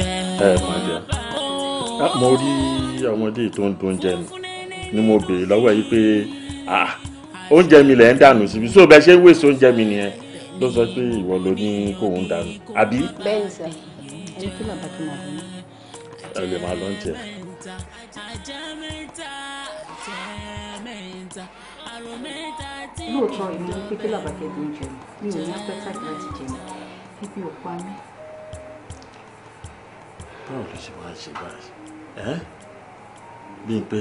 ẹ máa jẹ ah, mo rí ọmọdé tó ń dún jẹ ni mo béèrè lọ́wọ́ yìí pé ah, oúnjẹ mi lẹ̀ ń dànù síbi so bẹ́ẹ̀ ṣe ń wèsì oúnjẹ mi nìyẹn ló sọ pé ìwọ ló ní kóun dànù àbí. bẹ́ẹ̀ni sà ẹni kí bàbá tó máa bọ. ẹ lè máa lọ ń jẹ. lóòótọ́ ìlú pé kí làbàkẹ́ ló ń jẹun mi ò ní apẹ́tàkì láti jẹun ibi ò pa mí báwo ló ṣe máa ń ṣe báyìí ẹ́ bíi pé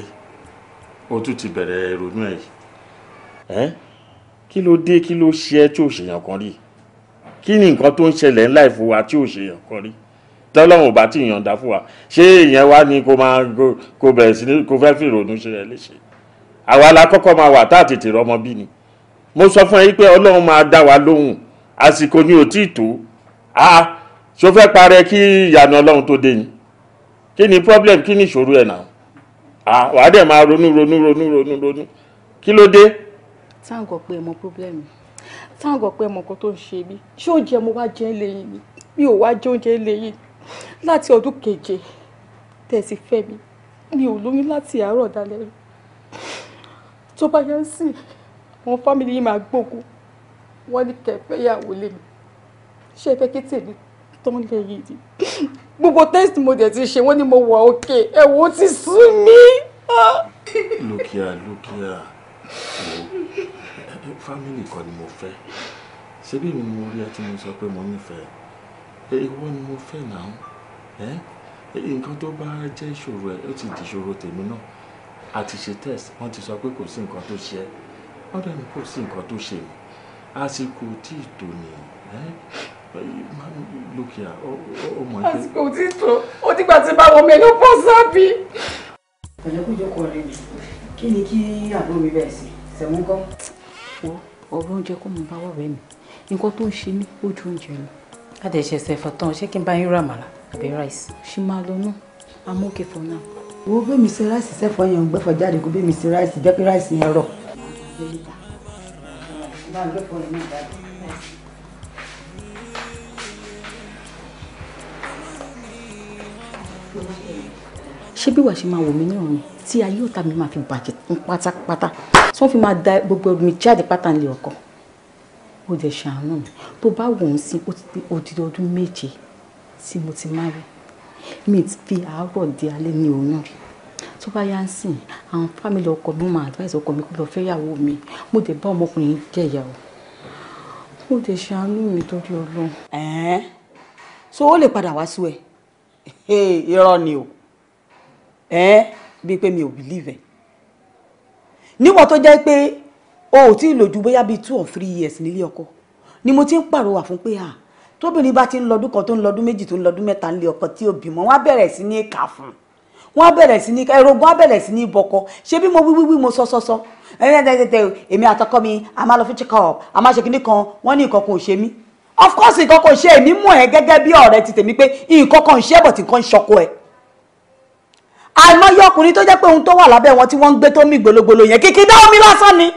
o tún ti bẹ̀rẹ̀ ronú ẹ̀ yìí ẹ́ kí ló dé kí ló ṣe ẹ́ tí ò ṣèyàn kan rí kí ni nǹkan tó ń ṣẹlẹ̀ ńlá ìfún wa tí ò ṣèyàn kan rí tọ́lọ́run ò bá tí ì yànda fún wa ṣé ìyẹn wá ni kó máa kó bẹ̀rẹ̀ sí kó fẹ́ fi ìrònú ṣe ẹ léṣe àwa la kọ́kọ́ máa wà tá à tètè rọmọ bí ni mo sọ fún ẹ yí pé ọlọ́run máa dá wa lóhùn àsìkò ni ò tí ì tó a ṣó fẹ́ parẹ́ kí ìyanu ọlọ́run tó dé ni kí ni problem kí ni ìṣòro ẹ̀ náà ah wàá dẹ̀ máa ronú ronú ronú ronú ronú kí ló dé. táwọn kò pé mọ problem táwọn kò pé mọ nǹkan tó ń ṣe mí ṣé oúnjẹ mo wá jẹ lẹ́yìn mi mi ò wá jẹ oúnjẹ lẹ́yìn láti ọdún keje tẹ̀sí fẹ́ mi mi ò lóyún láti àárọ̀ dalẹ́ rẹ̀ tó bá yẹn sì àwọn fámìlì yìí máa gbógun wọ́n ní kẹfẹ́ yàwó lé mi ṣé ẹ fẹ́ kí tèmi tán lẹ́yìn tí gbogbo test mo dẹ̀ ti ṣe wọ́n ní mo wà òkè ẹ̀wọ̀n ti sú mi. lókìá lókìá o fámìlì kan ni mo fẹ́ ṣebí mi ni mo rí ẹ tí mo sọ pé mo nífẹ̀ẹ́ ìwọ ni mo fẹ́ náà nǹkan tó bá jẹ́ ìṣòro ẹ̀ ó ti di ìṣòro tèmi náà àti ṣe test wọ́n ti sọ pé kò sí nǹkan tó ṣe ẹ́ wọ́n dẹ̀ ní kò sí nǹkan tó ṣe mí àsìkò tí ì tò nìyí look here ó mọ̀ pé. àsìkò tí tó ó ti gbà tí bá wọ menopause bí. ọ̀jọ̀kújọkọ̀ rẹ̀ ni kí ni kí àbúrò mi bẹ̀rẹ̀ sí sẹ̀wọ́n kọ́. ọ̀rọ̀ oúnjẹ kó mo bá wọ̀rẹ́ mi nǹkan tó ń ṣe mí ojú oúnjẹ mi. àdẹ̀ṣẹ̀ ṣẹ̀fọ̀ tán ṣé kí n bá yín rà màlà àbí ráìsì. ṣì máa lọ náà I'm okay for now. wo bẹ́ẹ̀ mi se ráìsì sẹ́fọ̀ yẹn gbẹ́fọ̀ jáde kó bẹ́ẹ̀ mi se ráìsì jẹ́ kí ráìsì yẹn rọ̀. bá a gbẹ́fọ̀ yẹn náà jáde. ṣé bí wàá ṣe máa wò mí nírun ni tí ayé ọ̀tá mi máa fi bàjẹ́ pátápátá tí wọ́n fi máa da gbogbo ẹrù mi jáde pátá nílé ọkọ ó dẹ̀ ṣàánú mi tó bá wò ó sí ó ti di ọdún méje tí mo ti má rí mi fi àárọ̀ di alẹ́ ní oyún rí tó bá yá ń sìn àwọn fámìlì ọkọ mi máa advice ọkọ mi kó lọ fẹ́yàwó mi mo dẹ̀ bá ọmọkùnrin jẹ́ ìyàwó ó dẹ̀ ṣàánú mi torí Ọlọ́run. ẹ̀ẹ́n so ó lè padà wá sí ẹ irọ́ ni o bí pé mi ò believe ẹ̀ níwọ̀n tó jẹ́ pé o ò tí ì lò ju bóyá bíi two or three years nílé ọkọ ni mo ti ń pàrọwà fún pé tóbìnrin bá ti ń lọdún kan tó ń lọdún méjì tó ń lọdún mẹ́ta nílé ọkọ tí ò bímọ wọn á bẹ̀rẹ̀ sí ní kà fún un wọn á bẹ̀rẹ̀ sí ní ẹ̀rọ̀gùn á bẹ̀rẹ̀ sí ní bọkọ ṣé bí mo wíwíwí mo sọ sọsọ ẹ̀rẹ́dẹ̀ẹ́dẹ̀ èmi àtọkọ mi a máa lọ fún check up a máa ṣe kinní kan wọ́n ní ìkọ̀kọ̀ ò of course nǹkan kan ṣe èmi mú ẹ gẹ́gẹ́ bí ọ̀rẹ́ ti tèmi pé nǹkan kan ṣe bọ̀ tí nǹkan ń ṣọkọ ẹ àìmọye ọkùnrin tó jẹ́ pé ohun tó wà lábẹ́ wọn tí wọ́n ń gbé tó mì gbologbolo yẹn kìkì dá omi lásán ni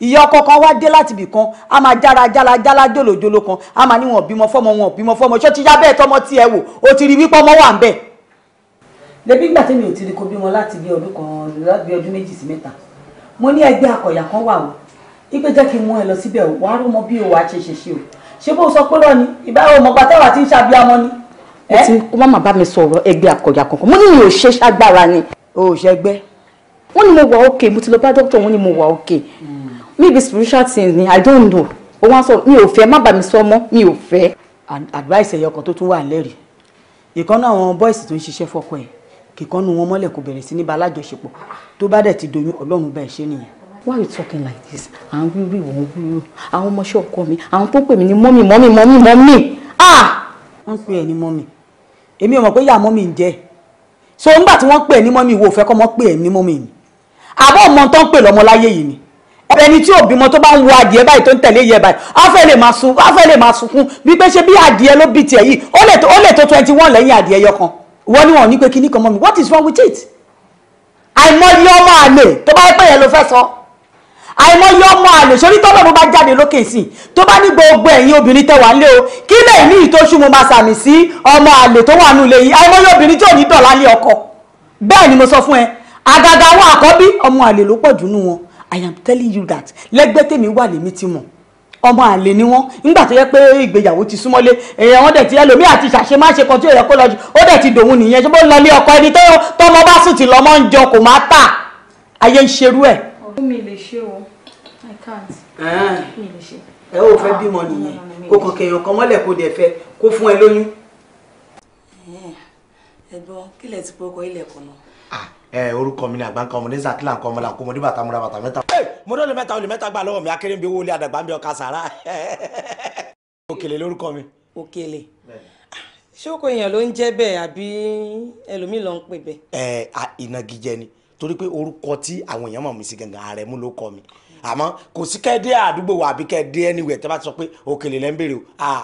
ìyá ọkọ kan wá dé láti ibì kan a máa jára jára jára jòlòjòlò kan a máa ní wọn bímọ fọmọ wọn bímọ fọmọ ṣó ti yá bẹ́ẹ̀ tọmọ tí wò ó ti rí wípé ọmọ wà ń bẹ̀. lẹ́bí ìgbà tẹ́mi ò ti rí kó bímọ láti bí ọdún kan láti bí ọdún méjì sí mẹ́ta mo ní ẹgbẹ́ akọ̀yà kan wà o ipe jẹ́ kí n mú ẹ lọ síbẹ̀ o wàá rú mọ bí o wàá ṣe ṣe ṣe o ṣé bó sọ pé lọ́ni ìbáwọ̀ mọ̀gbà táwa ti ń ṣàbí ọmọ ni. ẹ ti kó má má bá mi sọ̀rọ̀ ẹgbẹ́ àkọ̀yà kankan mo ní mi ò ṣe ṣágbára ni. o ò ṣẹgbẹ́. wọ́n ní mo wà okay mo ti lọ bá dókítà wọ́n ní mo wà okay hmm. maybe spiritual things ni i don't know o wá sọ mi ò fẹ́ má bà mí sọ mọ́ mi ò fẹ́. advice ẹyọ kan tó tún wà lẹ́rìí ìkan náà àwọn boys tó ń ṣiṣẹ́ fọ́kọ ẹ̀ kíkan nu wọn mọ́lẹ̀ kò bẹ̀rẹ̀ sí why you talking like this àwọn wíwí òun wíwí àwọn ọmọọṣẹ́ ọkọ mi àwọn tó ń pè mí ní mọ́mì mọ́mì mọ́mì mọ́mì ah. wọ́n ń pè ẹ́ ní mọ́mì èmi ò mọ̀ pé yà mọ́mì ń jẹ́ so nígbà tí wọ́n pè ẹ́ mommy mọ́mì ìwọ òfẹ́ kọ́ mọ́ pè ẹ́ ní mọ́mì ni àbọ̀ ọmọ tó ń pè lọ́mọ láyé yìí ni ẹni tí òbímọ tó bá ń wo adìẹ báyìí tó ń tẹ̀lé yẹ báyìí afẹ́ lè máa sun afẹ́ lè máa sunkún bí pé ṣe bí adìẹ ló bì tiẹ̀ yìí ó lè tó ó lè tó twenty one lẹ́yìn adìẹ yọkan wọ́n ní wọn ní pé kíní kan mọ́ what is wrong with it àìmọye ọmọ àlè tó bá yẹ pé yẹn ló fẹ́ sọ àìmọye ọmọ àlè sórí tọ́lọ̀ mo bá jáde lókè sí i tó bá ní gbogbo ẹ̀yin obìnrin tẹ wà nílé o kí lè ní ìtọ́sùn mo máa sàmì sí ọmọ àlè tó wà nílé yìí àìmọye obìnrin tí ò ní dọ̀lá ní ọkọ bẹ́ẹ̀ ni mo sọ fún ẹ àgàgà àwọn àkọ́bí ọmọ àlè ló pọ̀ jù nù wọn i am telling you that lẹ́gbẹ́ tèmi wà lèmi ti mọ̀ ọmọ àlè ni wọn nígbà tó yẹ pé ìgbéyàwó ti súnmọ́lé èèyàn wọn dẹ̀ ti ẹlòmíì àti ṣàṣemáṣe kan tí ò yẹ kó lọ jù ó dẹ̀ ti dòun nìyẹn ṣé bó lọ ní ọkọ ẹni tọ́mọ bá sùn ti lọ́mọ ń jọ kò má tà ayé ń ṣerú ẹ̀ i can't ẹ ò fẹ́ ah, bímọ nìyẹn kó kàn kẹyàn kan mọ́lẹ̀ kó dẹ̀ fẹ́ kó fún ẹ lóyún. ẹ̀gbọ́n kí lẹ ti pọkọ ilẹ̀kùn náà. ẹ orúkọ mi ni àgbáńkà ọmọdé sàkílà nǹkan ọmọdé àkọmọdé bàtà múra bàtà mẹ́ta. mo dọ́ọ̀lù mẹ́ta olè mẹ́ta gbà lọ́wọ́ mi akéré ń owó ilé àdàgbà ń bi ọkà sàrà. òkèlè lórúkọ mi. òkèlè ah, ṣókò èèyàn ló ń jẹ́ bẹ́ẹ̀ àbí ẹlòmíì ló ń pè bẹ́ẹ̀. ẹ ìnagijẹ ni torí pé orúkọ tí àwọn èèyàn mọ̀ mí sí gangan ààrẹ mú ló kọ mi àmọ́ kò sí kẹ́ẹ́dé àdúgbò wa àbí kẹ́ẹ́dé anywhere tẹ́ bá ti sọ pé òkèlè lẹ́ ń béèrè o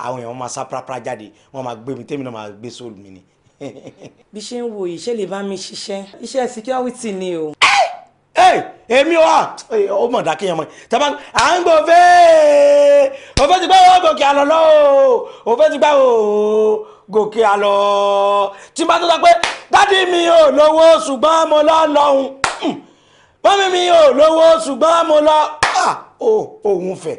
àwọn èèyàn máa sá prapra jáde wọ́n máa gbé mi tèmi náà máa gbé sóòlù mi ni. bí ṣe ń wo ìṣe lè bá mi ṣiṣẹ́ iṣẹ́ security ni o èmi wà ó mọ̀ dákẹ́ yẹn mọ̀ tẹ́bá à ń gbòfẹ́ òfẹ́ ti gbá wo gòkè àlọ́ lọ́ o òfẹ́ ti gbá wo gòkè àlọ́ tí bá tó sọ pé dádì mi ò lówó ṣùgbọ́n mo lọ lọ́hùn hmm. mọ́mí mi ò lówó ṣùgbọ́n mo lọ ah, òun fẹ́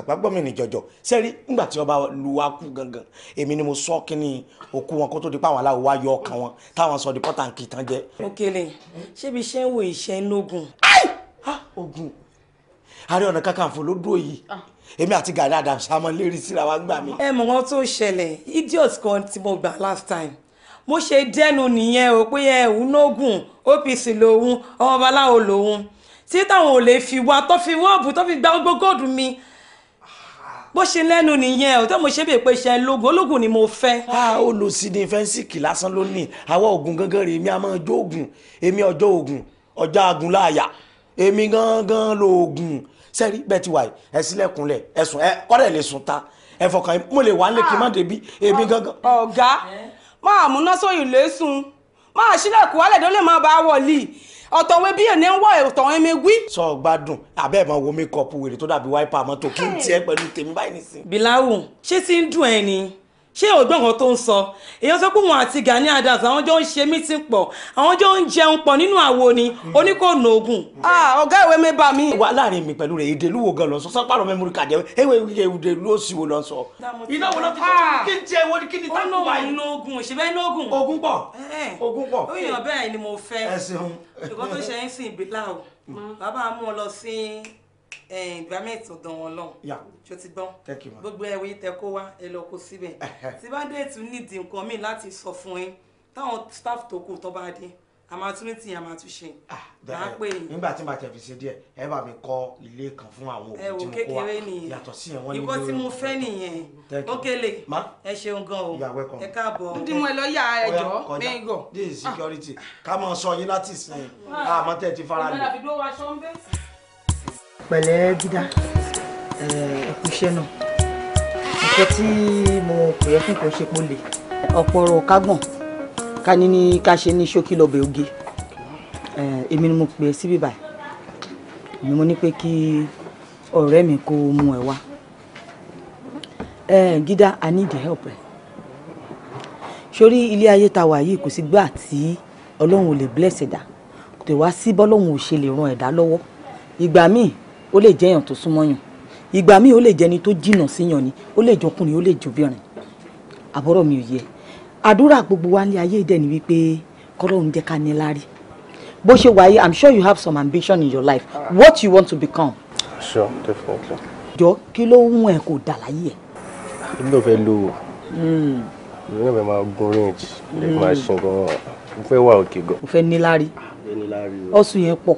àgbàgbọ́mì ní jọjọ sẹ́rí ńgbà tí ọba luwa kú gangan èmi ni mo sọ kínní òkú wọn kó tó di pa àwọn aláwọ̀ wá yọ ọkàn wọn táwọn sọ di pọ́tà nkì tán jẹ́. Òkèlè ṣébi iṣẹ́ ń wo iṣẹ́ lógun. ogun Ààrẹ Ọ̀nà Kakanfò ló dúró yìí ah. èmi àti Gani Adams àmọ́ lérí síra wa gbà mí. ẹ mọ̀ wọ́n tó ṣẹlẹ̀ idiot kan tí mo gbà last time mo ṣe dẹ́nu nìyẹn o pé ẹ̀hún nógùn OPC lòun ọmọ babaláwo lòun tí táwọn ò lè fi wá tó fi wọ́ọ̀bù tó fi gba gbogbo góòdù mi bó ṣe lẹ́nu nìyẹn ò tẹ́ mo ṣe bí èpè ṣe lógun ológun ni mo fẹ́. a ó lọ sí ní fẹ́ǹsìkì lásán lónìí àwa oògùn gangan rèé mi a máa jó oògùn èmi ọjọ́ oògùn ọjọ́ agun láàyà èmi gangan lo oògùn sẹ́rí bẹ́ẹ̀ ti wà yìí ẹ sílẹ̀kùnlẹ̀ ẹ sùn ẹ kọ́rẹ̀ lè sùn ta ẹ fọkàn yín mo lè wà nílé kí n má ah, débi èmi gangan. ọ̀gá máa múná sóyún lẹ́sùn máa sílẹ̀kùn wálẹ̀ tó lè máa bá wọ̀lì ọ̀tọ̀wé bí ènìyàn ń wọ ọ̀tọ̀wé mi wí. sọ gbádùn abẹ́ ẹ̀ máa wo mi kọ́ọ̀pù wèrè tó dàbí wáìpà mọ́tò kí n tiẹ̀ pẹ̀lú tèmi báyìí nìsín. bìláwù ṣé tí ń dùn ẹ ni ṣé ògbọ́n kan tó ń sọ èèyàn sọ pé wọn àti Gani Adams àwọn jọ ń ṣe mítìn pọ̀ àwọn jọ ń jẹun pọ̀ nínú àwo ni oníkòònà ogun. ọ̀gá ìwé mi bá mi. wà láàrin mi pẹ̀lú rẹ̀ èdè lúwo gan lọ sọ sápàrọ̀ mẹ́múrì kàdé ewé èdè ló sì wo lọ sọ. iná wo ló fi sọ kí n jẹ wo ni kí ni tá kú wa yìí. ogun ṣèbẹ́ inú ogun. ogun pọ̀ ogun pọ̀. ó yàn bẹ́ẹ̀ ni mo fẹ́. ẹ ṣeun. ìkọ́ tó ṣe ń sìn ìbílà o mm. bàbá mú ọ lọ Eh, environment ọ̀dọ̀ wọn lọ́hùn ṣó ti gbọ́n gbogbo ẹ̀wé tẹ kó wá ẹ lọ kó síbẹ̀ tí bá dé tún nídìí nǹkan míì láti sọ fún yín táwọn staff tó kù tó bá dé a máa tún ní tìyẹn a máa tún ṣe ah, máa pè yín. nígbà tí màá tẹ̀ fi ṣe díẹ̀ ẹ bá mi kọ́ ilé kan fún àwọn òbí tí mo kó wa yàtọ̀ sí yẹn wọ́n nílò ìkọ́ tí mo fẹ́ nìyẹn ó kélé ẹ ṣeun gan o ẹ káàbọ̀. ndimọ ẹ lọ yà ẹjọ mẹgọ. this ah. security ká máa sọ yín láti sìn àmọ́ ah. tẹ̀ ti fara lè. ọmọdé àbí ló wa ṣọ́ńbẹ́ pẹ̀lẹ́ dídá ẹ̀kú iṣẹ́ náà nǹkan tí mo pè é fún kò ṣe pọ̀ ọ̀pọ̀ ọ̀rọ̀ kágbọ̀n ká ní ní ká ṣe ní ṣókí lọ́bẹ̀ oge èmi ni mo pè é síbí báyìí ni mo ní pé kí ọ̀rẹ́ mi kó mú ẹ wá dídá i need help ẹ sórí ilé ayé ta wà yìí kò sí gbà tí ọlọ́run ò lè bless ẹ̀dá kò tẹ̀ wá sí bọ́lọ́run ò ṣe lè ran ẹ̀dá lọ́wọ́ ìgbà míì ó lè jẹ́ èèyàn tó súnmọ́ yàn ìgbà míì ó lè jẹ́ ẹni tó jìnnà síyàn ni ó lè jọkùnrin ó lè jọbìnrin àbọ̀rọ̀ mi ò yẹ àdúrà gbogbo wa ní ayé ìdẹ́ni wípé kọ́lọ́run jẹ́ ká ní lárí bó ṣe wáyé i'm sure you have some ambition in your life what you want to become. sure definitely. jọ kí ló ń ẹ kò dà láyé ẹ. èmi náà fẹ́ lò ó hmm. èmi náà fẹ́ máa gun range lè máa hmm. ṣe nǹkan mo fẹ́ wà òkè gan. mo fẹ́ níláárí ọ̀sùn yẹn pọ̀.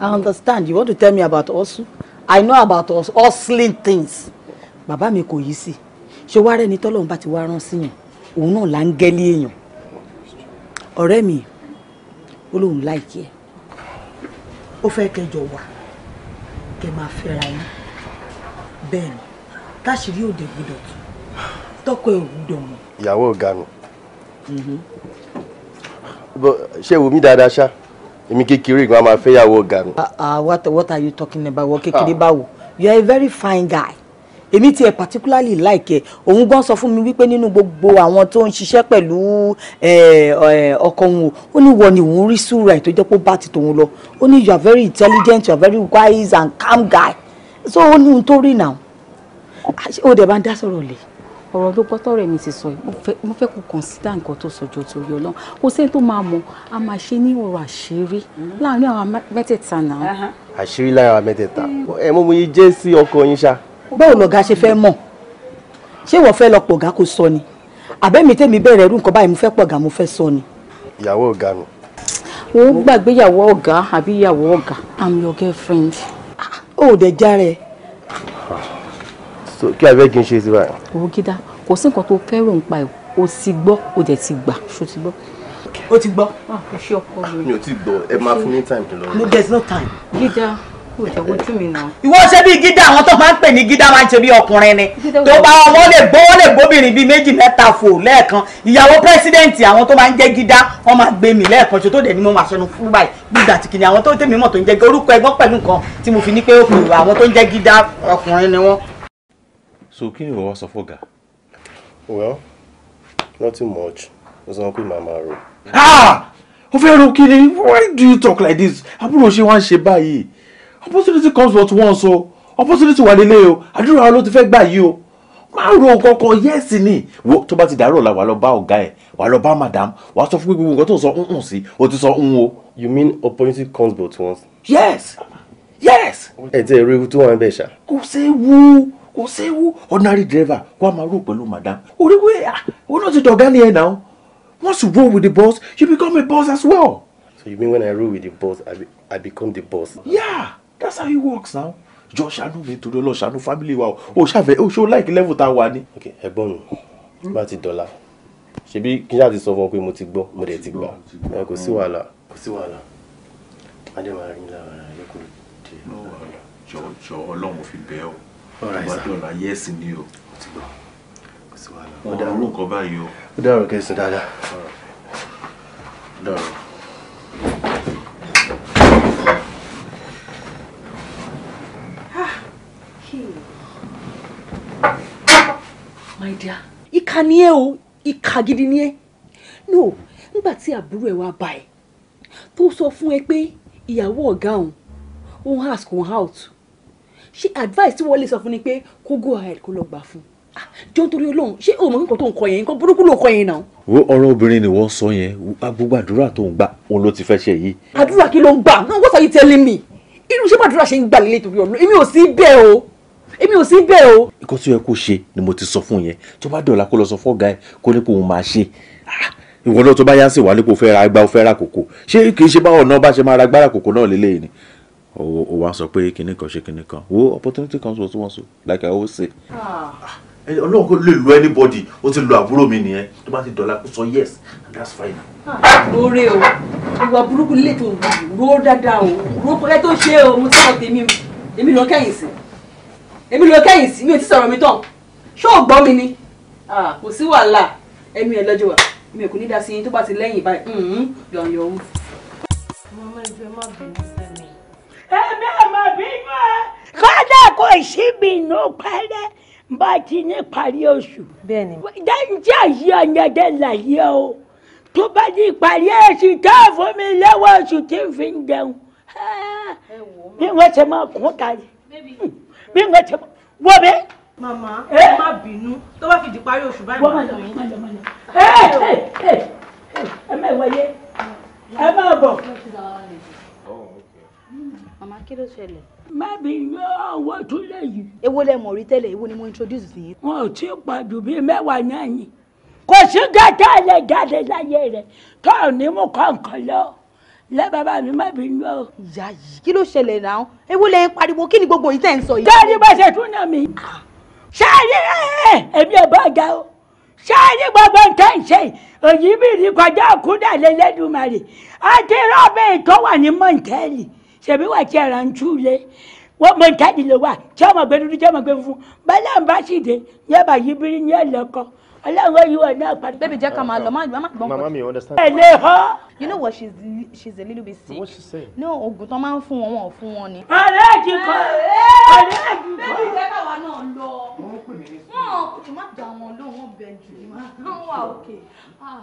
I understand. You want to tell me about us? I know about us All hustling things. Bàbá mi kò yí sí. Ṣé wàá rẹ̀ ní tọ́lọ́run bá ti wá rán sí yàn? Òun náà là ń gẹ́lé èèyàn. Ọ̀rẹ́ mi, ó lóun láìkí ẹ̀. Ó fẹ́ kẹjọ wà, kẹ máa fẹ́ra yín. Bẹ́ẹ̀ ni, táṣìírí òde gbọdọ̀ tù. Tọ́kọ ẹ̀ òwúdọ̀ mọ̀. Ìyàwó ọ̀gá mi. Mhm. Ṣé wo mi dáadáa ṣá? èmi kékeré gan máa fẹ́ yàwó ọ̀gá ah, ah, what what are you talking about wọ kékeré ah. báwo you are a very fine guy èmi tiẹ̀ particularly like ẹ̀ òun gan sọ fún mi wípé nínú gbogbo àwọn tó ń ṣiṣẹ́ pẹ̀lú ọkọ òun ó ní wọ ni òun rí sùúrù ẹ̀ tó jẹ́ pé bá ti tòun lọ ó ní you are very intelligent you are very wise and calm guy so ó ní ohun tó rí náà ó dẹ̀ bá ń dá sọ̀rọ̀ lè ọ̀rọ̀ ló gbọ́tọ̀ rẹ̀ mi ti sọ yìí mo fẹ́ kó consider nǹkan tó sọjọ́ torí ọlọ́run kò sẹ́ni tó máa mọ̀ a máa ṣe ní ọ̀rọ̀ àṣírí mm-hmm. láàrin àwọn mẹ́tẹ̀ẹ̀ta náà. àṣírí láàrin àwọn mẹ́tẹ̀ẹ̀ta mm. ẹ mọ̀ mo yí jẹ́ sí ọkọ yín ṣá. báwo lọ̀gá ṣe fẹ́ mọ̀ ṣé wọ́n fẹ́ lọ pọ̀gá kó sọ ni àbẹ́mi tèmi bẹ̀rẹ̀ irú nǹkan báyìí mo fẹ́ pọ̀gá mo fẹ́ sọ ni. ìyàwó ọ̀gá mi. o gbàgbé ìyàwó ọ̀gá àbí ìyàwó ọ̀gá i'm your girlfriend. Ah, ó so kí abẹ́ kí n ṣe sí báyìí. owó gíga kò sí nǹkan tó fẹ́ràn ń pa ẹ̀ o ti gbọ́ o dẹ̀ ti gbà ṣó ti gbọ́. o ti gbọ́. o ah, ṣe ọkọ mi. mi ò tí gbọ́ ẹ máa fún mi time kí lọ. no there no time. gíga kò jẹ́ ojú mi náà. ìwọ ṣe bí gíga àwọn tó máa ń pè ní gíga máa ń ṣe bí ọkùnrin ni tó bá ọmọ lè gbọ́ wọ́n lè gbóbìnrin bíi méjì mẹ́ta fò lẹ́ẹ̀kan ìyàwó pírẹsidẹ́ǹtì àwọn tó máa ń jẹ́ gíga wọ́n máa gbé mi lẹ́ẹ̀kan ṣe tó dẹ̀ ni mo máa ṣẹnu fún báyìí gbígbà tí kìnìún àwọn tó tẹ̀mí mọ̀ tó ń jẹ́ orúkọ ẹgbọ́n pẹ̀lú nǹkan tí mo fi ní pé ó pè àwọn tó ń jẹ́ gíga ọkùnrin ni wọ́n so kí ni ìwọ sọ fọ́gà. well nothing much mo sọ pé màmá rò. Ah! ó fẹ́ ro kí ni why do you talk like this àbúrò ṣe wá ń ṣe báyìí opportunity comes but once o opportunity wà nílé o àdúrà ló ti fẹ́ gbà yìí o máa ro kankan yẹ́ẹ̀sì ni wo tó bá ti dàárọ̀ la wà lọ bá ọ̀gá ẹ̀ wà lọ bá madam wà sọ fún gbogbo nǹkan tó ń sọ ń sí o ti sọ ń o. you mean opportunity comes but once. yes yes. ẹ ti ẹ rí ewu tó wà ń bẹ̀ ṣá. kò séwu kò séwu ordinary driver kó a máa rò pẹ̀lú madam oríwé ah òun náà ti dọ̀gá ni ẹ̀ náà once you roll with the boss you become a boss as well. so you mean when I roll with the boss I, be, I become the boss. yeah that's how it works now jọ ṣàánú mi torí ọlọ ṣàánú family wa o ṣàfẹ o ṣó láìkí level tá a wà ni. ok ẹ̀gbọ́n mi bá ti dọ̀la ṣebí kí n ṣáà ti sọ fún ọ pé mo ti gbọ́ mo dẹ̀ ti gbà kò sí wàhálà kò sí wàhálà adé máa rí lára ẹ kò dé. jọ̀ọ́ fi bẹ̀ ọ́ ọ̀dọ̀ọ̀la yẹ́sì ni o ọ̀dà ọ̀rọ̀ nǹkan báyìí o. ó dàrú kẹsàn dáadáa. dàrú. my dear ìkà ni ẹ o ìkà gidi ni ẹ no nígbà tí àbúrò ẹ wá bá ẹ tó sọ fún ẹ pé ìyàwó ọ̀gá òun òun ask òun out ṣé advice tí wọ́n lè sọ fún ni pé kó go ahead kó lọ gbà fún ah, jọ nítorí Ọlọ́run ṣé o mọ̀ nǹkan tó ń kọ yẹn nǹkan burúkú ló kọ yẹn náà. wo ọ̀rọ̀ obìnrin ni wọ́n sọ yẹn gbogbo àdúrà tó ń gbà òun ló ti fẹ́ ṣe yìí. àdúrà kí ló ń gbà náà what are you telling me irú ṣé bàdúrà ṣe ń gbà lélẹ̀ torí Ọlọ́run èmi ò sí bẹ́ẹ̀ o èmi ò sí bẹ́ẹ̀ o. nǹkan tó yẹ kó ṣe ni mo ti sọ fún yẹn tó bá dọ̀la kó lọ sọ fún ọ̀gá ẹ̀ kó ní kó òun máa ṣe ah, ìwọ náà tó bá yá sí wà nípò fẹ́ ra agbá fẹ́ ra kòkó ṣé kì í ṣe báwọn náà bá ṣe máa ra agbára kòkó náà lélẹ́yìn ni o wa sọ pé kinní kan ṣe kinní kan wo opportunity comes once once like i always say. Ah. Eh, ọlọ́run kò lè lu anybody ó ti lu àbúrò mi nìyẹn tó bá ti dọ̀la kó sọ yes and that's fine. Ah, lóore o ìwà burúkú lè tó ró dáadáa o ró pẹ́kẹ́ tó ṣe o mo sọ̀rọ̀ tèmi èmi ló kẹ́yìn sí èmi ló kẹ́yìn sí mi ò ti sọ̀rọ̀ mi tán ṣó o gbọ́ mi ni ah, kò sí wàhálà ẹ̀mí ẹ̀ lọ́jọ́ wa mi ò kò ní dá sí yín tó bá ti lẹ́yìn báyìí mm-hmm. yọ̀nyọ̀ o. mama ẹ jẹ́ má bínú èmi àmọ́ bínú ẹ. kọ́dà kò sí mi inú pẹ́rẹ́ bá ti ní parí oṣù. bẹ́ẹ̀ni. dẹ́njẹ́ yí ọ̀nyẹ́dẹ́ láyé o tó bá di ìparí oṣù tó fún mi lẹ́wọ́ oṣù tí n fi ń jẹun. bí wọ́n ṣe máa kún tari bí wọ́n ṣe máa wọ́n mi. màmá ẹ má bínú tó bá fi di parí oṣù báyìí máa tó yín. ẹ ẹ ẹ ẹ mẹ́wàá yé ẹ má bọ̀ màmá kí ló ṣẹlẹ̀. má bí yọ ọwọ́ tún lè yí. èwo lẹ mọ̀ rí tẹ́lẹ̀ èwo ni mo introduce sí yín. wọn ò tí ì pa jù bíi mẹ́wàá náà yìí kò sí gàtà lè jáde láyé rẹ tó ò ní mú kọ̀ọ̀kan lọ lẹ bàbá mi má bí lọ. ìyá yìí kí ló ṣẹlẹ̀ náà ewu lẹ ń pariwo kí ni gbogbo yìí tẹ̀ ń sọ yìí. dáàdi bá ṣe tún náà mi. ṣáàyè èmi ẹ̀ bá ga o ṣáàyè gbogbo nǹkan ń ṣe òyìnbí ní kọjá òkúta lẹ́lẹ́dùnmarè àti rọ́ọ̀bì tó wà ní mọ̀ǹtẹ́ẹ̀lì ṣèbí wà tí ẹ̀rọ ń tú lé mọ ìtàdí ló wà tí ọmọ gbé dúdú tí ọmọ gbé funfun bálẹ̀ ń bá sì dé ní ẹ̀bà yìí bí ní ẹ̀lọ́kọ ọlọ́run yìí wọ̀ náà pàdé. bébí jẹ́ ká máa lọ máa gbọ́n. mama mi understand. ẹ lè họ́. you know what she's she's a little bit sick. what she say. no oògùn tán máa ń fún wọn wọn ò fún wọn ni. ọ̀rẹ́ ẹ̀jì kọ́ ọ̀rẹ́ ẹ̀jì kọ́. bébí jẹ́ káwa náà lọ. wọ́n pè mí ní sí. dà wọn lóhùn wọn bẹ̀ jù wọn wà òkè. ah.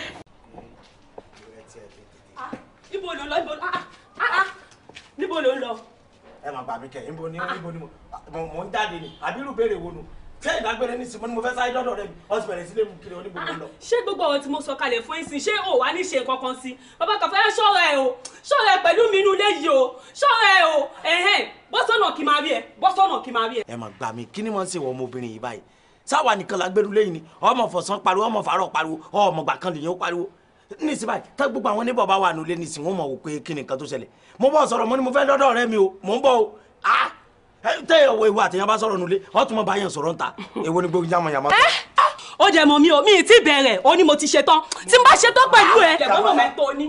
níbo ló lọ níbo ah, ah, ah. níbo ló lọ. ẹ máa gbà mí kẹ níbo ni níbo ni mo ń jáde ni àbí irú béèrè wo nu ṣé ìdágbére ní sinmi ni mo fẹ́ sáré dọ́dọ̀ rẹ ọsùn bẹ̀rẹ̀ sílé mu kiri oníbo ló lọ. ṣé gbogbo ọ̀rọ̀ tí mo sọ kalẹ̀ fún ẹ̀sìn ṣé o wà ní ṣe nǹkan kan sí bàbá kan fẹ́ ṣọ́ra ẹ o ṣọ́ra ẹ pẹ̀lú mi inú ilé o ṣọ́ra ẹ o ẹ̀hẹ́n bọ́sọ̀nà kì máa rí ẹ bọ́sọ̀nà kì máa rí ẹ. ẹ máa gbà mí kí ni wọ́n ń ṣe wọ ọmọbìnrin yìí báyìí sáwà nìkan la gbẹrú lẹ́yìn ni ọmọ fọsán pariwo ọmọ fàárọ pariwo ọmọ gbàkan lèyàn pariwo nísìnyí báyìí tá gbogbo àwọn oníbọ̀ bá wà nílé nísìnyí wọn mọ̀ wò pé kí ni nǹkan tó ṣẹlẹ̀ mo bọ̀ sọ̀rọ̀ mo ní mo fẹ́ lọ́dọ̀ rẹ mi o mò ń bọ̀ o ah tẹ ìwọ ìwọ àtẹ̀yàn bá sọ̀rọ̀ nílé wọ́n tún mọ̀ bá yẹn sọ̀rọ̀ níta èwo ni gbogbo yàmọ̀ yàmọ̀. Eh! Ah! ó jẹ mọ mi o mi ti bẹ̀rẹ̀ o ni mo ti ṣetán tí n bá ṣetán pẹ̀lú ẹ.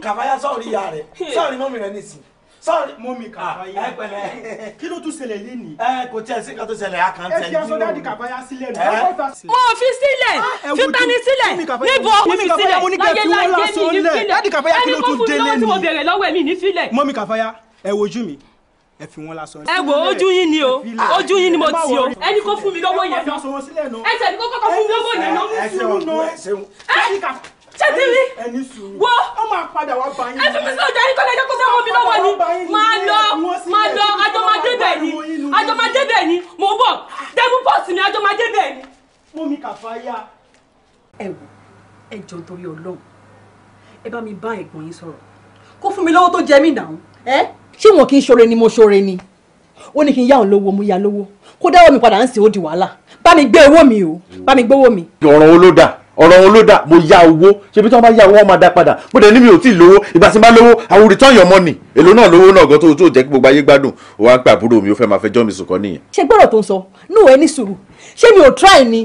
kàbáyà sọ̀rọ̀ ìyá rẹ̀ sọ̀rọ̀ ìmọ̀ mi rẹ̀ nísìnyí sorry mọ́mì ah, kàfáyà ẹ pẹ̀lẹ́ kí ló tún ṣẹlẹ̀ lẹ́nìí. ẹ kò tiẹ̀ sí kan tó ṣẹlẹ̀ àkàn tẹ̀ ní. ẹ fi aṣọ dáàdì kàfáyà sílẹ̀ nù. mo fi sílẹ̀ ah, fita ni sílẹ̀ níbo mo fi sílẹ̀ láyé láyé mi ní sílẹ̀ ẹni kó fún mi lọ́wọ́ tí mo bẹ̀rẹ̀ lọ́wọ́ ẹ̀mí ní sílẹ̀. mọ́mì kàfáyà ẹ wojú mi ẹ fi wọn lásán. ẹ wo ojú yín ni o ojú yín ni mo ti o ẹni kó fún mi lọ́wọ́ yẹn náà ẹ tẹ̀lé kó kọ́kọ́ fún mi lọ́wọ́ yẹn náà. ẹ ṣeun ẹ ṣeun ẹ ṣeun ṣètìlí wo ọmọ àpadà wa bá yín. ẹ fi mí sí ọjà yín kọ́lé kó sọ́wọ́ mi lọ́wọ́ ni máa lọ máa lọ àjọmọdébẹ̀ ni àjọmọdébẹ̀ ni mo bọ̀ dẹ́bù pọ́ọ̀sì mi àjọmọdébẹ̀ ni. mú mi kàfá yá. ẹ wò ẹ jọ torí Ọlọ́run ẹ bá mi bá ẹ̀gbọ́n yín sọ̀rọ̀ kó fún mi lọ́wọ́ tó jẹ mí dàún. ẹ ṣé wọn kì í ṣoore ọ̀rọ̀ olódà mo yá owó ṣebí tí wọ́n bá yá owó wọ́n máa dá padà mo dẹ̀ ní mi ò tí lówó ìgbà tí n bá lówó I will return your money èlò náà lówó náà gan tó tó jẹ́ kí gbogbo ayé gbádùn ó wá ń pè àbúrò mi ó fẹ́ máa fẹ́ mi sùn kọ́ nìyẹn. ṣé gbọ́dọ̀ tó ń sọ nù ẹ sùúrù ṣé mi ò try ni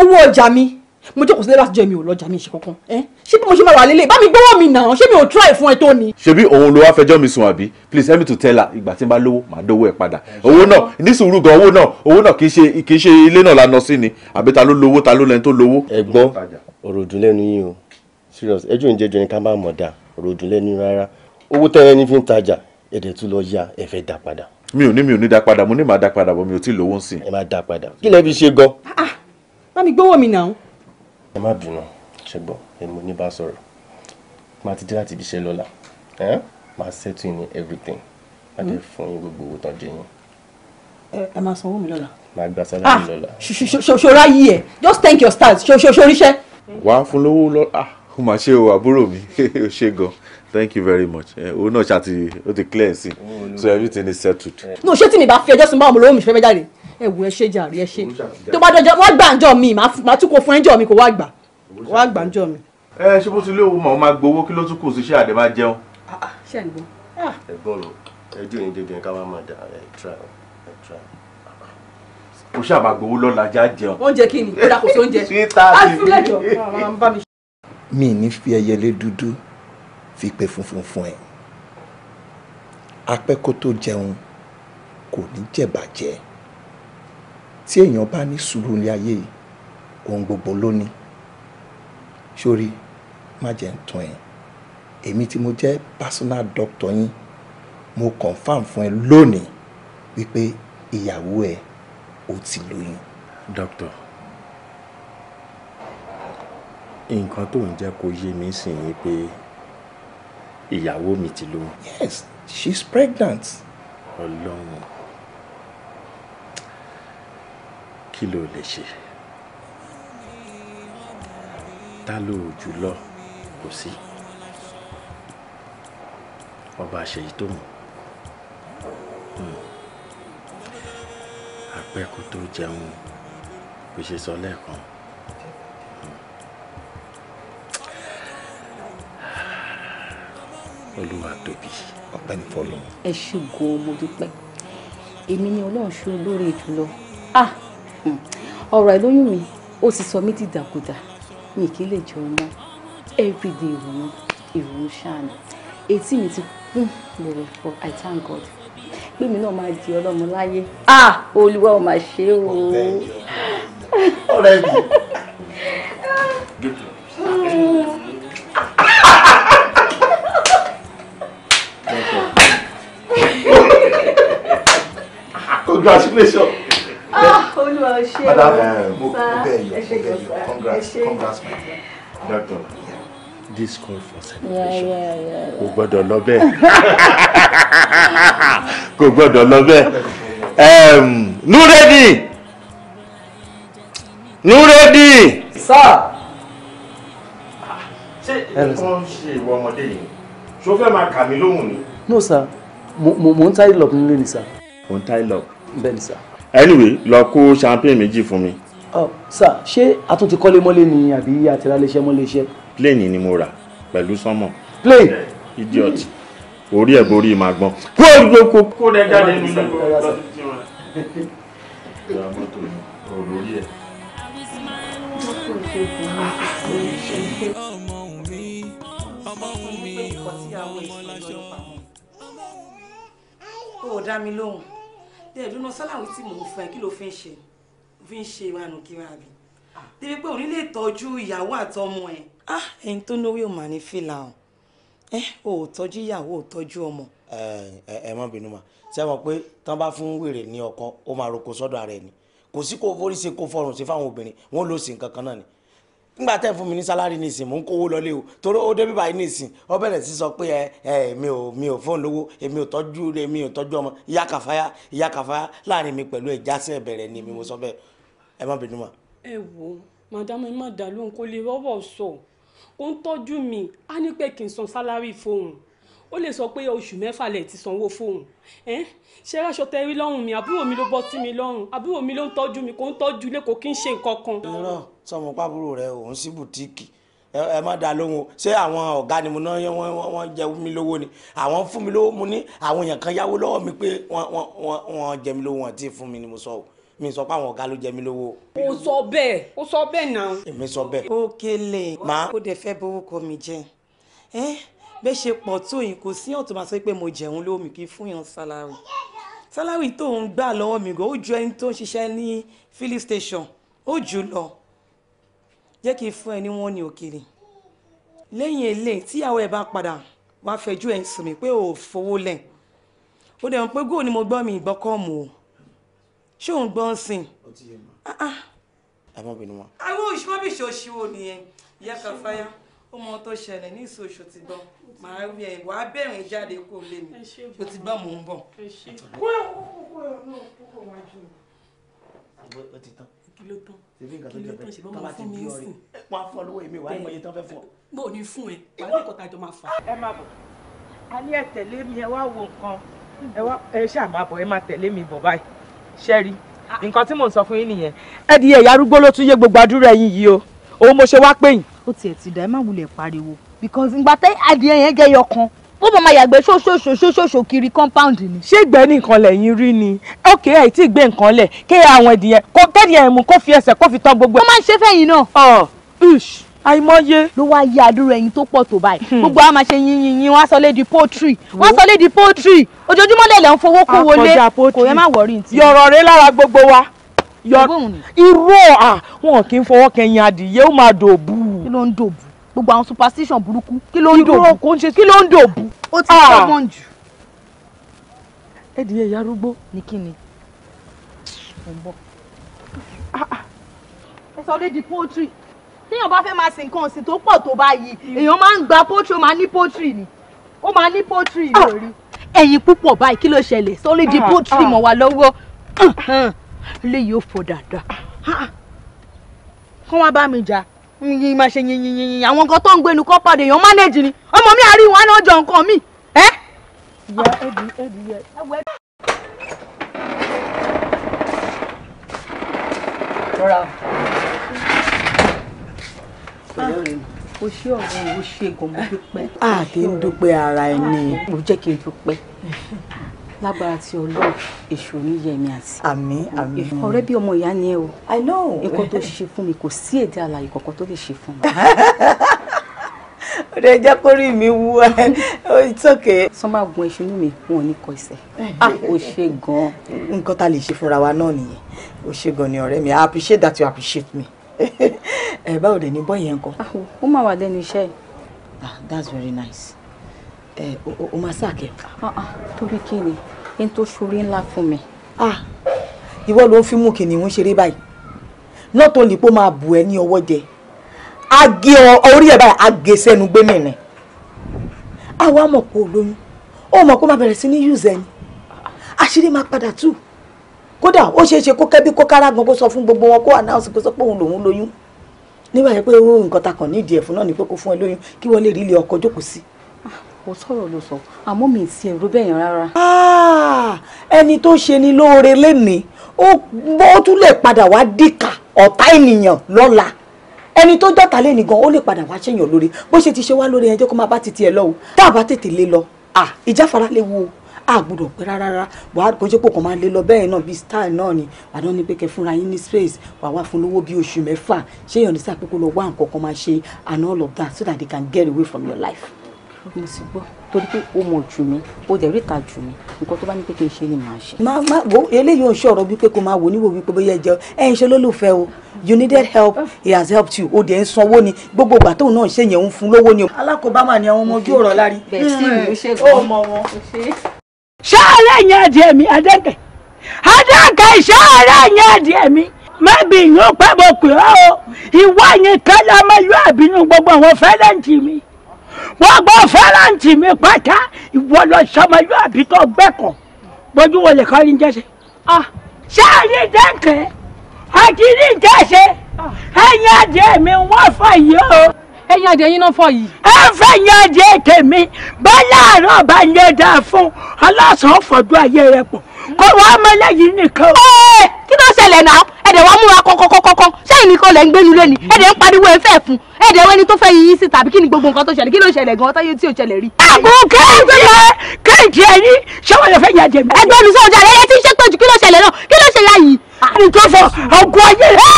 owó ọjà mi mo jókòó sílé láti jẹ́ mi ò lọ́jà mi ṣe kankan ẹ ṣé bí mo ṣe máa wà lélẹ̀ bá mi gbọ́wọ́ mi náà ṣé mi ò try fún ẹ tó ni. ṣebí òun ló wá fẹjọ́ mi sùn àbí please help me to tell her ìgbà tí n bá lówó màá dówó ẹ padà owó náà ní sùúrù gan owó náà owó náà kì í ṣe kì í ṣe ilé náà la nọ sí ni àbí ta ló lówó ta ló lẹni tó lówó. ẹ̀gbọ́n òròdùn lẹ́nu yín o serious ẹjọ́ ìjẹjọ ni ká má mọ̀ dà òròdùn lẹ́nu rárá owó tẹ́rẹ́ ní fi ń tajà ẹ̀dẹ̀ tún lọ ya ẹ fẹ́ dá padà. mi ò ní mi ò ní dá padà mo ní màá dá padà bọ́ mi ò tí ì lówó ń sìn. ẹ má dá padà kí lẹ fi ṣe gan. Ah, ah, bá mi gbówó mi náà Ẹ má bínú, ṣẹ̀gbọ́n, èmi mo ní bá sọ̀rọ̀. Máa ti dé láti ibi iṣẹ́ lọ́la. Ẹ́n, máa settle ní everything. Má dẹ̀ hmm. fún yín gbogbo owó tán jẹ yín. Ẹ máa sanwó mi lọ́la. Máa gba sálárì ah, lọ́la. Ṣòṣòra yìí ẹ̀, just thank your stars, ṣòṣòṣò ríṣẹ́. Wàá fún lówó lọ́la. Ah, ó mà ṣe o, àbúrò mi, ó ṣe gan-an thank you very much òun eh, náà ṣàti ó ti clear sí so everything is settled. no ṣé tí mi bá fi ẹjọ́ sí báwọn olówó mi fẹ́ fẹ́ jáde ẹ wo ẹ ṣe jàre ẹ ṣe tó bá dọjọ́ wọ́n gbà ń jọ mi màá tún kó fún ẹjọ́ mi kó wá gbà wá gbà ń jọ mi. ẹ eh, ṣé bó ti lé owó màá máa gbowó kí ló tún kù sí ṣé àdé máa jẹun. Ah, ah, ṣé ah. ẹ gbọ́. ẹ̀gbọ́n mi ẹjọ́ yìí dédé ká wá máa dà ẹ tra ẹ tra. o ṣàbà gbowó lọ́la já jẹun. oúnjẹ kí ni kódà kò sí oúnjẹ. sweet as mi ní fi ẹyẹlé dúdú fi pè funfun fún ẹ apẹ́ kó tó jẹun kò ní jẹ̀bàjẹ́ tí èèyàn bá ní sùúrù ní ayé ohun gbogbo lónìí sórí má jẹ́ ń tún ẹ èmi tí mo jẹ́ personal doctor yín mo confam fún ẹ lónìí wípé ìyàwó ẹ ò ti lóyún. doctor nǹkan tó ń jẹ́ kó yé mi sìn yín pé. Pe ìyàwó mi ti lóyún. yes she's pregnant. ọlọ́run kí ló lè ṣe ta ló jùlọ kò sí ọba àṣeyí tó mọ̀ hmm. àpẹkù tó jẹun kò ṣe sọ lẹ́ẹ̀kan. olúwa tóbi ọpẹ́ ní fọlọ. ẹ ṣe gan-an mo dúpẹ́ èmi ni ọlọ́run ṣe olóore jùlọ ah, hmm, ọ̀rọ̀ ìlóyún mi ó ti sọ mí di dàkúdà mi kì í lè jẹun mọ́ everyday ìrònú ìrònú ṣáàni etí mi ti kún lọ́rọ̀ for i thank god pé mi náà máa di ọlọ́mọ láyé ah olúwa ò máa ṣe o. ọ̀rẹ́ mi. congratulations. ah olúwa o ṣe o madam eh, mo bẹ̀ congrats congrats my dear. doctor this call for celebration kò gbọ́dọ̀ lọ bẹ́ẹ̀ kò gbọ́dọ̀ lọ bẹ́ẹ̀ nureni ready? sir ṣé sir? ṣe ìwọ ọmọdé yìí ṣó fẹ́ máa kà mí lóhùn ni. no sir mo mo ń tie up nílé ni sir. mo ń tie up bẹ́ẹ̀ ni sà. anyway lọ kó champagne méjì fún mi. ọ sà ṣé a tún ti kọ́lé mọ́lé ni àbí a ti ra léṣẹ́ mọ́lé iṣẹ́. plane ni mo rà pẹ̀lú sánmọ̀. plane. idiot orí ẹ̀ borí ma gbọ́n. kó o lọ kó. kó lẹ jáde nínú lọ sí ti wọn. orí ẹ̀. ọmọ mi ọmọ mi ọmọ lásán. ó dá mi lóhùn dẹ̀ lónà sálàwí tí mò ń fún ẹ kí ló fi ń ṣe fi ń ṣe ìwànù kíra àbí ah. débi pé òní lè tọ́jú ìyàwó àtọmọ ẹ. ah ẹni tó náwó yóò máa ní fìlà o ẹ ò tọ́jú ìyàwó ò tọ́jú ọmọ. ẹ ẹ má bínú mà ṣé ẹ mọ̀ pé tán bá fún wèrè ní ọkọ ó máa roko sọ́dọ̀ ara ẹ ni kò sí kó forí ṣe kó fọrùn sí fáwọn obìnrin wọn ló sì nǹkan kan náà ni nígbà tẹ́ fún mi ní sálárì nísìn mò ń kówó lọlé o torí ó débi báyìí nísìn ó bẹ̀rẹ̀ sí sọ pé ẹ ẹ mi ò mi ò fóun lówó èmi ò tọ́jú èmi ò tọ́jú ọmọ ìyá kàfáyà ìyá kàfáyà láàrin mi pẹ̀lú ẹ̀já sí ẹ̀bẹ̀rẹ̀ ni mi mo sọ bẹ́ẹ̀ ẹ má bínú mà. ẹ wo màdàmú ẹ má dà lóhùn kó lè rọ́bọ̀ sọ kó ń tọ́jú mi á ní pé kí n san sálárì fóun ó lè sọ pé oṣù mẹ́fà lẹ̀ ti sanwó fóun ẹ ṣe aṣọ tẹrí lọ́rùn mi àbúrò mi ló bọ́ sí mi lọ́rùn àbúrò mi ló ń tọ́jú mi kò ń tọ́jú ilé kí ń ṣe nǹkan kan sọmọ pábúrò rẹ òun sí bùtíìkì ẹ má da lóhùn o ṣé àwọn ọ̀gá ni mo ná wọ́n wọ́n jẹ mí lówó ni àwọn fún mi lówó mo ní àwọn èèyàn kan yáwó lọ́wọ́ mi pé wọ́n wọ́n wọ́n jẹ mí lówó wọn tí fún mi ni mo sọ o mi sọ pé àwọn ọ̀gá ló jẹ mí lówó. o sọ bẹ́ẹ̀ o sọ bẹ́ẹ̀ náà. èmi sọ bẹ́ẹ̀. ó kélé ma. kó dẹ fẹ́ bówó kọ mi jẹ ẹ bẹ́ẹ̀ ṣe pọ̀ tó yìí kò sí ọ̀tún máa sọ pé mo jẹun lómi kí fún yàn sálárì sálárì tó ń gbà lọ́wọ́ mi gan ó ju ẹni tó ń ṣiṣẹ́ ní filling station ó jù lọ jẹ́ kí n fún ẹ ní wọ́n ní òkèèrè lẹ́yìn eléyìí tíyàwó ẹ bá padà wàá fẹjú ẹ sùn mí pé ò fowó lẹ̀ ó dẹ̀ mọ̀ pé góò ni mo gbọ́ mi ìgbọ́ kọ́ mọ̀ o ṣé òun gbọ́ ń sìn. ẹ má bínú wa. àwọn oṣùmọ́bìṣe oṣìwò nìyẹn ìyá kan fáyà ó mọ tó ṣẹlẹ̀ ní ìṣòṣò ti gbọ́ màá rí ẹ wàá bẹ̀rẹ̀ jáde kó lé mi ó ti gbọ́ mò ń bọ̀. kí ló tán tèmi nǹkan tó jẹ pé tó bá ti bí ọ̀rẹ́ wọn á fọ lọ́wọ́ èmi wàá mọye tó fẹ́ fọ. bó o ní fún ẹ wàá kọta jọ fà. ẹ má bọ̀ a ẹ tẹ̀lé mi ẹ wá wo nǹkan ẹ wá ẹ ṣáà máa ẹ má tẹ̀lé mi bọ̀ báyìí ṣẹ́rí ah. nǹkan tí mò ń sọ fún yín nìyẹn. ẹ di ẹ̀yà arúgbó ló tún yé gbogbo àdúrà ẹ̀yìn yìí o òun mo ṣe wá pé yín. ó tiẹ̀ ti dá ẹ má wulẹ̀ pariwo because ìgbà tẹ́ adìẹ yẹn gẹ́yọ kan ó bọ̀ máa yàgbẹ́ ṣóṣóṣóṣóṣó kiri compound ni. ṣé ìgbẹ́ nìkan lẹ́yìn rí ni ọkẹ́ ẹ̀ tí ì gbé nǹkan lẹ̀ kí àwọn ẹ̀dìyẹ kó tẹ́lẹ̀ ẹ̀mú kó fi ẹsẹ̀ kó fi tán gbogbo ẹ̀. wọ́n máa ń ṣe fẹ́yìn náà. ọ ish àìmọye. ló wá yí àdúrà ẹyin tó pọ̀ tó báyìí hmm. gbogbo àwọn máa ṣe yin yin yin wọ́n á sọ lé di poultry wọ́n á sọ lé di poultry ojoojúmọ́ lè lẹ́ ń fowó kó wọlé kò yẹ má wọ̀rí ntí. yọ̀rọ̀ rẹ lára gbogbo wa irọ́ à wọn kì í fọwọ́ kẹyìn adìyẹ ó máa dòbù. kí ló ń dòbù gbogbo àwọn superstition burúkú kí ló ń dòbu kí ló ń dòbu. ó ti sọ́gbọ́n ah. jù. ẹ̀dìyẹ ìyá arúgbó ni kí ni ah, ah. ẹ sọ lé poultry téèyàn bá fẹ́ máa sin nǹkan ọ̀sìn tó pọ̀ tó báyìí mm. èèyàn máa ń gba poultry ó máa ní poultry ni ó máa ní poultry lórí. ẹyin púpọ̀ báyìí kí ló ṣẹlẹ̀ sọ lé poultry mọ̀ wá lọ́wọ́ lè yóò fọ dáadáa kọ́ wá bá mi jà yìnyín máa ṣe yìnyín yìnyín àwọn nǹkan tó ń gbénu kọ́ padà èèyàn manage ni ọmọ mi àárín wọn náà jọ nǹkan mi. rọra o ṣe ọ̀rọ̀ o ṣe gan mo dúpẹ́. a kì í dúpẹ́ ara ẹni. mo jẹ́ kí n dúpẹ́ lágbára tí ọlọ́run èṣù ní yẹmi àti. àmín àmín. ọ̀rẹ́ bí ọmọ ìyá ni ẹ o. i know. nǹkan tó ṣe fún mi kò sí èdè àlàyé kankan tó lè ṣe fún mi. ọ̀rẹ́ ẹja kó rí mi wú ẹ it's okay. sọ ma gun iṣu inú mi wọn ò ní kọ ẹsẹ̀ eh. a ah, kò ṣe gan. nǹkan tá a lè ṣe fúnra wa náà nìyẹn ò ṣe gan ni ọ̀rẹ́ mi i appreciate that you appreciate me. ẹ eh, báwo dẹ̀ ní bọ́ yẹn kọ. ó ah, máa wà lẹ́nu iṣẹ́. ah that's very nice ẹ eh, o máa sáàkẹ́. Ah, ah, torí kí ni ẹni tó ṣorí ńlá fún mi. Ah, ìwọ ló ń fi mú kìnìún ṣeré báyìí náà tó lè pọ́ máa bù ẹ ní ọwọ́ jẹ agé orí ẹ báyìí agé e sẹ́nu gbé mìíràn àwa mọ̀ pé o ó mọ̀ pé máa bẹ̀rẹ̀ sí ní yùzẹ̀ ni àṣírí máa padà tú kódà ó ṣeé ṣe kó kẹ́bí kó kára gan kó sọ fún gbogbo wọn kó announce kó sọ pé òun lòun lóyún nígbà yẹn pé ó nǹkan ta nídìí ẹ̀ fún náà ni pé kó fún ẹ lóyún kí wọ́n lè rí ilé ọkọ jókòó sí i ó sọ̀rọ̀ ló sọ àmọ́ mi ì sí ẹ̀rú bẹ́yẹn rárá. Ah, ẹni tó ṣe ni lóore lénìí ó tún lè padà wá dìkà ọ̀tá ènìyàn lọ́la ẹni tó dọ̀tá lé nìgan ó lè padà wá ṣèyàn lórí bó ṣe ti ṣe wá lórí ẹjọ́ kó máa bá títí ẹ lọ́wọ́ tá a bá tètè lé lọ ìjáfara léwu o a gbọ́dọ̀ pé rárá rárá wàá gbọ́dọ̀ pò kàn máa lé lọ bẹ́ẹ̀ náà bíi style náà ni wàá náà ní pé kẹ́ fúnra yín ní space wàá wá fún lówó bíi oṣù mẹ́fà ṣé èèyàn ní sáà pé kó lọ wá nǹkan kan máa ṣe and all of that so that they can get away from your life mo sì gbọ́ torí pé o mọ̀ jù mí o dẹ̀ ríta jù mí nǹkan tó bá ní pé kí n ṣe ni màá ṣe. má má wo eléyìí ò ń ṣọ̀rọ̀ wípé kó máa wò níwò wípé bóyá ẹ jẹ ẹ ń ṣe lólùfẹ́ o you needed help he has helped you o dẹ̀ ń sanwó ni gbogbo ìgbà tóun náà ṣe yẹn ń fún lówó ni o. alákòbámà ni àwọn ọmọ ojú ọ̀rọ̀ lárí. bẹ́ẹ̀ sí mi hmm. ó ṣe é. ṣé àárẹ̀ yẹn adìẹ mi adẹ́kẹ̀ adẹ́kẹ̀ ṣé àárẹ̀ yẹn adìẹ mi má bí ìyún pẹ́ bọ̀ pè ọ́ o ìwọ yẹn kẹ́lẹ́ ọmọ yóò àbínú gbogbo àwọn fẹ́lẹ́ǹtì mi gbogbo fẹ́ràǹtì mi pátá ìwọ lọ sọmọlú àbí tó gbẹ́kọ̀ bójú wo lè kọ́ ní jẹ́sẹ̀. Ah, ṣé ẹni dẹ́kẹ̀ àti ní jẹ́sẹ̀ ẹ̀yin adìẹ mi wọ́n fà yìí o ẹyin adìẹ yín náà fọ yìí. ẹ fẹ́ yan adìẹ tèmi báyà àárọ̀ bá ń yẹ dáa fún ọlọ́sàn-án fọ̀dọ̀ ayé rẹ pọ̀ kó wàá mọ lẹ́yìn nìkan. ẹ kí ló ṣẹlẹ̀ náà ẹ̀dẹ̀ wàá múra kọ́kọ́kọ́kọ́ sẹ́yìn nìkan lẹ̀ ń gbénu lónìí ẹ̀dẹ̀ ń pariwo ẹ̀fẹ́ fún ẹ̀dẹ̀ wẹ́ni tó fẹ́ yíyí sí tàbí kí ni gbogbo nǹkan tó ṣẹlẹ̀ kí ló ṣẹlẹ̀ gan-an táyé tí ò ṣẹlẹ̀ rí. àgùn kéèké kéèké ẹni ṣé wọn lè fẹ́ yàjẹ mi. ẹgbẹ́ mi sọ̀rọ̀ jáde ẹ ti ṣe pé jù kí ló ṣẹlẹ̀ náà kí ló ṣẹlẹ̀ yìí. nǹkan fọ ọgùn ayé rẹ.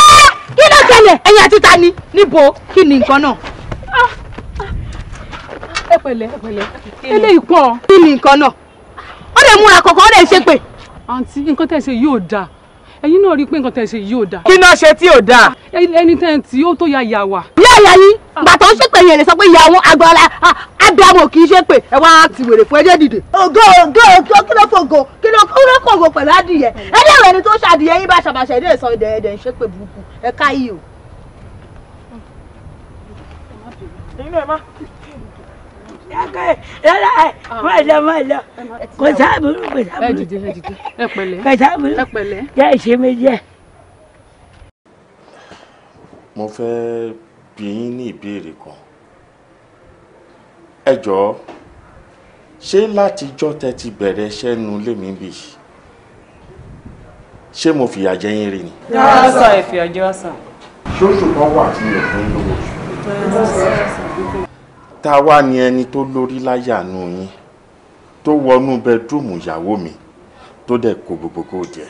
kí ló ṣẹlẹ̀ ẹ̀yin àti ta ni níbo kí ni nǹkan náà ẹ pẹ̀lẹ́ ẹ pẹ̀lẹ́ eléyìí pọ̀ kí ni nǹkan náà ó lè múra kọ̀ọ̀kan ó lè ṣe pé. àǹtí nǹkan tẹ̀ ṣe yóò dáa ẹ̀yin náà rí i pé nǹkan tẹ̀ ṣe yóò dáa. kí náà ṣe tí ò dáa. ẹni tẹ́ ń tí ó tó ya ìyá wa. ìyá ìyá yín ah. bàtà ó ṣépè yẹn lè sọ pé ìyá àwọn agbára ádámù kì í ṣépè ẹ wá ti wèrè fún ẹjẹ dìde. ògo ògo ògo kí ló fògo kí ló kí ló fògo pẹ̀lú adìyẹ ẹni àwọn ẹni tó ṣàdìyẹ yín bá ṣàbàṣà ẹ̀dẹ̀ sọ ẹ̀dẹ̀ ẹ̀dẹ̀ ń ṣépè burúkú ẹ̀ ká o. ẹ dákẹ́ rárá ẹ má lọ má lọ kò sáàbùrù kò sáàbùrù. ẹ dìde ẹ dìde ẹ pẹ̀lẹ́ kò sáàbùrù ẹ pẹ̀lẹ́ yẹ ìṣe méjì ẹ. mo fẹ́ bi yín ní ìbéèrè kan ẹ jọ̀ọ́ ṣé látijọ́ tẹ ti bẹ̀rẹ̀ iṣẹ́ nu lémi bì ṣé mo fìyà jẹ yín rí ni. wọ́n sọ ìfìyàjẹ́ ọ̀sán. ṣóṣù kan wà tí mo fún lówó oṣù ta wá ni ẹni tó lórí láyà nù yín tó wọnú bẹdúùmù ìyàwó mi tó dẹ̀ kó gbogbo kó jẹ.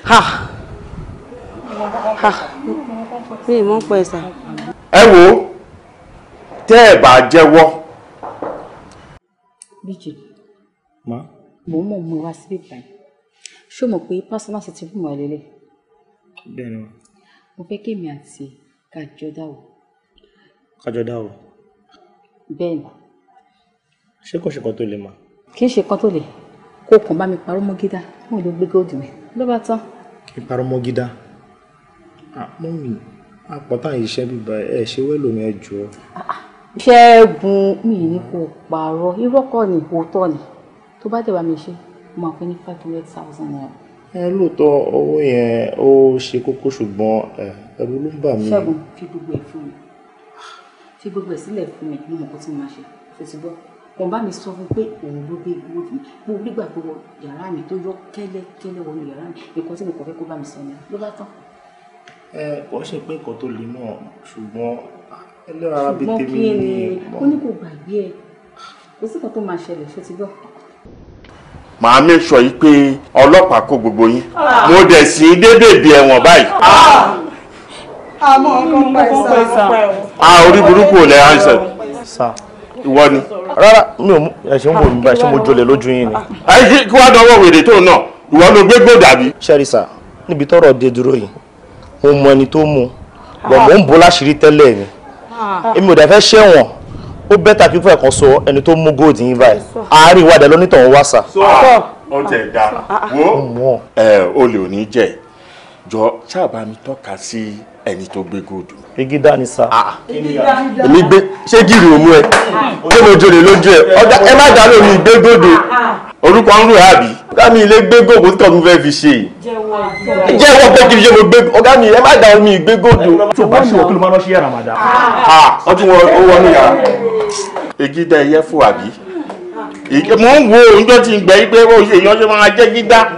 mi ì mọ̀ pẹ́ sà. ẹ wo tẹ́ ẹ bá jẹ́wọ́. bíjì mo mọ̀ mo wá síbí báyìí ṣó mọ̀ pé personal city fún mọ̀ ẹ́ lélẹ̀. bẹ́ẹ̀ mo fẹ́ kémi àti kàjọ dáwọ̀. kàjọ dáwọ̀. bẹ́ẹ̀ ni ṣé kò ṣe kan tó le mà. kì í ṣe kan tó le kó kàn bá mi parọ́ mọ́ gídá mo lè gbé góòdù mi ló bá tán. ìparọ́ mọ́ gídá mọ́ mi àpótá iṣẹ́ bíbá ẹ̀ ṣe wẹ́lò mi ẹ jù ọ́. ṣẹ́gun mi ní kò parọ́ irọ́ kọ́ ni òótọ́ ni tó bá dẹ̀ wá mi ṣe máa fẹ́ ní five hundred thousand naira ẹ lóòótọ́ owó yẹn ó ṣe kókó ṣùgbọ́n ẹ̀rù ló ń bà mí. ṣẹ́gun fi gbogbo ẹ̀ fún mi fi gbogbo ẹ̀ sílẹ̀ fún mi ní mọ̀kọ́ tí mo máa ṣe ṣe ti wọ́n bá mi sọ fún pé òun ló gbé owó fún mi mo nígbà gbogbo yàrá mi tó yọ kẹ́lẹ́kẹ́lẹ́ wọnú yàrá mi nǹkan tí mo kọ̀ fẹ́ kó bá mi sọ ni ló bá tán. ẹ kò ṣe pé nǹkan tó le náà ṣùgbọ́n ẹlẹ́rọ arábìtì mi ni. ṣùgbọ́n kí ni ó ní kò gbàgbé ẹ kò sí kan tó máa ṣẹlẹ̀ ṣó ti gbọ́ màá mi sọ yìí pé ọlọ́pàá kó gbogbo yín ah. mo dẹ̀ sí débèbè ẹ̀wọ̀n báyìí. àmọ́ ọkọ̀ ń pa ẹ̀sà. a ah, orí burúkú ò lẹ́ ìwọ ni rárá mi ò mú ẹṣin wò mí báyìí ṣé mo jolè lójú yín ni. Ah, ah. àyíṣe kí wàá dánwò wèrè tó náà ìwọ ló gbégbó dàbí. sẹ́rìsà níbi tọ́rọ̀ dé dúró yìí mo mọ ẹni tó mú bọ̀ mò ń bo láṣìírí tẹ́lẹ̀ mi ah. èmi ò dẹ̀ fẹ́ ṣẹ̀wọ̀n ó bẹ́tà fífọ́ ẹ̀kan sọ ẹni tó mú góòdì yín báyìí àárín ìwádìí lónítàn wá sà. sọ ọ tẹ̀ dá wo ẹ olè ò ní jẹ́ jọ sábà mi tọ́ka sí ẹni tó gbé góòdù. igi dání sá. Ah, ah. èmi gbé ṣé gírì òmu ẹ ṣé mo jòlè lójú ẹ ọjà ẹ má dàá lómi gbé góòdù ah, orúkọ ń rò ẹ àbí. ọ̀gá mi ilé gbé góòdù tó ń fẹ́ fi ṣe yìí. jẹ́wọ́ pé kí n ṣe mo gbé ọ̀gá mi ẹ má dàá lómi gbé góòdù. tó bá ṣe òkú ló máa lọ sí yàrá màdá. ọtún wọnú yàrá igi dá ẹyẹ fún àbí mo ń wo òun tó ti gbẹ yí pé èèyàn ṣe máa jẹ́ gídá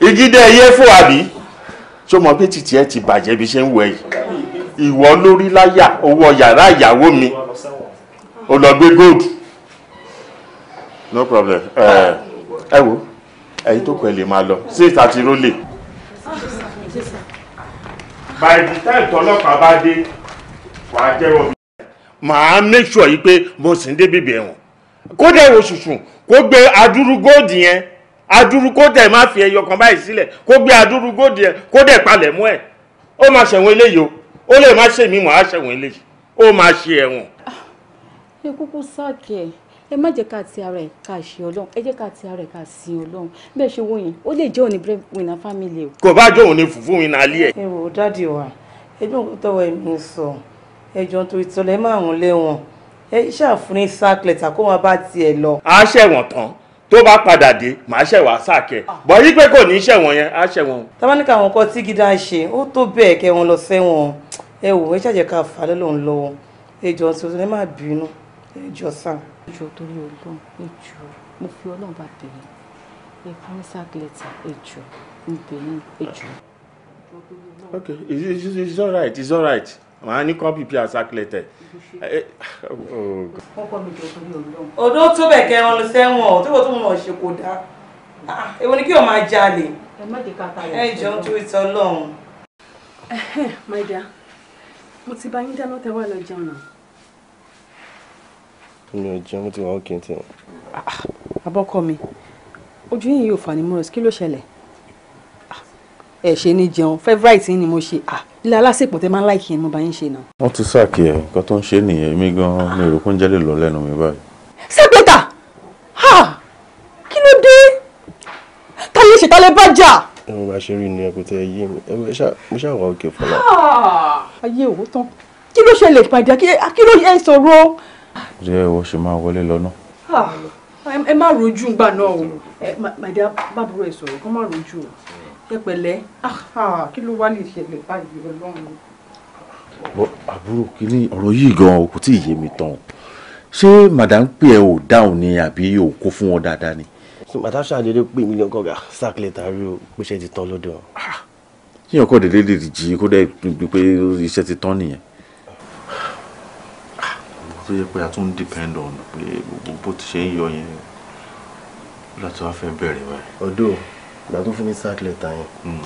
igi dá ẹyẹ fún àbí ṣó mọ pé títí ẹ ti bàjẹ́ bí ṣe ń wẹ̀ yìí ìwọ lórí láyà owó yàrá ìyàwó mi ó lọ gbé góòdù no problem ẹ ẹ wo ẹ̀yin tó kọ ẹ lè máa lọ sí ìta ti rólè. by the time tọlọ́pàá bá dé wàá jẹ́wọ́ mi. màá make sure yìí pé mo sì ń dé bèbè ẹ̀wọ̀n kó dẹ̀ wo ṣùṣùn kó gbé adúrú góòdù yẹn adúrúkọ dẹ̀ má fi ẹyọ kan báyìí sílẹ̀ kó gbé adúrúkọ dẹ̀ kó dẹ̀ palẹ̀ mọ́ ẹ̀ ó máa ṣẹ̀wọ̀n eléyìí o le lè má ṣe mí mọ́ á ṣẹ̀wọ̀n eléyìí o máa ṣe ẹ̀wọ̀n. Ah, ẹ kúkú sáàkì ẹ ẹ má jẹ́ ká ti ara ẹ̀ ká ṣe ọlọ́run ẹ jẹ́ ká ti ara ẹ̀ ká sin ọlọ́run bẹ́ẹ̀ ṣe wọ́n yẹn ó lè jẹ́ òní breadwinner family o. kò bá jọ òun ni fùfú mi náà lé ẹ. ẹ wò ó dáàdi wa ẹjọ́ òkú tọwọ́ ẹ̀ mi sọ ẹjọ́ torí tọ́lẹ̀ máa ń lẹ́wọ̀n ẹ ṣàfùní sáàkì lẹ́tà kó máa bá tiẹ̀ lọ. a ṣẹ̀wọ̀n tán tó bá padà dé màá ṣẹ̀wá sáàkẹ́ ah. bọ̀ yí pé kò ní ṣẹ̀wọ̀n yẹn á ṣẹ̀wọ̀n. tábánikà àwọn kan tí gíga ń ṣe ó tó bẹ́ẹ̀ kẹ́ wọn lọ sẹ́wọ̀n ẹ wò ó ṣàjẹ́ ká fà lọ́lọ́ ń lọ́wọ́ ẹjọ́ tí oṣù má bínú ẹjọ́ sàn. ẹjọ́ torí ọlọ́run ẹjọ́ mo fi ọlọ́run bá bẹ̀rẹ̀ ẹ promise letter ẹjọ́ ń bẹ̀rẹ̀ ẹjọ́. okay it's, it's, it's all right it's all right màá ní kọ́pì pí àsákìlẹ̀tẹ̀. odó tó bẹ̀ kẹ́ ọ lọ sẹ́wọ̀n tó bọ̀ tó mọ̀ ṣe kò dáa ah, èwo ni kí o máa jalè ẹ jọ ń torí tọ́ lọ́hùn. my dear mo ti bá yín dáná tẹ wá lọ jẹun náà. mi ò jẹun tí wọn kì ah, í tẹ. abọ́kọ mi ojú yìí yóò fani mọ́ra kí ló ṣẹlẹ̀ ah, ẹ ṣe ni jẹun favourite ni mo ṣe ah ilé alásèpọ̀ tẹ máa ń láìkì ẹnu bá yín ṣe náà. wọ́n ti sáàkì ẹ̀ nǹkan tó ń ṣe nìyẹn mi gan-an mi rò pé ń jẹ́ lè lọ lẹ́nu mi báyìí. sẹ́pẹ̀tà kí ló dé táyé ṣètàlẹ́ bá jà. ẹ mo bá ṣe rí ni ẹkùn tẹ ẹ yé mi ẹ mo ṣáà wà òkè fọlá. ayé òwò tán kí ló ṣẹlẹ̀ padà kí ló yẹ sọ̀rọ̀. jẹ́ ìwọ ṣe máa wọlé lọ náà. ẹ má rojú ngbà náà o màdà bàbúrò ẹ pẹ̀lẹ́ ah, ah, kí ló wá lè ṣẹlẹ̀ báyìí ọlọ́run. àbúrò kìíní ọ̀rọ̀ yìí gan-an kò tí ì yé mi tán ṣé madam pé ẹ ò dáhùn ni àbí ò kó fún wọn dáadáa ni. madam ṣàdédé pé mi ní ọkọ gà sack letter o pé ṣe ti tán lọ́dọ̀. Ah, kí ọkọ dédé lè jí kó dẹ́ pé iṣẹ́ ti tán nìyẹn tó yẹ pé a tún depend on pé gbogbo bó ti ṣe ń yọ yẹn láti wá fẹ́ bẹ̀rẹ̀ báyìí. ọdún ìgbà tó fún mi sack letter yẹn hmm.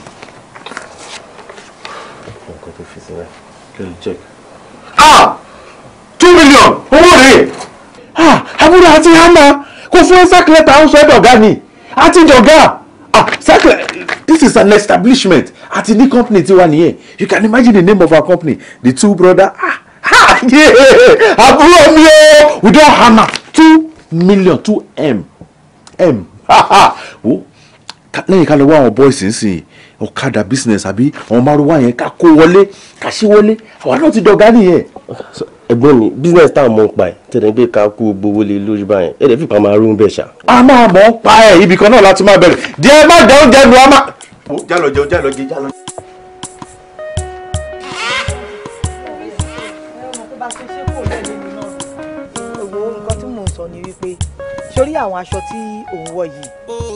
nǹkan tó fi sílẹ̀ kí ló check. ah two million owó rẹ̀ ah àbúrò àti hama kò fún sack letter àwọn sọ́dọ̀ ọ̀gá ni àti ìjọ̀gá ah sack this is an establishment àti ní company tiwa nìyẹn you can imagine the name of our company the two brother ah ha ah! yeah àbúrò mi o we don hama two million two m m ha ha wo lẹ́yìn ká lọ wá àwọn boys nsìn ọ̀kadà business àbí àwọn márùwá yẹn ká kó wọlé ká ṣí wọlé àwa náà ti dọ̀gá nìyẹn. ẹ̀gbọ́n mi business tá a mọ̀ ń pa ẹ̀ tẹ̀lé pé ká kó gbowó lé lórí báyẹn ẹ̀ lè fi pa máa rún bẹ́ẹ̀ ṣá. a máa mọ̀ ń pa ẹ̀ ibì kan náà láti máa bẹ̀rẹ̀ díẹ̀ má jẹun jẹnu a má. jálọ jẹun jálọ jẹ jálọ. ṣorí àwọn aṣọ tí òun wọ̀ yìí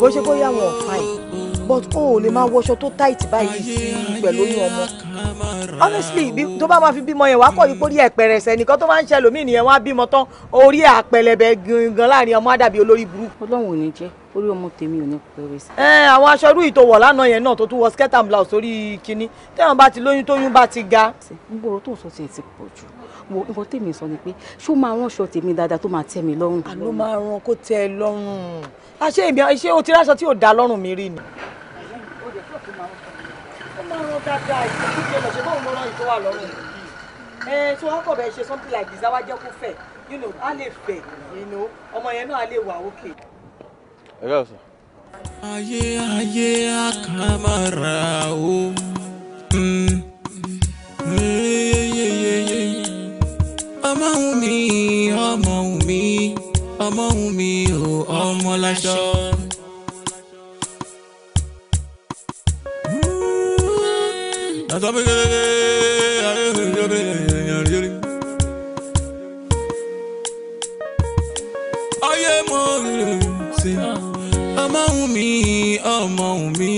kò ṣe bóyá wọn ò fine but o ò lè máa wọṣọ tó tight báyìí sí pẹ̀lú oyún ọmọ honestly tó bá máa fi bímọ yẹn wàá kọ̀ yí pórí ẹ̀ pẹ̀rẹ̀sẹ̀ nìkan tó máa ń ṣẹlẹ̀ mí nìyẹn wọ́n bímọ tán orí àpẹlẹbẹ gangan láàrin ọmọ àdàbí olórí burúkú. ọlọ́run ò ní jẹ́ orí ọmọ tèmi ò ní pẹ̀rẹ̀sẹ̀. ẹ àwọn aṣọ irú ìtò wọ̀ yẹn náà tó tún wọ skirt and blouse sórí kinní tẹ́wọ̀n bá ti lóyún tóyún bá ti ga. ń gbòòrò tó ń sọ tiẹ̀ ti pọ̀ jù wo nǹkan tèmi sọ ni pé ṣó máa ránṣọ tèmi dáadáa tó máa tẹ́ mi lọ́rùn. àló máa ran kó tẹ́ ẹ lọ́rùn àṣé èmi ṣé o ti ráṣọ tí ò dá lọ́rùn mi rí ni. ó máa ran dáadáa ìṣèlú ṣe lọ ṣe bóun ló rán ìtọ́ wà lọ́rùn ẹ tí wọ́n kọ̀ bẹ́ẹ̀ ṣe something like this àwa jẹ́ kó fẹ̀ you lè fẹ̀ ọmọ yẹn náà a lè wà òkè. ẹ ká sọ. ayé ayé àkàmàrà ó. Mm. Mm. mm ọmọhun mi ọmọhun mi ọmọhun mi ò ọmọ láṣọ. Lọ́sọ̀ bí kékeré ayé òjò bí èèyàn rí. Ayé mo rè sí. Ọmọhun mi ọmọhun mi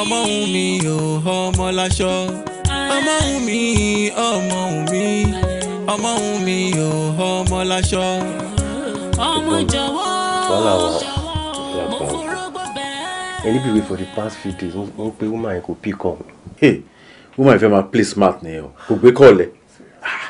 ọmọhun mi ò ọmọ láṣọ. Ọmọhun mi ọmọhun mi ọmọ òun mi ò ọmọ láṣọ. ọmọ jọ̀wọ́ jọ̀wọ́ mo forógbó bẹ́ẹ̀. ẹni bíbí for the past few days wọ́n pe woman yẹn kò pick up woman yẹn fẹ́ máa play smart nìyẹn o kò gbé kọ́ọ̀lẹ̀ ah,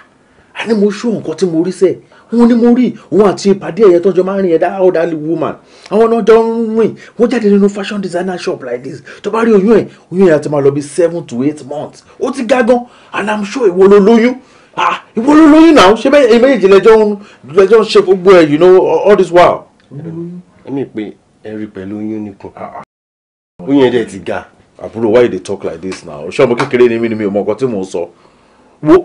a ní mo ṣó nǹkan tí mo rí sẹ́ẹ̀ wọn ni mo rí òun àti ìpàdé ẹ̀yẹ tọ́jọ́ máa ń rìn ẹ̀dá ọ̀dà woman àwọn náà jọ ń rìn wọ́n jáde nínú fashion designer shop like this tó bá rí oyún ẹ̀ oyún ẹ̀ àti máa lọ bí seven to eight months ó ti gá gan and i'm sure ìwọ ló lóyún ah ìwọ ló lóyún náà ṣé bẹ́ẹ̀ méjèèjì lẹ́jọ́ ń lẹ́jọ́ ń ṣe gbogbo ẹ̀ you know all this while. ẹni pé ẹrí pẹ̀lú oyún nìkan oyún ẹ̀dẹ̀ ti ga. àbúrò why you dey talk like this now ṣé ọmọ kékeré ni mí ni mi ò mọ nǹkan tí mò ń sọ wo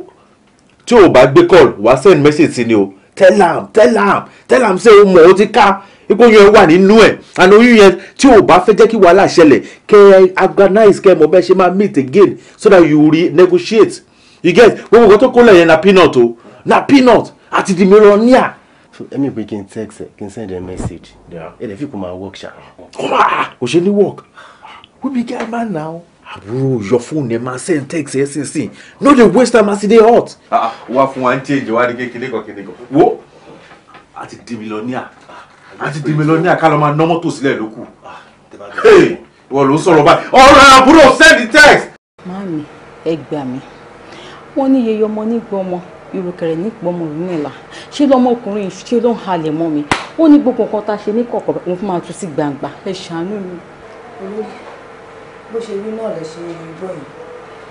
tí o bá gbé call wá send message sí ni o tell am tell am tell am Say, o mọ̀ o ti ká ipò yẹn wà nínú ẹ̀ àná oyún yẹn tí o bá fẹ́ jẹ́ kí wàhálà ṣẹlẹ̀ kẹ́ organize kẹ́ mọ̀ bẹ́ẹ̀ ṣe máa meet again so that you re negotiate you get gbogbo nǹkan tó kó lẹ̀ yẹn na peanut o na peanut àti di millionaire. so ẹ mi pe kí text ẹ kí n send ẹ message ẹ dẹ̀ fi kò máa work ṣá. Ah, kò ṣe ní work we be guy man now. àbúrò your phone ẹ máa send text ẹ sin sin no dey waste time as e dey hot. Ah, ah, wá fún wa ń change wá ní kékeré kan kékeré kan wo àti di millionaire àti di millionaire ká lọ máa ná mọ́tò sílẹ̀ lókù ìwọ ló ń sọ̀rọ̀ báyìí ọ̀rọ̀ àbúrò send text. máa mi ẹ gbà mí wọ́n ní yeye ọmọ nígbọmọ irùkẹ̀rẹ̀ nígbọmọ ìrìnlá ṣé lọ́mọkùnrin ṣé ló ń halẹ̀ mọ́ mi ó ní gbogbo nǹkan tá a ṣe ní kọ̀ọ̀kan òun fún máa tú sí gbangba ẹ ṣàánú mi. olóyè bó ṣe rí náà lè ṣe gbọ́ yìí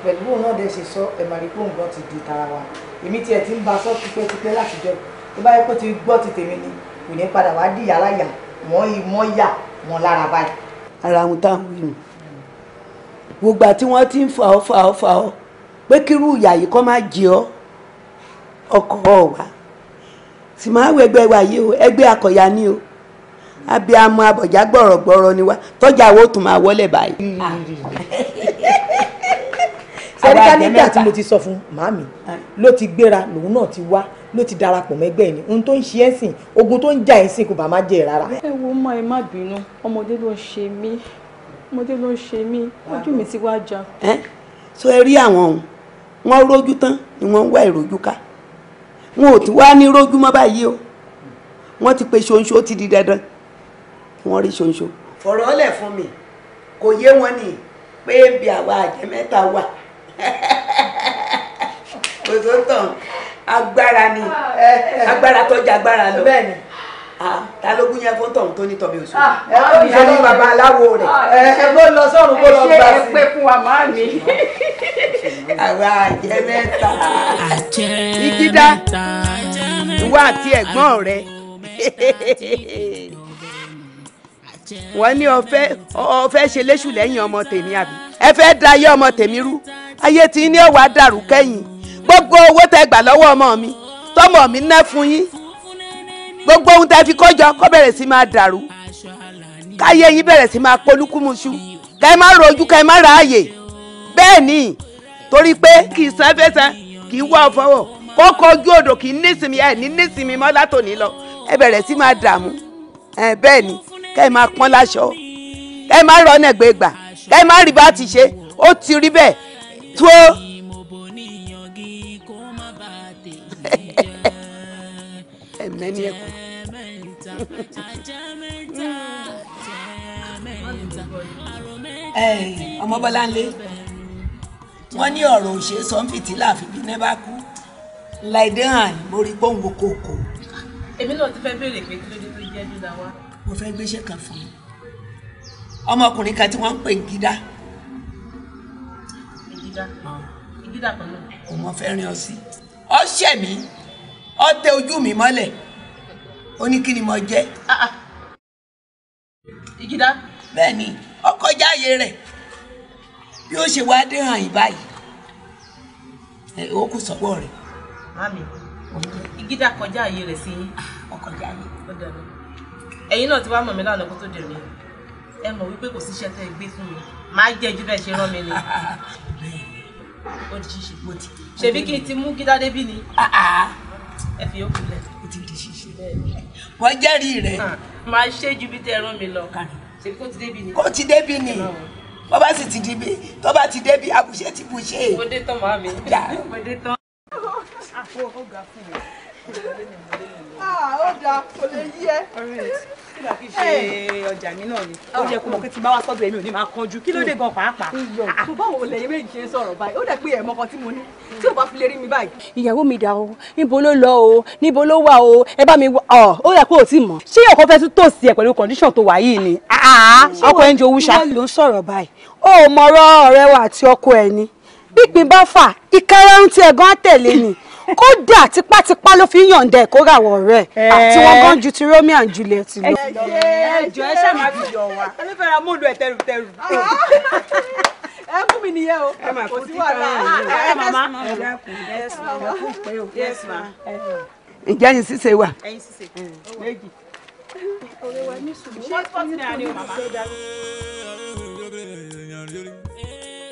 pẹ̀lú bóun náà dẹ̀ ṣe sọ ẹ̀ màrí pòun gan ti di tara wa èmi tiẹ̀ ti ń ba sọ tipẹ́tipẹ́ látijọ́ tó bá yẹ kó ti gbọ́ ti tèmi ni kò ní padà wá dìyà láyà mọ́ ìmọ̀ yà mọ́ lára báyìí. ara àwọn táwọn wí nù gbogbo àti wọn ti ń fà ọ fà ọ fà ọ pé kírú ìyà yìí kọ́ máa jẹ ọ́ ọkọ wa sì máa wọ ẹgbẹ́ wa yìí o ẹgbẹ́ akọ̀yà ni o abiyamọ abọ̀já gbọ̀rọ̀gbọ̀rọ̀ ni wa tọ́jà wo tún máa wọlé báyìí. sẹ́ríkà nígbà tí mo ti sọ fún màmí ló ti gbéra lòun náà ti wá ló ti darapọ̀ mẹ́gbẹ́ ni ohun tó ń ṣe ẹ̀sìn ogun tó ń jà ẹ̀sìn kò bá má jẹ́ rárá. ẹ wo má ẹ má bínú ọmọdé ló ń ṣe mí ọmọdé ló ń ṣe mí ojú mi ti wá já. ẹ sọ ẹ rí àwọn ohun wọ́n rójú tán ni wọ́n ń wá ìrójú ká wọn ò tún wá ní rójú mọ́ báyìí o wọ́n ti pe ṣonṣo ti di dandan wọ́n rí ṣonṣo. fọ̀rọ̀ ọ̀lẹ̀ fún mi kò yé wọn ni pé bí àwa àjẹ́ wà kò tó tàn agbára ni agbára tó jẹ agbára lọ. Ah, ta ló gún yẹn fún tọ̀hún tó ní tọ̀mí oṣù. ìṣe ah, ní baba aláwo rẹ̀. Ah, ẹ kó lọ sọ́run kó lọ gbà sí. ẹ ṣe pé fún wa máa mi. àwa àjẹ mẹ́ta. ìjídá ìwọ àti ẹ̀gbọ́n rẹ̀ wọ́n ní ọ̀fẹ́ ọ̀fẹ́ ṣe léṣù lẹ́yìn ọmọ tèmi àbí ẹ fẹ́ da ayé ọmọ tèmi rú ayé tí ní ẹ̀wà dàrú kẹ́yìn gbogbo owó tẹ gbà lọ́wọ́ ọmọ mi tọmọ mi ná fún yín gbogbo ohun tá a fi kó jọ kó bẹ̀rẹ̀ sí máa dàrú káyé yín bẹ̀rẹ̀ sí máa polúkúmuṣu ká ẹ má rojú ká ẹ má ráàyè bẹ́ẹ̀ ni torí pé kì í san fẹ́sàn kì í wá ọ̀fọ́wọ̀ kókó ojú odò kì í nísìmí ẹ̀ ní nísìmí mọ́ látòní lọ ẹ bẹ̀rẹ̀ sí máa dààmú ẹ bẹ́ẹ̀ ni ká ẹ máa láṣọ ká má rọ́nà gbégbà ká ẹ má rí bá ti ṣe ó ti rí bẹ́ẹ̀ tó. mẹ́ni ẹ̀kọ́. ọmọ Bọ́láńlé wọ́n ní ọ̀rọ̀ òṣè sọ ń fìtílà àfibí ní bá kú láìdé hàn mo rí pé òun kò kò. èmi náà ti fẹ́ béèrè pé kí ló dé tó jẹ́ dídá wa. mo fẹ́ gbéṣẹ́ kan fún un ọmọkùnrin kan tí wọ́n ń pè ní gídá. gídá gídá kan náà. òun fẹ́ rin ọ sí. ọ ṣẹ̀ mí ó tẹ ojú mi mọ́lẹ̀ ó ní kí ni mo jẹ́. Ah, ah. ìgídá. bẹ́ẹ̀ ni ọkọ̀ jáyé rẹ̀ bí ó ṣe wáá dé hàn yín báyìí ẹ ó kù sọ́wọ́ rẹ̀. mami ìgídá kọjá àyè rẹ̀ sí yín. ọkọjá ah, yìí. ó dàbí ẹ̀yin náà ti wá mọ̀ mí lánàá kó tó dèrò yín ẹ mọ̀ wípé kò síṣẹ́ tẹ́ ẹ gbé fún mi máa jẹ́ ju bẹ́ẹ̀ ṣe rán mi ni ó di ṣíṣe. ṣèbí kí n ti mú gídá débí ni ẹ fi yókù lẹ̀. o ti di ṣíṣe bẹ́ẹ̀ wọ́n jẹ́rìí rẹ̀. Ah, máa ṣe ju bí tẹ ẹran mi lọ ṣèbí kó ti débi ni. kó ti débi ni bó bá sì ti débi tó bá ti débi àbùṣe ti bùṣe. mo dé tán màámi mo dé tán. Ah, ó ga fún mi. Ah, ó ga kò lè yí ẹ kúlà kí ṣe eh. ọjà mi náà ni ah. ìyàwó mi dà o níbo ló lọ o níbo ló wà o ẹ bá mi wá ọ ó yẹ kó o ti mọ̀ ṣé ọkọ fẹ́ tún tòsí ẹ pẹ̀lú condition tó wà yìí ni ah, ah, ọkọ ẹ ń ló ń sọ̀rọ̀ báyìí ó mọ̀rọ̀ ọ̀rẹ́ wa àti ọkọ ẹ̀ ni bí ìpín bá fà ìkẹrẹ ń tiẹ̀ gan tẹ̀lé ni kódà tipátipá ló fi ń yọ̀ǹda ẹ̀ kó rà wọ̀ rẹ̀ àti ah, wọn gan ju ti Romeo and Juliet lọ. ẹjọ ẹ ṣáà má fi yọ wa ẹ fẹ́ ra móòdù ẹ tẹrùtẹrù. ẹ fún mi nìyẹn o kò sí wàhálà ẹ màmá ẹ kù pé o yes ma. ǹjẹ́ ẹyin ṣíṣe wà. ẹyin ṣíṣe méjì. ọ̀rẹ́ wa ní sùn ṣé fọ́tí náà ni o màmá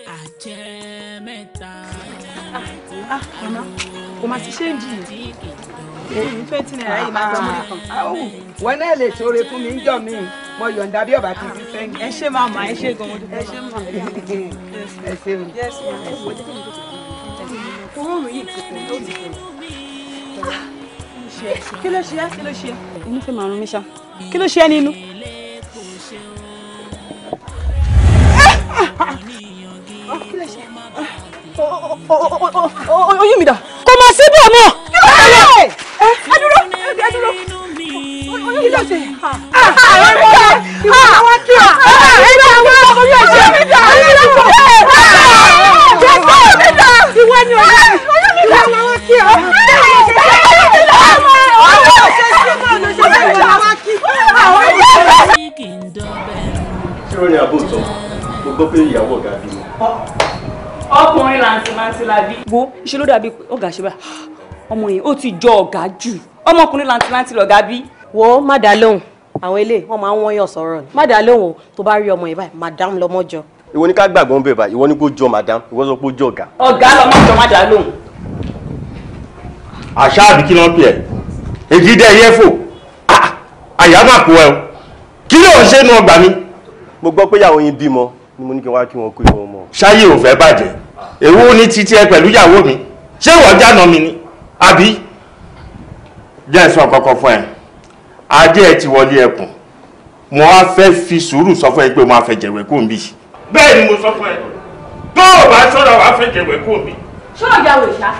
àjẹ́ mẹ́ta mama kò má ti ṣéǹjì yìí èyí twenty naira yìí máa gbọ́ mọ́lẹ̀ kan. wọn náà lè ṣoore fún mi níjọ́ mi mo yọ̀ǹda bí ọba ti fi fẹ́yìn. ẹ ṣe máa ma ẹ ṣe gan ojú ẹ ṣe máa ẹ ṣe mi. kòrónù yìí ti pè ló ti pè. kí ló ṣe kí ló ṣe. inú fẹ́ máa rún mi ṣá kí ló ṣe ẹ́ nínú. kí ló ṣe oyún mi dà. kò mọ̀ sí bò mọ̀. ẹ dúró ẹ dúró oyún mi dà sí. oyún mi dà oyún mi dà oyún mi dà oyún mi dà oyún mi dà oyún mi dà ìwọ ni ọ̀rẹ́ oyún mi dà oyún mi dà oyún mi dà oyún mi dà oyún mi dà oyún mi dà. kí ló ní abóòtọ́ mo gbọ́ pé ìyàwó ọ̀gá bímọ ọkùnrin làǹtí máa ń ti la bí. wo ṣe ló dàbí ọ̀gá ṣe bá ọmọ yẹn ó ti jọ ọ̀gá jù ọmọkùnrin làǹtí láǹtí lọ̀gá bí. wo má dá lóhùn àwọn eléyìí wọn máa ń wọ́n yàn sọ̀rọ̀ ni má dá lóhùn o tó bá rí ọmọ yẹn báyìí madam lọmọ jọ. ìwọ ní ká gbàgbọ́ ń bẹ̀ bá ìwọ ní kó jọ madam ìwọ sọ pé ó jọ ọ̀gá. ọ̀gá lọmọ jọ má dá lóhùn. àṣà àbí kí ló pè ẹ́ èjì dẹ́ ah, àyà má kó ẹ o kí ló ń ṣe nu ọgbà mi. mo gbọ́ pé ìyàwó ṣáyé ò fẹ́ bàjẹ́ èwo ní títí ẹ pẹ̀lú ìyàwó mi ṣé ìwọ jáná mi ni àbí jẹ́ ẹ̀sùn ọ̀kọ̀ọ̀kan fún ẹ ajé ẹ ti wọlé ẹkùn mo á fẹ́ fi sùúrù sọ fún ẹ pé mo á fẹ́ jẹ̀wẹ̀ kó mi. bẹ́ẹ̀ ni mo sọ fún ẹ tó o bá ṣọ́ra wàá fẹ́ jẹ̀wẹ̀ kó mi. ṣé ọjà wò ṣá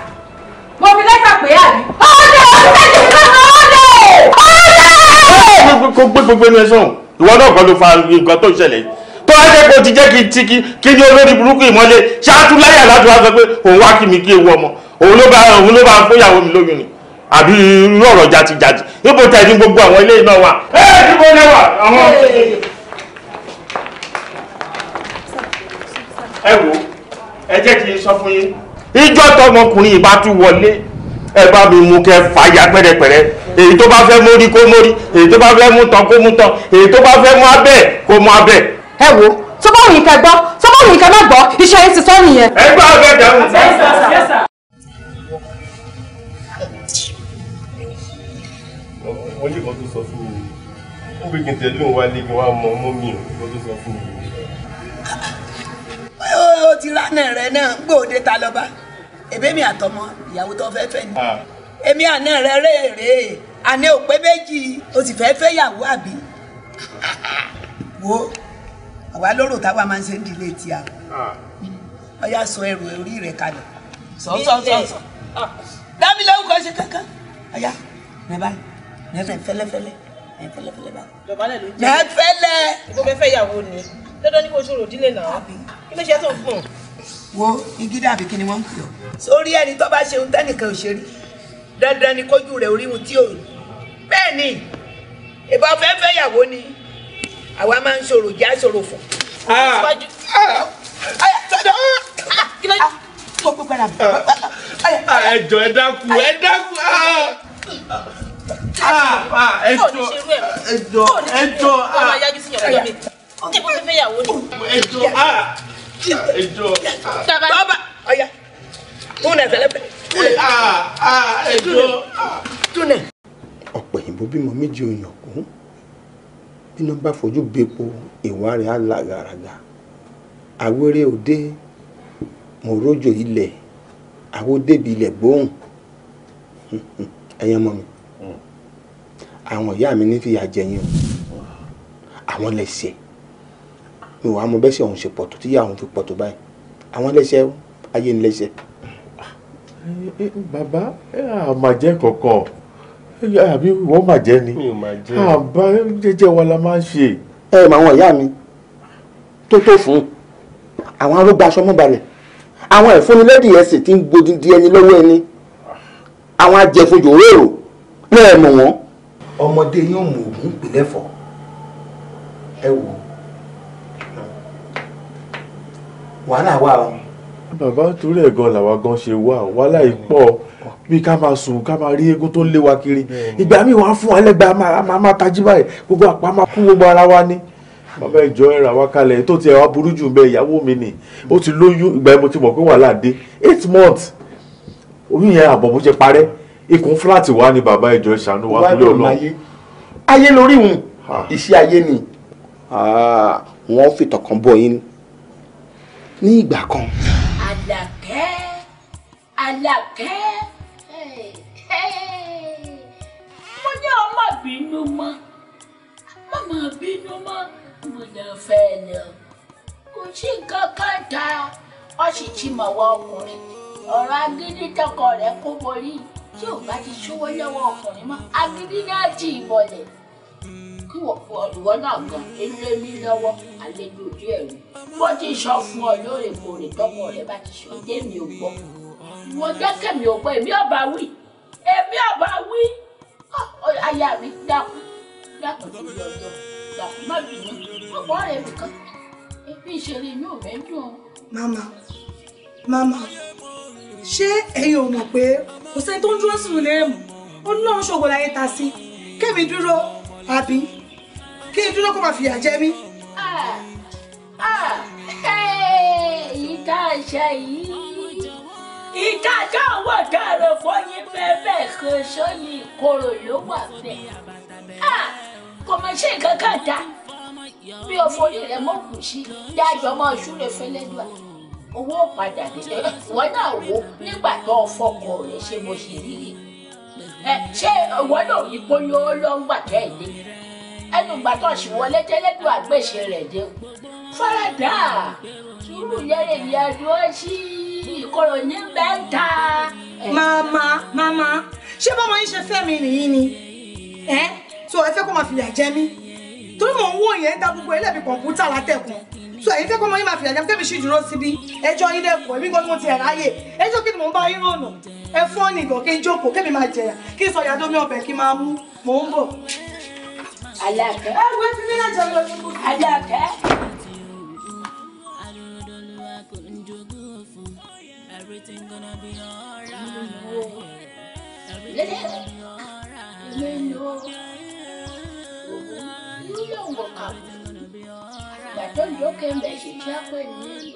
mo fi lẹ́tà pé àbí. ọ̀dẹ̀ ọ̀dẹ̀ ọ̀dẹ̀ ọ̀dẹ̀. kó gbé gbogbo ẹni ẹ sọ̀rọ̀ ìwọ náà kọ́ ló fa nǹkan tó ṣẹlẹ̀ yìí tó wá jẹ́ pé o ti jẹ́ kí ti kí ní olórí burúkú ìmọ́lé ṣáàtú láyà láti wá sọ pé òun wá kí mi kí ewu ọmọ òun ló bá òun ló bá fóyàwó mi lóyún ni àbí irú ọ̀rọ̀ jatijati níbo tẹ̀ ní gbogbo àwọn ilé iná wa. ẹ ẹ níbo ni wà àwọn. ẹ wo ẹ jẹ́ kí n sọ fún yín. ìjọ tọmọkùnrin ìbá tún wọlé ẹ bá mi mú kẹ fàyà pẹ̀rẹ̀pẹ̀rẹ̀ èyí tó bá fẹ́ mórí kó mórí èyí tó bá fẹ́ mú tán kó mú tán èyí tó bá fẹ́ mú abẹ́ kó mú abẹ́ ẹ wo tó bá wù yín kẹ́ gbọ́ tó bá wù yín kẹ́ má gbọ́ iṣẹ́ yín ti tọ́ nìyẹn. ẹ gbọ́ ọ̀gá dàrú. mo ní kan tó sọ fún mi ó bí kí n tẹ̀lé òun wá lé kí wọ́n á mọ ọmọ mi kan tó sọ fún mi. ó ti ránà rẹ náà gbòde ta lọ́ba èbémi àtọmọ ìyàwó tó fẹ́ fẹ́ ni ah. èmi àná rẹ rèé àná òpé méjì o sì fẹ́ fẹ́ yàwó àbí wo àwa lóró táwa máa ń ṣe ń dilé tí a ah. ọyá sọ ẹrù orí rẹ kalẹ̀ sọ sọ sọ sọ dábì lẹ́wù kan ṣe kankan ọyá rẹ báyìí rẹ fẹ fẹlẹfẹlẹ rẹ fẹlẹfẹlẹ báyìí. dọ̀bálẹ̀ ló jẹ́ rẹ fẹlẹ. ìbò fẹ́ fẹ́ ìyàwó ni dandan ní kò ṣòro dílé náà kí ló ṣe tó ń fún. wo igi dàbí kí ni wọ́n ń pè ọ́. sórí ẹni tó bá ṣe ohun tẹ́nìkan ò ṣe rí dandan ni kójú rẹ̀ orí mu tí ò rí bẹ́ẹ̀ ni ìbò fẹ́ fẹ́ ìyàwó ni àwa máa ń sọ̀rọ̀ jẹ́ àsọ̀rọ̀ fún. Ah. Ah. Ah. ẹ jọ ẹ dákun ẹ dákun ẹ jọ ẹ jọ ẹ jọ ó kẹ́ bó fẹ́ fẹ́ yàwó ni. ẹ jọ ẹ jọ. bàbá ọ̀ya túnẹ̀ fẹlẹ́fẹ́. túnẹ̀. ọ̀pọ̀ òyìnbó bímọ méjì òyìnbó iná bá fojú bepo ìwà rẹ̀ á là gàràgà àwérè òde mo rójò ilẹ̀ àwo débi ilẹ̀ gbóhùn ẹ̀yẹ́ mọ́ mi hmm. àwọn ìyá mi ní fìyà jẹyìn o àwọn lẹ́sẹ̀ mi ò wá mọ bẹ́sẹ̀ òun ṣe pọ̀ tó tíyà òun fi pọ̀ báyìí àwọn lẹ́sẹ̀ ayé ni lẹ́sẹ̀. Eh, eh, bàbá ẹ àmàjẹ́ kọ̀ọ̀kan àbí wọ́n mà jẹ́ ni àbá ah, jẹ́jẹ́ wa la máa ń ṣe. ẹ ẹ màwọn ìyá mi tó tó fún àwọn arúgbó aṣọ mọ́balẹ̀ àwọn ìfúnnilẹ́dì ẹ̀sìn tí ń gbodi di ẹni lọ́wọ́ ẹni àwọn ajẹ̀fojò rèrò ní ẹ̀mù wọn. ọmọdé yóò mú ògùn ìpínlẹ̀ fọ ẹ wò wàhálà wà o bàbá torí ẹ̀ gan làwa gan ṣe wà wàhálà yìí pọ̀ bí ká máa sùn ká máa rí eégún tó ń lé wa kiri ìgbà míì wọ́n á fún wa lẹ́gbàá a máa máa tají báyìí gbogbo àpá máa kú gbogbo ara wa ni bàbá ìjọ ẹ rà kalẹ̀ tó ti ẹ̀ burú jù bẹ́ẹ̀ ìyàwó mi nì ó ti lóyún ìgbà mo ti mọ̀ pé wàhálà dé eight months oyún yẹn àbọ̀ bó ṣe parẹ́ ikùn fúláàtì wa ni bàbá ìjọ ìṣàánú wa kúlẹ̀ ọ̀nà. ayé lórí ìhun iṣẹ́ ayé ni ah, wọ́n fìtọ̀ bọ̀ yín ní ìgbà kan. Àlàkẹ́ Àlàkẹ́ mo ní ọmọ bínú mọ́ mọ́mọ́ bínú mọ́ mo lè fẹ́ lọ kò sí nǹkan kan ta ọ sì ti mọ̀ wọ ọkùnrin ọ̀rọ̀ agídí tọkọ rẹ̀ kó borí tí ò bá ti ṣówó lọ́wọ́ ọkùnrin mọ́ agídí náà ti ìbọ̀lẹ̀ ìwọ náà gan ilé mi lọ́wọ́ àlejò díẹ̀ rẹ̀ bó ti sọ fún ọ lóòrèkóòrè tọkọ rẹ bá ti sọ dé mi ò gbọ́ ìwọ jẹ́kẹ̀ mi ò gbọ́ èmi ọba wí èmi ọba wí ah, aya mi dákú dákú tó lọ yọ dákú má bínú ọkọ rẹ mi kan ebi ìṣeré mi ò mẹ́dùn. mama mama ṣé ẹ̀yin ò mọ̀ pé kò sẹ́ni tó ń dúró sínú ilé rẹ̀ mọ́ ó ní lọ́run ṣògo láyé ta sí kémi dúró àbí kí n dúró kó máa fìyà jẹ mí. Ah, ah, ìka àṣà yìí ìka àṣà àwọn ọ̀gá fọyín pẹ́ẹ́pẹ́ kan sọ́ni ìkorò ló wà bẹ́ẹ̀. Ah, kò mọ̀ ṣe nǹkan kan dá bí ọmọ orí rẹ̀ mọ̀ kù sí dájọ́ ọmọ ṣúrẹ́ fẹ́lẹ́dùà owó padà nílẹ̀ eh, ìwọ náà wò nígbà tó fọkọ rẹ̀ ṣe mo ṣe rí i. Eh, ṣé ìwọ náà yí pé yóò lọ́ngbà kẹ́hìndé ẹnu ìgbà tó ṣì wọlé jẹ́lẹ́dùn àgbèṣe rẹ̀ dé fọ́nrẹ́dà sùúrù yẹrẹ ìyàdùn ó ṣí ìkorò ní bẹ́ńtà. màmá màmá ṣé bọ́mọ yín ṣe fẹ́ mi nìyí ni ẹ tó ẹ fẹ́ kó máa fìyà jẹ mí torí mò ń wò yẹn dá gbogbo ẹlẹ́bi kọ̀ǹpútà látẹ̀kùn so ẹ̀yin fẹ́ kọ́ mọ yín máa fìyà jẹ tẹ́mi sì dúró síbi ẹjọ́ yín lẹ́kọ̀ọ́ èmi gan mo ti ẹ̀rá yè ẹjọ́ kí ni mò ń bá yín rọ̀nà ẹ fọ́ nìgàn kí n jókòó kí mi máa jẹ̀yà kí sọ mi ọbẹ̀ kí n máa mú Àlàkẹ́. ẹ wo ti nílẹ̀ jẹ́ lọ sí kùtù. Àlàkẹ́. Everything gonna be alright. Everything gonna be alright yongo kabu bato ndioke mbesi chakwe nini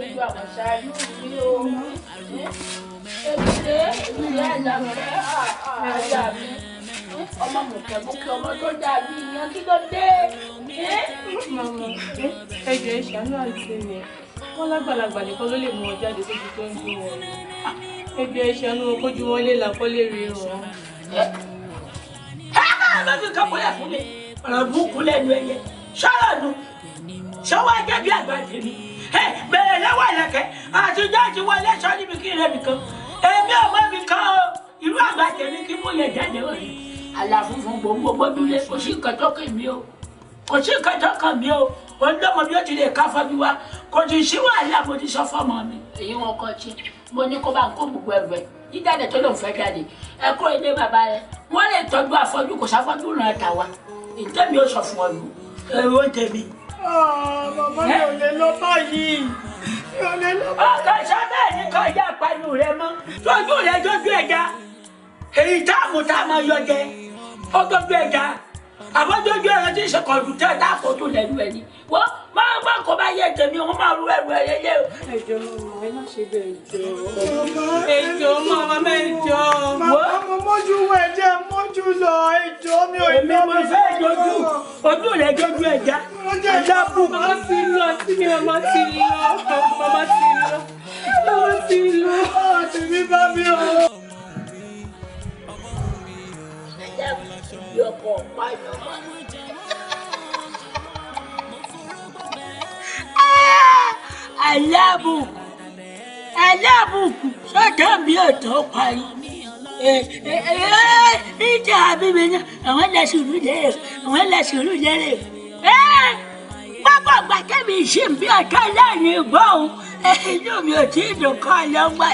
mẹ́ta àrò mẹ́ta àrò mẹ́ta ọmọ mọ̀kẹ́ mú kí ọmọ tó dáa bí ìyẹn kí ló dé. màmá ẹjọ ẹ ṣàánú àti rẹ wọn lágbàlagbà nìkan ló lè mú wọn jáde lójú tó ń gbé wọn ẹjọ ẹ ṣàánú wọn kójú wọn lé làkọlé rí wọn. lọ́dún kan bóyá fún mi ọ̀rọ̀ burúkú lẹ́nu ẹ̀yẹ ṣọ́ọ̀rọ̀ nù ṣọ́wọ́ ẹgbẹ́ bí àgbà tèmi bẹ̀rẹ̀ lọ́wọ́ ìlẹ̀kẹ́ àti jọ́ọ̀jì wọlé sọ níbi kí n rẹ̀ nìkan èmi ò mọ mi kan o ìlú àgbàjẹ ni kí mo yẹ jáde wọ̀ ni àlàfúnfún gbòǹgbò gbójúlé kò sí nǹkan tó kàn mí o kò sí nǹkan tó kàn mí o olóko bí ó ti lè ká fọ́bí wa kò ti sí wàhálà mo ti sọ fọ́mọ mi èyí wọn kọ́ tí mo ní kó bá ń kó gbogbo ẹrù ẹ̀ jíjáde tó lòun fẹ́ jáde ẹ kúrò ilé bàbá rẹ wọ́n lè tọ́jú afọ́jú kò sáfọ́jú ràn ẹ̀ tà wá ìtẹ́mi ó sọ fún ọ nù èrò tèmi. Màmá mi ò lè lọ báyìí. Mi ò lè lọ báyìí. Ọkọ iṣẹ́ bẹ́ẹ̀ ni kò yá apanu rẹ mọ́. Lójú rẹ jójú ẹja. Èyí táàmù táàmù ayọ̀jẹ. Ó gbọ́dọ̀ ẹja àbájọjọ ẹ̀rọ tí ń ṣe kọ̀ǹpútà dáàfọ́ tó lẹ́nu ẹ̀ ni wọ́n máa ń gbọ́n bá yẹ tèmi wọ́n máa ru ẹrù ẹ̀ lélẹ̀ o. ẹjọ́ ṣe bẹ ẹjọ́ ẹjọ́ mọ ọmọ mẹjọ. màmá mo mójú wọ ẹ̀jẹ̀ lọ ẹjọ́ mi ò lọ mi fẹ́ dojú ojú rẹ̀ dojú ẹ̀já ẹ̀já bù. màmá ti lọ sí mi màmá ti lọ màmá ti lọ màmá ti lọ. ọ̀ọ́ tèmi bá mi o bí ọkọ̀ ọ̀pá ìyàwó. ẹlẹ́bùkún ẹlẹ́bùkún ṣọ́jà mi parí. ìjà bíbí ni àwọn lẹ́sùrù lérè e, àwọn lẹ́sùrù lérè. pápá e. gbàtẹ́mi ṣì ń bí ọ̀tọ́ lẹ́yìn ìbọn òun inú mi ò tí ì dùn kọ́ ọ lọ́gbà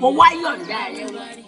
mo wá yọ̀ǹda rẹ̀ wá.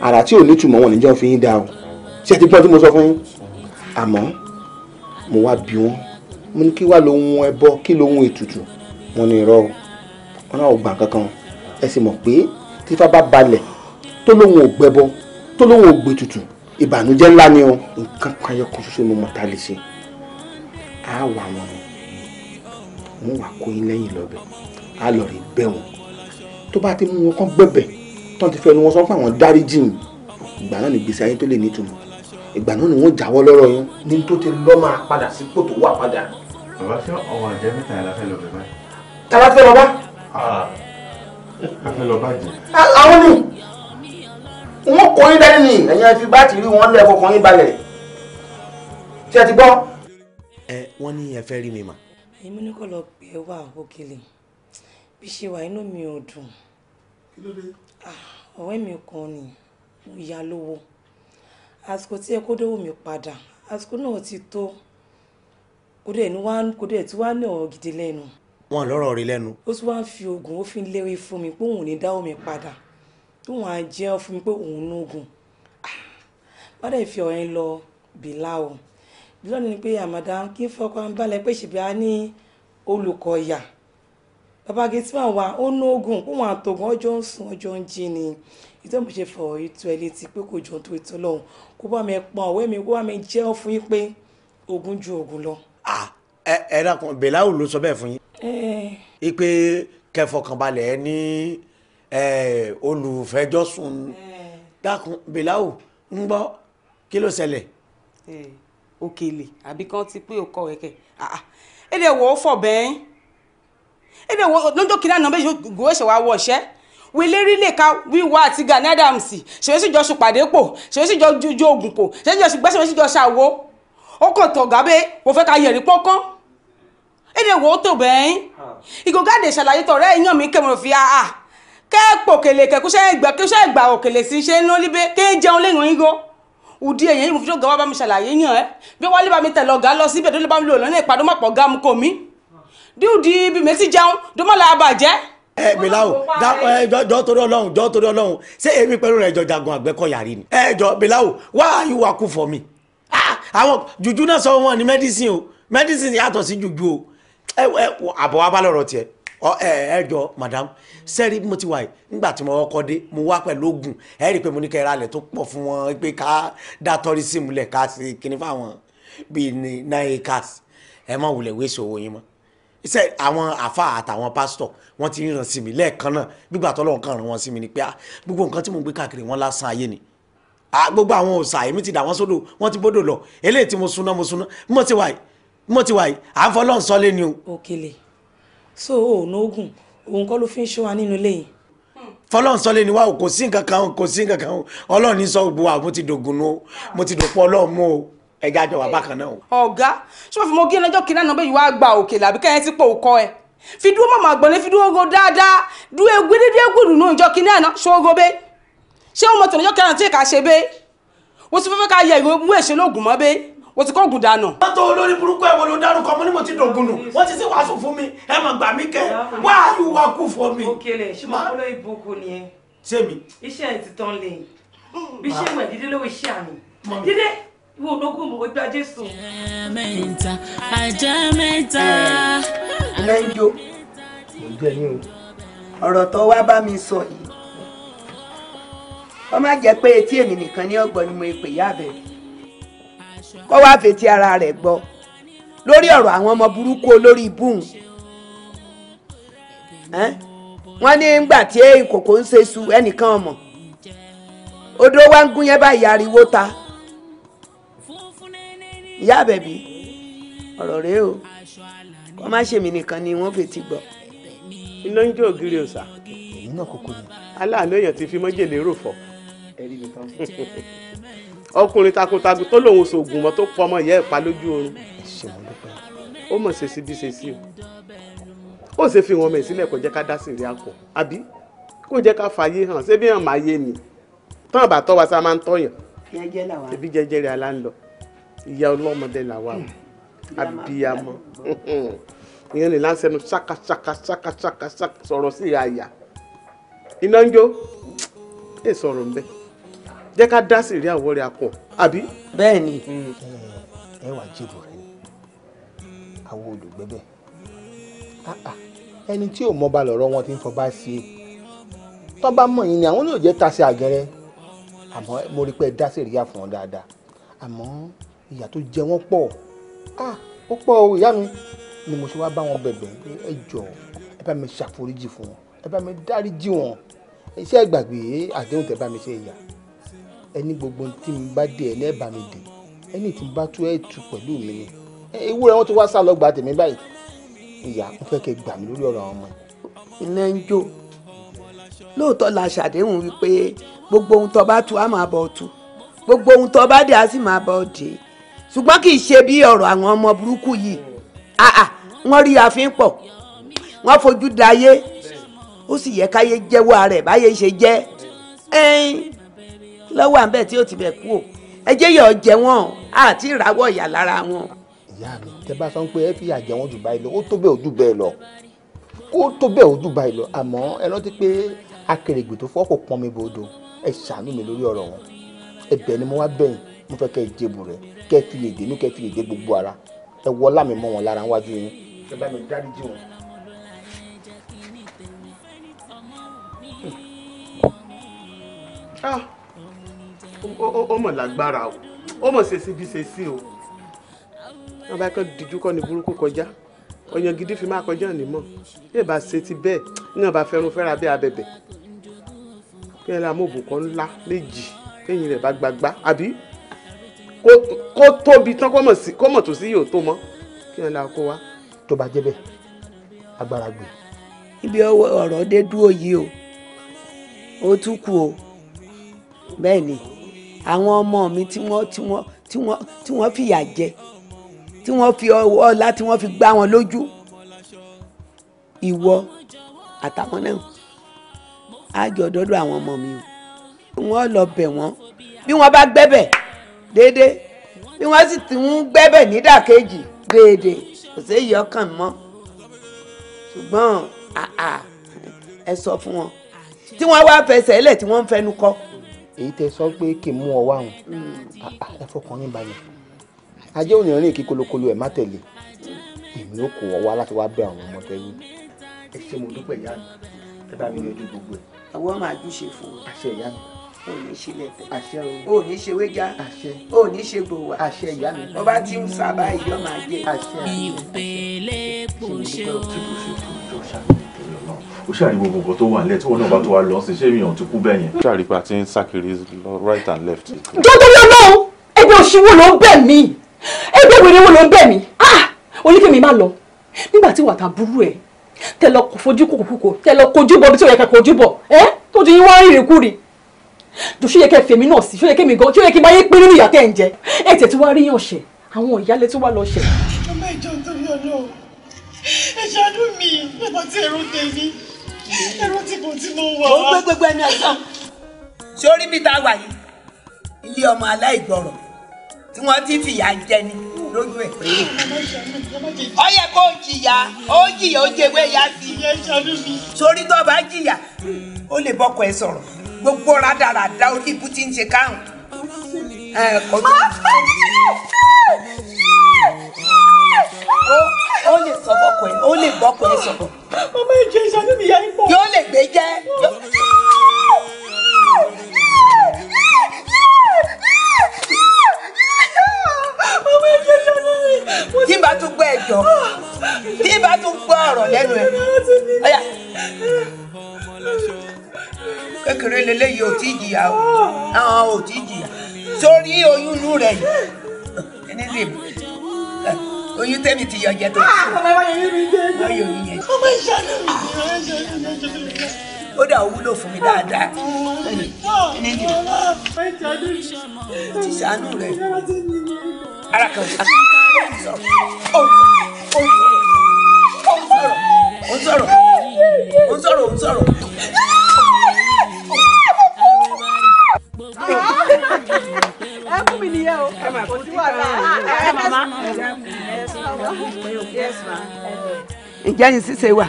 Ara tí ò nítumọ̀ wọn níjọ́ fi yín dá o ṣé ẹ ti gbọ́ tí mo sọ fún yín àmọ́ mo wá bí wọn mo ní kí wá lohun ẹbọ kí lohun ètùtù wọn ní irọ́ wọn náà ò gbà kankan ẹ sì mọ̀ pé tífá bá balẹ̀ tó lóhun ò gbẹbọ tó lóhun ò gbètùtù ìbànújẹ́ ńlá ni o nǹkan kan yẹ kan ṣoṣo ni mo ta lè ṣe á wà wọn Mo wọn wà kó yín lẹ́yìn lọ́bẹ̀ á lọ rí bẹ́ wọn tó bá ti mú wọn kán gbẹ̀bẹ̀ tán ti fẹnu wọn sọ pé àwọn dáríjì yìí ìgbà náà ni gbèsè ayé tó lè nítumọ̀ ìgbà náà ni wọ́n jáwọ́ lọ́rọ̀ yẹn ní tó ti lọ́ máa padà sípò tó wà padà. bàbá ṣé ọwọ́ àjẹ mẹ́ta yẹn la fẹ́ lọ bẹ̀ báyìí. tala fẹ́ lọ bá. a fẹ́ lọ bá jẹ. àwọn ni wọn kò ní dání ni ẹ̀yin àfi bá ti rí wọn lé ẹ̀fọ́ kan yín balẹ̀ tí ẹ ti gbọ́. ẹ wọ́n ní ẹ fẹ́ rí mi mà. èmi ní kò lọ pè é wá òkèlè bí ṣe wà inú mi ò dùn. kí ló dé. ah ọ̀rẹ́ mi kan ni mo yá lówó àsìkò tí ẹ kó dówó mi padà àsìkò náà ti tó kò dẹ̀ ní wá kò dẹ̀ tí wá ní ọ̀rọ̀ gidi lẹ́nu. wọn lọ́rọ̀ rí lẹ́nu. ó tún wá ń fi oògùn ó fi ń lérí fún mi pé òun ní dáwọ́ mi padà tóun á jẹ́ fún mi pé òun ní oògùn wọ́n ah, dẹ̀ fi ọ̀rẹ́ lọ bìlà o bìlà ni pé àmàdá kí fọkàn balẹ̀ pé ṣèbí a ní olùkọ́ yà bàbá gateman wa ó nógùn pé wọn àtògùn ọjọ́ ń sùn ọjọ́ ń jí ni ìtọ́ mi ṣe fọ̀rọ̀ ètò ẹ̀ létí pé kò jọ tó ètò lọ́hùn kó bá mi pọn ọ̀wẹ́ mi kó bá mi jẹ́ fún yín pé ogun ju ogun lọ. ẹ ẹ dákun bẹ̀láwù ló sọ bẹ́ẹ̀ fún yín. ipe kẹfọkànbalẹ̀ ní olùfẹjọ́sùn dákun bẹ̀láwù ń gbọ́ kí ló ṣẹlẹ̀. òkèlè àbí kan ti pé òkọ rẹ kẹ ẹ lè wọ́ fọ̀ bẹ́ẹ̀ ebe wo lọ́jọ́ kìnnà náà méjì gòwé ṣe wá wọ ọ̀ṣẹ́ wílé rí lè ka wíwá àti Gani Adams ṣèwé síjọ ṣùpàdé pò ṣèwé síjọ ju oògùn pò ṣèwé síjọ ṣùgbẹ́ ṣèwé síjọ ṣàwo ó kàn tọ̀ gábé kò fẹ́ ka yẹ̀rí pọ́kán èdè wo tó bẹ́ẹ̀ ìgògáde ṣàlàyé tọ̀rẹ́ èèyàn mi kẹ́mọ̀rọ̀ fi àà kẹ́ẹ̀pọ̀ kèlè kẹ́kúṣẹ́ ìgbà kẹ́kúṣẹ́ ìgbà òkèlè sí ṣe ń lólíbé kéé jẹun léyìn yín gan ùdí èèyàn yìí mo fi tó gàwá bá mi ṣàlàyé yàn ẹ́ bí wálé bá mi tẹ̀lé ọ̀gá lọ síbẹ̀ tó lè bá mi lò lọ́nà ìpàdé mọ̀pọ̀ gámù kò mí díùdì ibi mèsì jẹun dọ́mọ́lá bàjẹ́. ẹ bilawo jọ torí Ọlọ́run jọ torí Ọlọ́run ṣé èmi pẹ̀lú rẹ jọ jagun àgbẹ̀kọ̀yà rí ni. ẹ jọ bilawo why are you waku for me. àwọn jùjú náà sọ wọn ní medicine o medicine yàtọ̀ sí jùjú o àbọ̀ wa bá lọ́rọ̀ tiẹ̀ ẹ ẹ jọ madam sẹ́rí mo ti wà yìí nígbà tí mo kọ́kọ́ dé mo wá pẹ̀lú oògùn ẹ rí i pé mo ní kẹ́ ra ilẹ̀ tó pọ̀ fún wọn pé ká dá tọ́rísìmù lẹ̀ ká ṣe kinní fáwọn bíi nine acres ẹ má wulẹ̀ wéṣọ owó yín mọ́ iṣẹ́ àwọn àfa àtàwọn pásítọ̀ wọ́n ti ń ràn sí mi lẹ́ẹ̀kan náà gbígbà tọ́lọ́run kan ràn wọ́n sí mi ni pé ah, gbogbo nǹkan tí mo gbé káàkiri wọn lásán ayé ni ah, gbogbo àwọn òòsà èmi ti dà wọ́n sódò wọ́n ti bódò lọ eléyìí tí mo súná mo súná mo ti wà yìí mo ti wà yìí à ń fọlọ́run sọ́lé ni o. òkèlè so òun oògùn òun kọ́ ló fi ń ṣọ́ wa nínú ilé yìí. sọ́lé ni wá o kò sí nǹkan kan o kò sí nǹkan kan o ọlọ́run ní sọ gbogbo àwọn mo ti dògùn o mo ti dòpọ̀ ọlọ́run mú o ẹja jọ wà bákan náà o. ọ̀gá ṣé wọ́n fi mo gé ẹlẹ́jọ́ kìnnà náà bẹ́ẹ̀ yìí wá gba òkè làbí kẹ́yìn tí pò kọ́ ẹ fi dúró mọ̀mọ́ àgbọ̀nlé fi dúró go dáadáa dúró egbe dédé egúdùn náà ìjọ kìnnà náà ṣó bẹ́ẹ̀ ṣé wọ́n mọ̀tò lọ́jọ́ kẹ́yìn tí èka ṣe bẹ́ẹ̀ wọ́n ti fẹ́fẹ́ ká yẹ ìwé mú èṣe lóògùn mọ́ bẹ́ẹ̀ wọ́n ti kọ́ ògùn dànù. wọ́n tó olórí burúkú ẹ̀ wọ́n ló dárúkọ mọ́ ni mo ti dògùn nù wọ́n ti sì wàásù fún mi ẹ mà gbà mí kẹ́ wá yóò wá kú fún mi. òkèlè ṣùgbọ́n olórí burúkú ni ẹ. sẹ́mi. iṣẹ́ ẹ̀ ti tán lè hmm. bí ṣé ìwẹ̀ dídé lówó iṣẹ́ àná dídé ìwọ ológun ojú ajé sùn. ajá bá mi sọ yìí Ọ ma pé etí ni mo pè yá bẹ kó ara rẹ gbọ lórí ọrọ àwọn ọmọ burúkú olórí ibùn wọ́n ní ngbà tí ìkòkò ń su ẹnìkan ọmọ odò wa ń gún yẹn báyìí ariwo ta. ìyá àbẹ̀bí ọ̀rọ̀ rèé o kọ́ má ṣèmi nìkan ni wọ́n fètí gbọ́. iná ń jó ògiri òòsà. èyí náà kókó ni. aláàánú èèyàn ti fi mọ́jèlé rò fọ́. ọkùnrin takuntakun tó lòun sògùn mọ́ tó pọmọ ìyá ẹ̀ pa lójú oorun. ó mọ̀ ṣe sí bí ṣe sí o ó ṣe fi wọn mọ̀ ìsílẹ̀ kó jẹ́ ká dá sí ìrìn àpò àbí kó jẹ́ ká fàyè hàn ṣé bí hàn máa yé ni tán àbàtọ́ wa sá máa ń tọ̀yàn. jẹ́jẹ́ làwọn. alá ń lọ ìyá ọlọ́mọdé làwa o hmm. abiyamọ ìyẹn lè lásẹnu ṣàkàṣàkàṣàkàṣàkà sọ̀rọ̀ sí àyà iná ń jó ẹ sọ̀rọ̀ ń bẹ jẹ́ ká dá sí ìrí àwọ̀rẹ́ akọ àbí. bẹ́ẹ̀ ni hmm. ẹ wàá jèrò rẹ ni àwọn olùgbẹ́bẹ̀ ah, ah. ẹni tí ò mọba lọ̀rọ̀ wọn ti ń fọba sí i tó bá mọ̀ yín ni àwọn yóò jẹ́ tasẹ̀ àgẹrẹ àmọ́ mo rí pé ẹ dá sí ìríyà fún dáadáa àmọ́ ìyà tó jẹ wọ́n pọ̀ ah ó pọ̀ o ìyá mi ni mo ṣe wá bá wọn bẹ̀bẹ̀ pé ẹ jọ ẹ bá mi ṣàforíjì fún wọn ẹ bá mi dáríjì wọn iṣẹ́ ìgbàgbé àdéhùn tẹ bá mi ṣe ìyà ẹni gbogbo tí mo bá dé ẹ lẹ́ẹ̀bà mi dé ẹni tí mo bá tú ẹ tú pẹ̀lú mi ni ewúrẹ́ wọn ti wá sá lọ gba tèmi báyìí ìyá mo fẹ́ kẹ́ gbà mí lórí ọ̀rọ̀ àwọn ọmọ ilé ń jó lóòótọ́ la ṣàdéhùn wípé gbogbo ohun tó bá tu á máa bọ̀ tu gbogbo ohun tó bá dé á sì máa bọ̀ dé ṣùgbọ́n kì í ṣe bí ọ̀rọ̀ àwọn ọmọ burúkú yìí ah, ah, wọ́n rí àfin pọ̀ wọ́n fojú dayé ó sì yẹ káyé jẹ́wọ́ rẹ̀ báyé ṣe jẹ́ lọ́wọ́ àbẹ̀ tí ó ti bẹ̀ kú o ẹ jẹ́ yọ̀ jẹ́ wọn àti ìràwọ̀ ìyà lára wọn. ìyá mi tẹ bá sọ pé ẹ fi ìyà jẹ wọn jù báyìí lọ ó tó bẹ́ẹ̀ ó jù bẹ́ẹ̀ lọ kó tó bẹ́ẹ̀ ó jù báyìí lọ àmọ́ ẹ rántí pé akèrègbè tó fọ́ kò pọ́n mi bodò ẹ ṣàánú mi lórí ọ̀rọ̀ wọn ẹ̀bẹ̀ ni mo wá bẹ̀yìn mo fẹ́ kẹ́ ẹ jẹ́bu rẹ̀ kẹ́ ẹ fi lè dé inú kẹ́ ẹ fi lè dé gbogbo ara ẹ wọ lámì mọ́ wọn lára wájú yín ẹ bá mi dáríjì wọn. Ah! ó mọ̀ lágbára o ó mọ̀ ṣe síbi ṣe sí o wọn bá kọ́ díjú kọ́ ni burúkú kọjá ọyàn gidi fi máa kọjá ní mọ̀ yóò bá ṣe ti bẹ́ẹ̀ níwọ̀n bá fẹ́ràn fẹ́ra bí abẹ̀bẹ̀ kí ẹ la mọ̀ òbùkọ́ ńlá méjì kéyìn rẹ̀ bá gbagbá àbí kó tóbi tán kó mọ̀ tó sí yóò tó mọ́ kí wọ́n la wa. tó bá jẹ́ bẹ́ẹ̀ agbára gbé. ibi ọ̀rọ̀ dé dúró yìí o ó tún kù o bẹ́ẹ̀ ni àwọn ọmọ mi tí wọ́n fìyà jẹ tí wọ́n fi ọlá tí wọ́n fi gbá wọn lójú ìwọ àtàwọn náà á jọ dọ́dọ̀ àwọn ọmọ mi o wọ́n lọ bẹ̀ wọ́n bí wọ́n bá gbẹ́bẹ̀ déédéé bí wọ́n sì ti ń gbẹ́bẹ̀ nídàkejì déédéé kò séyìí ọkàn mọ́ ṣùgbọ́n àà ẹ sọ fún wọn tí wọ́n wá fẹsẹ̀ lẹ̀ tí wọ́n ń fẹnu kọ́. èyí tẹ sọ pé kí n mú ọ wá wọn hmm. ẹ fọkàn yín balẹ̀ ajé òní rìn kí kolokolo ẹ̀ má tẹ̀lé èmi ò kò wọ́ wá láti wá bẹ àwọn ọmọ tẹ́lú ẹ ṣe mo dúpẹ́ ìyá mi ẹ bá mi yanjú gbogbo ẹ̀. àwọn máa dúṣe fún un. àṣẹ ìyá mi o ní ṣe lẹ̀tẹ̀ o ní ṣe wéjá o ní ṣe gbòwà o bá ti ń sábà ìjọ máa jẹ. ìpele kò ṣe o. ó ṣàrí gbogbo nǹkan tó wà nílẹ̀ tí wọ́n náà bá tó wà lọ sí ṣé èèyàn ti kú bẹ́ẹ̀ yẹn. ṣàrí pa ti ń sá right and left. jọ́jọ́ lọ́nà ẹgbẹ́ òṣìwò ló ń bẹ̀ mí ẹgbẹ́ wèrè wo ló ń bẹ̀ mí ah! oníkèmí má lọ nígbà tí wàtà burú ẹ̀ tẹ lọ fojú kòkòkò tẹ lọ kojú bọ bí tí ò yẹ ká kojú bọ ẹ tó ti yín wá rìnrìn kúrì jọ ṣó yẹ kẹ́ fèmí náà sí ṣó yẹ kí gan ṣó yẹ kí n bá yé pé nínú ìyà tẹ́ ń jẹ ẹ̀ tẹ̀ tí wàá rí yàn ṣẹ̀ àwọn ìyálẹ̀ tó wà lọ ṣẹ̀. ọmọ ìjọ nítorí Ọlọ́run ẹ ṣàánú mi nípa tí ẹrù tèmi ẹrù tí kò tí mo wà. ó gbé gbogbo ẹni àìsàn. ṣé orí bí tá wà yìí ilé ọmọ aláìgbọràn tí wọ́n ti fìyà jẹ lójú ẹ̀ pé ó yẹ kó jìyà ó jìyà ó jẹwé ya sí sórí tó bá jìyà ó lè bọ́kọ ẹ sọ̀rọ̀ gbogbo rádaràda orí ibú tí ń ṣe káàrùn. ó lè sọ bọ́kọ̀ ẹ̀ ó lè bọ́kọ̀ ẹ̀ sọ̀rọ̀. ọmọ ìjọ ìṣàánú mi yá ipò. yóò lè gbé jẹ́. tí bá tún gbọ́ ẹjọ́ tí bá tún gbọ́ ọ̀rọ̀ lẹ́nu ẹ̀ kékeré leléyìí ò tí jìyà o àwọn ò tí jìyà sórí oyún inú rẹ yìí oyún tẹ́mi ti yọjẹ tó ah, yọ oyún yẹn. ó wúlò fún mi dáadáa ti sànú rẹ ara kan sọ̀rọ̀ ó sọ̀rọ̀ ó sọ̀rọ̀ ó sọ̀rọ̀ ó sọ̀rọ̀ ó sọ̀rọ̀ ẹ kún mi nìyẹn o kò sí wàhálà ẹ màmá ẹ sọ wọn. ǹjẹ́ yín ṣíṣe wà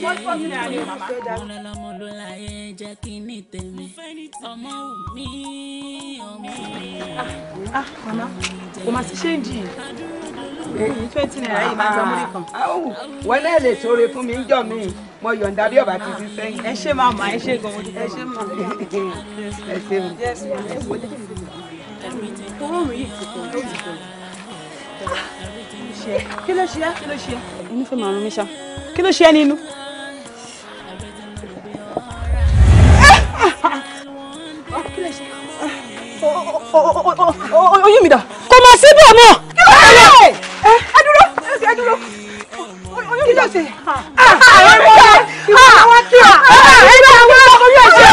mo lọ lọmọ ló láyé jẹ́ kí ní tèmi ọmọ mi ọmọ mi. ah mama kò má sí ṣéǹjì èyí twenty naira yìí máa gbàmúlì kan. wọn náà lè ṣoore fún mi ń jọ mi mo yọ̀ǹda bí ọba ti fi sẹ́yìn. ẹ ṣe máa mọ ẹ ṣe gan ẹ ṣe máa mọ. ẹ ṣeun ẹ kò dé. tọrọ mi yìí ti pọ̀ ló ti pọ̀ kí ló ṣe é kí ló ṣe é. inú fẹ́ máa rún mi ṣá kí ló ṣe é nínú. oyún mi dà. kò mà sí bí ọmọ. kí ló ṣe ẹ ẹ dúró ẹ dúró oyún mi dà sí. àwọn ọmọ ìwà wa kí ọ. ẹ ní àwọn ọmọ yóò ṣe.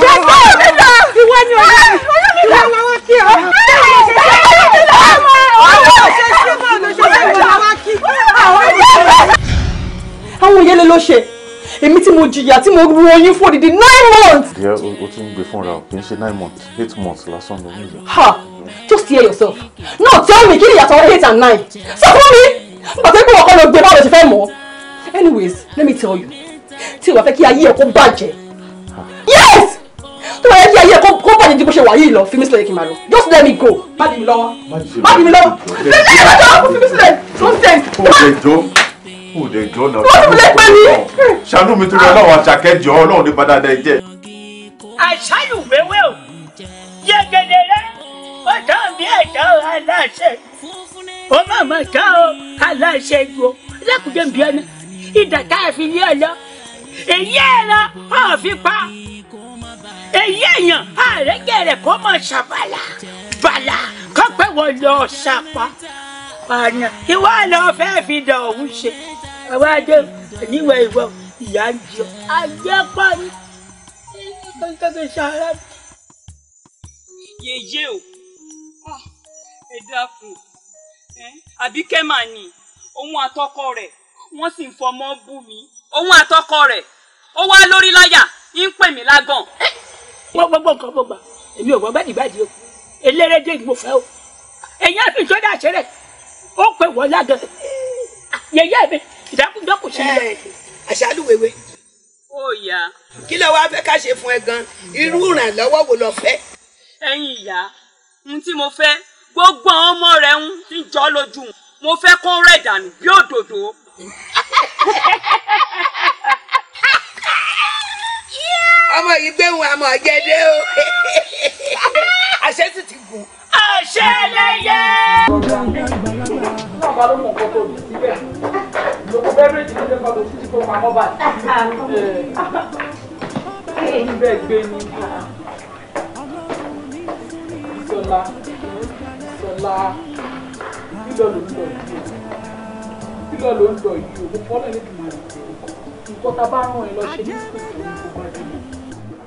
oyún mi dà oyún mi dà. jẹ́ kí oyún mi dà. ìwọ ni ọ̀la mi. oyún mi dà àwọn wa kí ọ. oyún mi dà oyún mi dà. àwọn ìyẹlẹ ló ṣe èmi tí mo jìyà tí mo ru oyún fún odidi nine months. díẹ̀ o ti ń gbé fúnra o kì í ṣe nine months eight months lásán ló ń yà. ha just hear yourself now tell me kí ni ìyàtọ̀ eight and nine sọ fún mi bàtà ìpínlẹ̀ ọkọ ló gbé báwo ṣe fẹ́ mọ̀ anyways let me tell you tí o bá fẹ́ kí ayé ẹ̀ kó bàjẹ́ yes tó bá yẹ kí ayé ẹ̀ kó bàjẹ́ ju bó ṣe wà yìí lọ fi mí sílẹ̀ kí n máa lọ just let me go má dì mí lọ́wọ́ má dì mí lọ́wọ́ lẹ́yìn ìgbà tó wà fi mí sílẹ̀ tó kò dé jọ náà. wọ́n ti lè pè mí. ṣàánú mi torí ọlọ́run àṣàkẹ́ jọ ọlọ́run nípa dáadáa jẹ́. àṣàyù wẹ́wẹ́ o yẹgẹdẹ rẹ ó tán bí ẹ̀tọ́ aláṣẹ ó má má tán o aláṣẹ ju o lẹ́kùnjẹ́ nbí ọ̀nà ìdá tá a fi lé ọ lọ èyí ẹ̀ràn ọ̀ fi pa èyí èèyàn àrẹ́gẹ̀rẹ̀ kó mọ̀ ṣàbàlà bàlà kọ́pẹ́ wọ́n lọ ṣàpá pààyàn ìwọ àlọ́ fi dàn òun ṣe ẹwà ajé níwẹ̀ ìwọ ìyá ń jẹ ajé parí kankan ṣàrà. yèyé o ẹ dákun àbí kẹ́mà ni òun àtọkọ rẹ̀ wọ́n sì ń fọmọ bú mi òun àtọkọ rẹ̀ ó wá lórí láyà ń pè mí lágàn. wọ́n gbọ́ nǹkan gbà èmi ò gbọ́ bá o eléré dé ìgbò fẹ́ o èyí á fi sọ́dọ̀ àṣẹrẹ̀ ó pè wọ́n lágàn yèyé mi ìdákùjọ kò ṣe é. Eh, àṣàlù wéwé. ó yá. kí ló wáá fẹ́ ká ṣe fún ẹ gan irú ìrànlọ́wọ́ wo lo fẹ́. ẹ̀yin ìyá ohun tí mo fẹ́ gbogbo àwọn ọmọ rẹ ń jọ lójú mo fẹ́ kó rẹ̀ dànù bí òdòdó. ọmọ yìí gbé wọn àmọ̀ jẹ́ dé o àṣẹ sì ti gùn àṣẹlẹyẹ. náà bá ló mọ nǹkan tó síbẹ̀ lóko bẹ́ẹ̀rẹ̀ jì ní lọ títí kó pamọ́ báyìí. bẹ́ẹ̀ gbé ni Ìṣọ̀lá Ìṣọ̀lá lílọ ló ń lọ yìí o lílọ ló ń lọ yìí o mo fọ́ lẹ́yìn tó máa ń lò ó nǹkan tá a bá rán ẹ lọ ṣe ní sùkúrù tó ń kó bá dé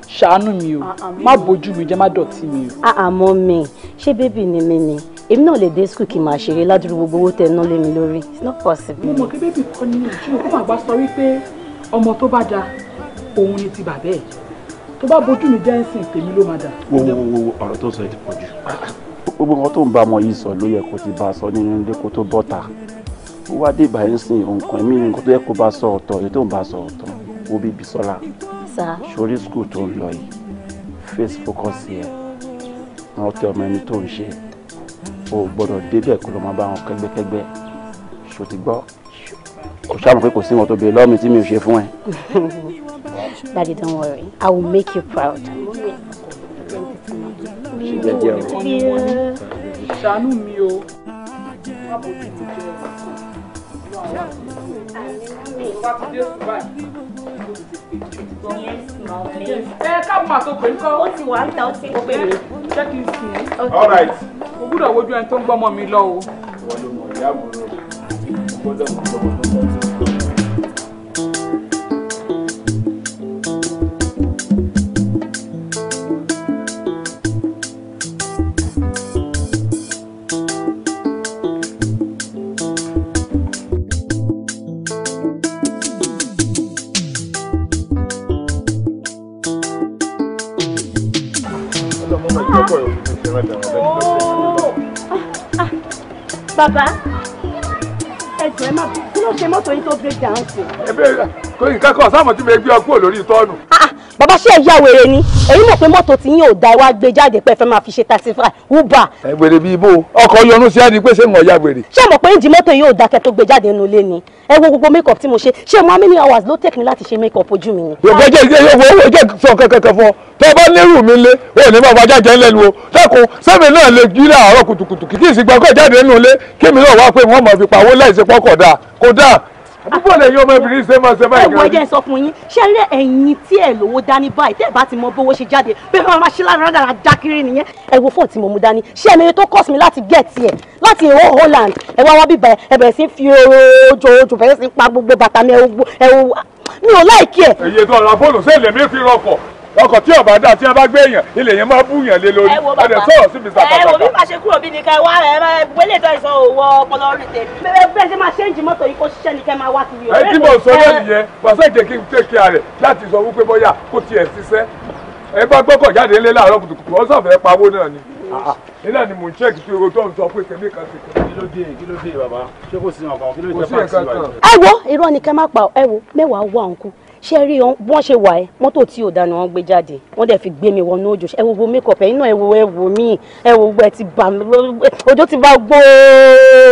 ṣàánú mi o ah, ah, má bójú mi jẹ́ má dọ̀tí mi o. àmọ́ ah, mi ṣé bébì ni mi ni èmi náà lè dé skul kí n máa ṣeré ládùúgbò gbogbo owó tẹ ẹ ná lé mi lórí it's not possible. mo mọ̀ pé bébì kọ́ ni ojú ó mà gbá sọ wípé ọmọ tó bá da òun ni ti bàbá ẹ̀ tó bá bójú mi jẹ́ ẹ̀sìn tèmi ló máa dà. wo wo wo ọ̀rọ̀ tó sọ yìí ti pọ̀ jù gbogbo nǹkan tó ń bá ọmọ yìí sọ ló yẹ kó ti bá a sọ nínú ilé kó tó bọ́ta ó wá dé ìbàyẹn sìn nǹkan ẹ̀mí nǹkan tó yẹ kó bá sọ ọ̀tọ̀ èyí tó ń bá sọ ọ̀tọ̀ wo bíbí sọ́la sà. sórí skul tó ń lọ yìí face focus yẹ wọn tẹ ọmọ ẹni tó ń ṣe o gbọ́dọ̀ débẹ̀ kó lọ máa bá wọn kẹ́gbẹ́kẹ́gbẹ́ ṣòtì gbọ́ kò sábà pé kò sí wọn tó bèrè lọ́mí tí Daddy don't worry I will make you proud. ṣe jẹ́jẹ́ Thank you ẹ all right. o gbúdọ̀ wojú ẹni tó ń gbọ́mọ mi lọ o. ìwọ ló mọ̀ ìyá àbúrò rẹ̀ gbọ́dọ̀ mọ̀ ọmọ tó ń bàbá ẹjọ ẹ má kí ló ṣe mọ́tò yín tó break down sí. ẹ bẹ́ẹ̀ kò nǹkan kan sáà mo ti fẹ́ gbé ọ kúrò lórí tọ́ọ̀nù. Baba, ṣé ẹ yá wèrè ni èyí mọ̀ pé mọ́tò tí yín ò da iwá gbé jáde pé ẹ fẹ́ máa fi ṣe tasifa uber. ẹ wèrè bíi ibo ọkọ yọnu sí ẹni pé ṣé wọn ya wèrè. ṣé mo pé ìdí mọ́tò yìí ò da kẹ́ tó gbé jáde nínú ilé ni ẹ wo gbogbo make up tí mo ṣe ṣé mo many hours ló tẹ̀kí láti ṣe make up ojú mi ni. ògbẹ́ jẹ́ ìdíyẹ wo owó jẹ́ sọ kankan fún ọ tó bá nírù mi lé o ní bá wájà jẹ́ lẹ́nu o lẹ́kùn sẹ́mi náà lè jí láàárọ̀ kùtùkùtù kìkì ìsìgbà ọkọ̀ jáde nínú ilé kí mi náà wá pé wọ́n mọ̀ fi pàwọ́ láìsí pọ́kọ̀ dáa kó dáa púpọ̀ lẹ́yìn ọmọbìnrin ṣe máa ṣe báyìí. ẹ wo ẹjẹ sọ fún yín ṣé rí ẹ̀yin tí ẹ lówó dání báyìí tẹ́ ẹ bá ti mọ bówó ṣe jáde bẹ́ẹ̀ máa ṣe lára dára jákiri nìyẹn. ẹ wo fóònù tí dání ṣé ẹmẹyẹ tó cost mi láti get ẹ láti ìwọ Holland ẹ wá wá bíbẹ ẹ bẹ̀rẹ̀ sí fi ojoojò bẹ̀rẹ̀ sí pa gbogbo bàtà mi ẹ wo mi ò láìkí ẹ. èyí ètò ọ̀rọ̀ fóònù sí mi fi rọpò ọkọ̀ tí ọba dá tí wọ́n bá gbé èèyàn ilé yẹn máa bú yàn lé lórí ọdẹ sọ̀rọ̀ sí mi sàkàtàkà. ẹ wo bí màá kúrò bí nìkan wá ẹ ẹ wẹlé ìtọ́ ìsọ òwò ọpọlọ rí tèmi. bẹ́ẹ̀ bẹ́ẹ̀ ṣe máa ṣe ń jí mọ́tò yìí kó ṣiṣẹ́ ni kẹ́ máa wá kiri. ẹ tí mo sọ wọ́n nìyẹn pàṣẹ ìjẹ́ kí n láti sọ wípé bóyá kó tiẹ̀ ṣiṣẹ́ ẹ bá gbọ́kọ̀ jáde ńlẹ́ láàárọ̀ kùtùkùtù ó sàfẹ́ pawó náà ni ah, ah. nílẹ̀ ni mò ń ṣẹ́ẹ̀kì tí owó tó ń sọ pé kẹ́mí kan ti kẹ́. kí ló dé kí ló dé bàbá ṣé kò sí nǹkan kí ló dé bá ẹ wo irọ́ ni kẹ́ má pa ẹ wo mẹ́wàá wọ àwọn kú ṣé rí wọ́n ṣe wà ẹ́ mọ́tò tí ò dáná wọ́n gbé jáde wọ́n dẹ̀ fi gbé mi wọnú òjò ẹ wo wo makeup ẹ inú ẹ wo ẹ wo mí ẹ wo ẹ ti bà mí òjò ti bá gbó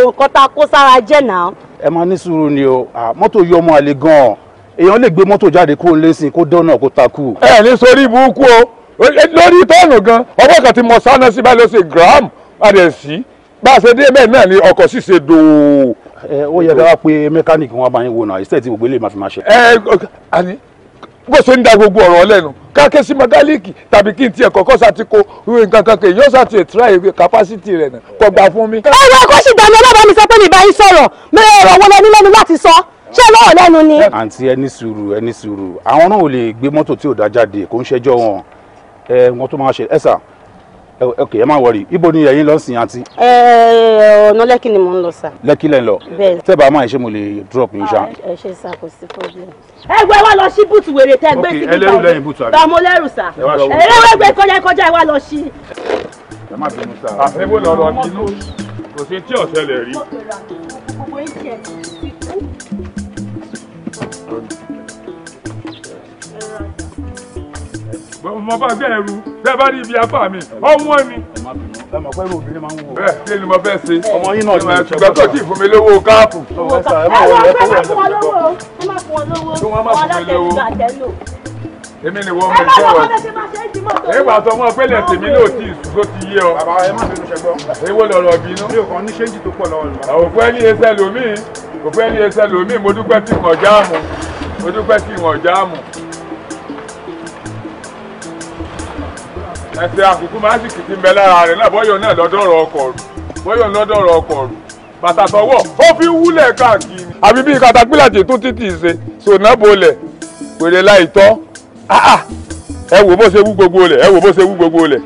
nǹkan tá a kó sára jẹ́ náà. ẹ máa ní sùúrù ni o mọ́tò yọ ọmọ àlè gan-an èèyàn lè gbé mọ́tò jáde kó lé sin kó dọ́nà kó takú. ẹ ní sórí ibùkún o lórí tọ́ọ̀nù gan ọwọ́ kan ti mọ sáná síbá ló ṣe gram adẹ̀ sí bá dé bẹ́ẹ̀ náà ni ọkọ̀ sì ṣe dòó ẹ ó yẹ ká wá pé mẹkáníìkì wọn bá yín wò náà ìṣẹ́ tí gbogbo eléyìí máa fi máa ṣe. ẹ àní bó ṣe ń da gbogbo ọ̀rọ̀ lẹ́nu káàkiri sí mẹkáníìkì tàbí kí n tiẹ̀ kọ́kọ́ sá ti ko ìwé nǹkan kan kì í yóò try capacity rẹ̀ nà kọ́ gbà fún mi. ẹ wá kó sì gbà mí ọlọ́ba mi sọ pé mi bá yín sọ̀rọ̀ mi ò rọ̀ wọlé ní lẹ́nu láti sọ ṣé lọ́wọ́ lẹ́nu ni. àǹtí ẹni sùúrù ẹni sùúrù àwọn náà ò lè gbé mọ́tò tí ò dá jáde kó ń ṣẹjọ́ wọn ẹ wọn tó máa ṣe ẹ sà ok ẹ má wọrí ibo ni ẹ̀yin lọ sìn àǹtí. ẹ ọ̀nà lẹ́kì ni mò ń lọ sà. lẹ́kì lẹ́ ń lọ tẹ́bà máa ṣe mo lè drop yín ṣá. ẹ ṣe sà kò sí problem. ẹgbẹ́ wa lọ sí bùtù wèrè tẹ́ gbé síbi báwo bá mo lẹ́rù sà. ẹ̀rọ ẹgbẹ́ kọjá kọjá ẹ wá lọ sí. ẹ má bínú sá. àfẹ́wọ́ lọ lọ bínú kò sí tí ọ̀sẹ̀ lè rí. mo bá gbé ẹrú bẹ́ẹ̀ bá rí ibi apá mi ọwọ́n mi. bẹ́ẹ̀ kí ni mo fẹ́ ṣe ọmọ yín náà ti ṣùgbọ́n tó kì í fún mi lówó káàpù. ẹ máa fún wọn lówó ẹ máa fún wọn lówó kí wọ́n má fún mi lówó èmi ni wọ́n mú un sọ̀rọ̀ nígbà tó mọ̀ pé lẹ́sìn mi náà tí ìṣúgbó ti yé ọ. bàbá ẹ má bínú ṣẹgbọ́n. èwo lọ̀rọ̀ bínú. mi ò kàn ní ṣéǹjì tó pọ̀ lọ́wọ́ mi. òkú ẹni ẹsẹ̀ lómi òkú ẹni ẹsẹ̀ lómi mo dúpẹ́ tí wọ́n jáàmù mo dúpẹ́ tí wọ́n jáàmù. ẹsẹ̀ àkùkù májìkì ti ń bẹ lára rẹ̀ náà bọ́yọ̀ náà lọ́dọ̀rọ̀ ọkọ̀ rù bọ́yọ̀ lọ́dọ̀rọ̀ ọkọ̀ rù bàtà tọwọ́ ó fi wúlẹ̀ káàkiri. àbí bí katapílàjì tún títì ṣe sònà bolẹ̀ pèrè láìtọ́ ẹ wò bó ṣe wú gbogbo lẹ̀ ẹ wò bó ṣe wú gbogbo lẹ̀.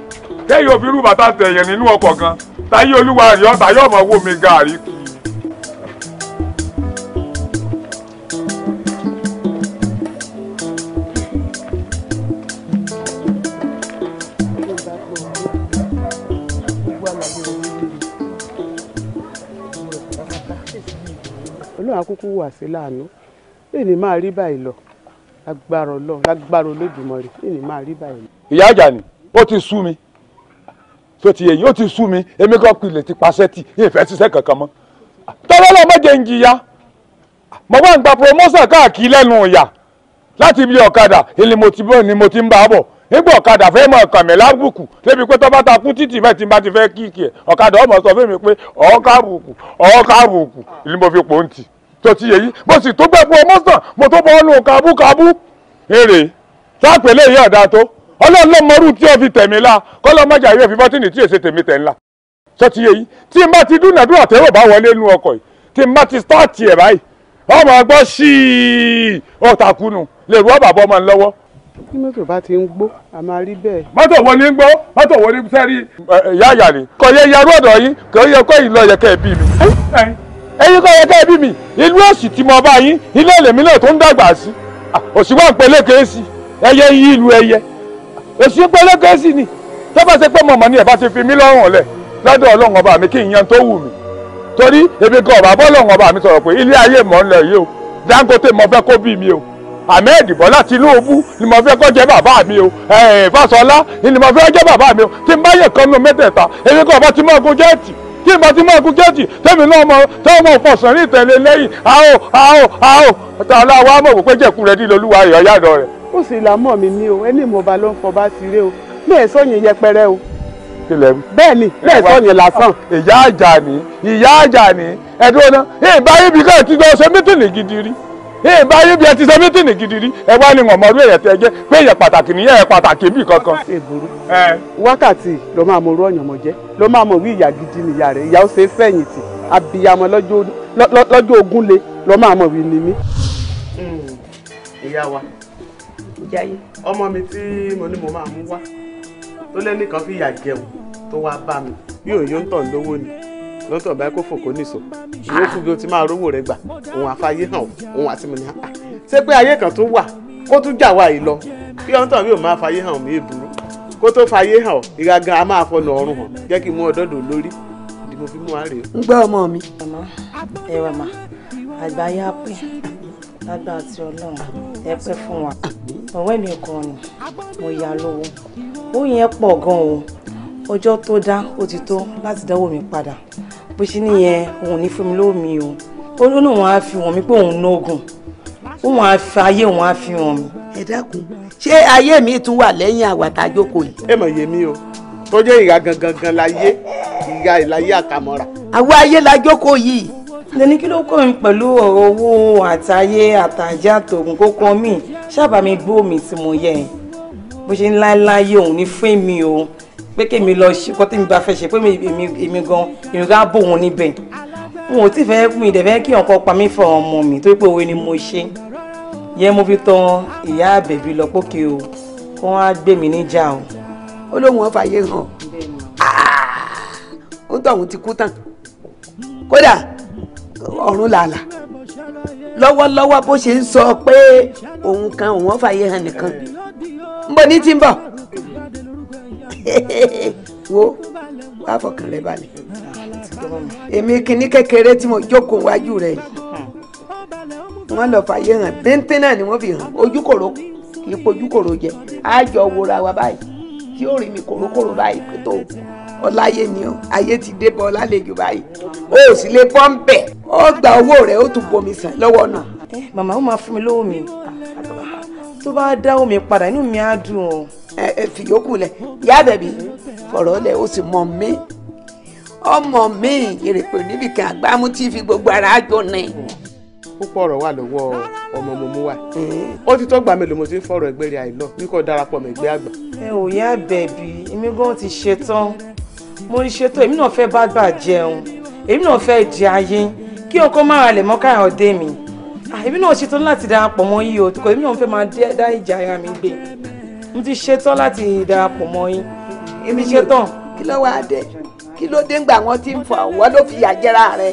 kẹ́yìn òbí rú bàtà tẹ̀yẹ̀ nínú ọkọ̀ gan táyé olúwa rí ọ̀tá yóò mọ̀ wó mi gaàrí kì náà kúkú wà sí láàánú èmi máa rí báyìí lọ lágbára Ọlọ́run lágbára Olódùmarè èmi máa rí báyìí. ìyá Àjàní ó ti sú mi tó ti èyí ó ti sú mi èmi kan pilẹ̀ ti paṣẹ́ tì ìfẹ́ ṣiṣẹ́ kankan mọ́ tọ́lọ́ lọ méje ń jìyà mo bá ń gba promotion káàkiri lẹ́nu ìyà láti ibi ọ̀kadà ni mo ti ni mo ti ń bá a bọ̀ nígbà ọ̀kadà fẹ́ mọ kàn mí lábùkù débi pé tọ́ba ta kú títì bẹ́ẹ̀ tí n bá ti fẹ́ kíkì ẹ̀ ọ̀kadà ọmọ sọ fún mi pé ọ̀ọ́kàbùkù ọ̀ọ́kàbùkù ni mo fi pòǹtì tó ti yẹ yìí bó sì tó gbẹ̀bú ọmọ sàn mo tó bọ́ ọ́nù kábúkábú èrè sápẹ̀lẹ̀ yìí ọ̀dà tó ọlọ́run ló mọrú tí ó fi tẹ̀mí la kọ́lọ́ mọ́jà yóò fi bọ́tìnì tí èsè tèmi tẹ̀ ńlá tó ti yẹ yìí tí n bá ti dúnàdúrà tẹ́wọ̀ bá wọlé nu ọkọ̀ yìí tí n bá ti stáàtì ẹ̀ báyìí ọmọ ẹgbọ́ sí ọ̀tàkùnù lè rú ọ̀bàbọ̀ ọmọ ńlọ́wọ́. bí mọ́tò bá ti ń gbó a máa rí bẹ́ẹ̀. mọ́tò wo ni ń gbó mọ́tò wo ni sẹ́rí. ìyá àyà ni kò yẹ yarú ọ̀dọ̀ yín kò yẹ kó ìlọ yẹ kẹ́ ẹ bí mi ẹ̀yin kọ́ yẹ kẹ́ ẹ bí mi ìlú òsì tí mo bá yín ilé ìlèmí náà tó ń dàgbà sí òsì wà ń pe lékèésì ẹyẹ ń yí ìlú ẹyẹ òsì ń pe lékèésì ni tó bá ṣe pé mọ̀mọ́ ni ẹ̀ bá ti fi mí lọ́rùn ọ̀lẹ̀ lọ́dọ̀ ọlọ́run ọba mi kí n yan tó wù mí torí èmi gan ọ̀bà bọ́lọ́run ọba mi sọ̀rọ̀ pé ilé ayé mọ̀ ń lọ yìí o Dangote mo fẹ́ kó bí mi o Ahmed Bọ́lá Tinubu ni mo fẹ́ kó jẹ́ bàbá mi o Fáṣọlá ni mo fẹ́ jẹ́ bàbá mi o tí n bá yẹ kan nínú mẹ́tẹ̀ẹ̀ta èmi gan ọba ti mọ́ ogun jẹ́ẹ̀tì kí n bá ti máa gun géètì tẹ́mi náà mọ tẹ́wọ́n mọ̀ fọ̀sán ní ìtẹ̀lé lẹ́yìn àó àó àó ọ̀tá aláwa mọ̀ wò pé jẹ̀kú rẹ̀ dílé olúwa rẹ̀ ọ̀yàdọ̀ rẹ̀. ó sì là mọ̀ mi ní o ẹni ìmọ̀ba ló ń fọba sí ré o bẹ́ẹ̀ sọ́yìn yẹpẹrẹ o. bẹ́ẹ̀ ni bẹ́ẹ̀ sọ́yìn lásán. ìyá àjà ni ìyá àjà ni ẹ̀dùn ọ̀nà ìbáyé bí káàkiri ọ̀sẹ̀ mítìlì gidi rí ee báyé bí ẹ ti ṣe mítìnì gidi rí ẹ wá ní ọmọọdún èyẹ tẹ jẹ pé èyẹ pàtàkì nìyẹn ẹ pàtàkì bí kankan. èbúrú wákàtí ló máa mọ orú ọ̀yàn mọ̀ jẹ́ ló máa mọ̀ wí ìyá gidi nìyá rẹ̀ ìyá ó ṣe fẹ̀yìntì abiyamọ lọ́jọ́ ogún le ló máa mọ̀ wí ni mí. Hmm, ìyá wa ọmọ mi tí mo ní mo máa mú wá tó lẹ́nìkan fìyà jẹun tó wá bá mi bí òye ń tàn lówó ni lọ́tọ̀ báyìí kó fòkó nìṣó ìwé kú o ti máa rówó rẹ gbà òun àfáyé hàn òun àti mi ní àpá ṣé pé ayé kan tó wà kó tún jà wá yìí lọ bí ọ̀n tàn mí ò máa fàyé hàn mí èbúrú kó tó fàyé hàn ọ́ ìgangan a máa fọnà ọrùn hàn jẹ́ kí n mú ọ̀dọ́dọ̀ lórí ni mo fi mú wa rèé. ń gbọ́ ọmọ mi. ọmọ ẹ wà má àgbáyé apẹ lágbà àti Ọlọ́run ẹ pẹ́ fún wa ọ̀wẹ́ mi kan ni mo yà lówó ó yẹn pọ̀ gan-an ọjọ́ tó dá ó ti tó láti dáwọ́ mi padà bó ṣe nìyẹn òun ní fún mi lówó mi o ó ló náà wọn á fi wọn mi pé òun nógùn òun á fi ayé òun á fi hàn mi. ẹ dákun ṣé ayé mi tún wà lẹ́yìn àwàtàjókò yìí. ẹ mọ̀ yé mi o tọ́jú ìhà gangan gan láyé ìhà ìláyé àtàmọ́ra. àwa ayé la jókòó yìí lẹni kí ló kọ́ mi pẹ̀lú ọ̀rọ̀ owó àtayé àtàjá tòògùn kókó mi ṣáàbà mi gbó mi tí mo yẹ bó ṣe ń láéláyé òun ní fún mi o pé kémi lọ ṣe kọ́ tèmi bá fẹ́ ṣe pé èmi gan ìrìngà bò wọn níbẹ̀ wọn ò tí fẹ́ mi ìdẹ̀fẹ́ kí ọkọ pa mí fọ ọmọ mi tó pé òwe ni mo ṣe yẹn mo fi tan ìyá àbẹ̀bí lọ pókè o kó wọn á gbé mi níjà o. ó lóun wọn fàyè hàn ó ń tọ̀hún ti kú tán kódà ọ̀run làálà lọ́wọ́lọ́wọ́ bó ṣe ń sọ pé òun kan òun fàyè hàn nìkan ń bọ̀ ní ti ń bọ̀. wo wàá fọkàn rẹ balẹ̀ èmi kìíní kékeré tí mo jókòó wájú rẹ wọ́n lọ fàyè hàn bíntín náà ni wọ́n fi hàn ojúkòrò kì í pojúkòrò jẹ àjọ wòra wa báyìí tí ó rí mi kòrókòrò báyìí pé tó ọláyé ni ọ ayé ti dé bọ lálejò báyìí o ò sì lè bọ́ ń bẹ̀ ó gba owó rẹ̀ ó tún bomi sàn lọ́wọ́ náà. màmá ó máa fún mi lówó mi tó bá dáwọ́ mi padà inú mi á dùn o fìyókù lẹ̀ ìyá àbẹ̀bí fọ̀rọ̀ lẹ̀ ó sì mọ̀ mí ọmọ mi ìrèpè níbìkan àgbámú tí fi gbogbo ara jọ ni. púpọ̀ ọ̀rọ̀ wà lọ́wọ́ ọmọ mo mú wa eh. ó ti tọ́gbà mélòó mo ti ń fọ̀rọ̀ ẹgbẹ́ rẹ̀ àìlọ́ bí kò darapọ̀ mọ́ ẹgbẹ́ àgbà. ẹ ò yá bẹ̀bí èmi gan ti ṣetán mo ti ṣetán èmi náà fẹ́ bá gbà jẹun èmi náà fẹ́ jẹ ayé kí ọkọ má ralẹ̀ mọ́ káyọ̀ dé mi ah, èmi náà ṣetán láti darapọ̀ mọ́ yìí o èmi náà fẹ́ máa dá ìjà ara mi gbé mo ti ṣetán láti darapọ̀ mọ́ yín èmi ṣetán. kí ló wá dé kí ló dé ńgbà wọn ti ń fọ wọn ló fìyà jẹra rẹ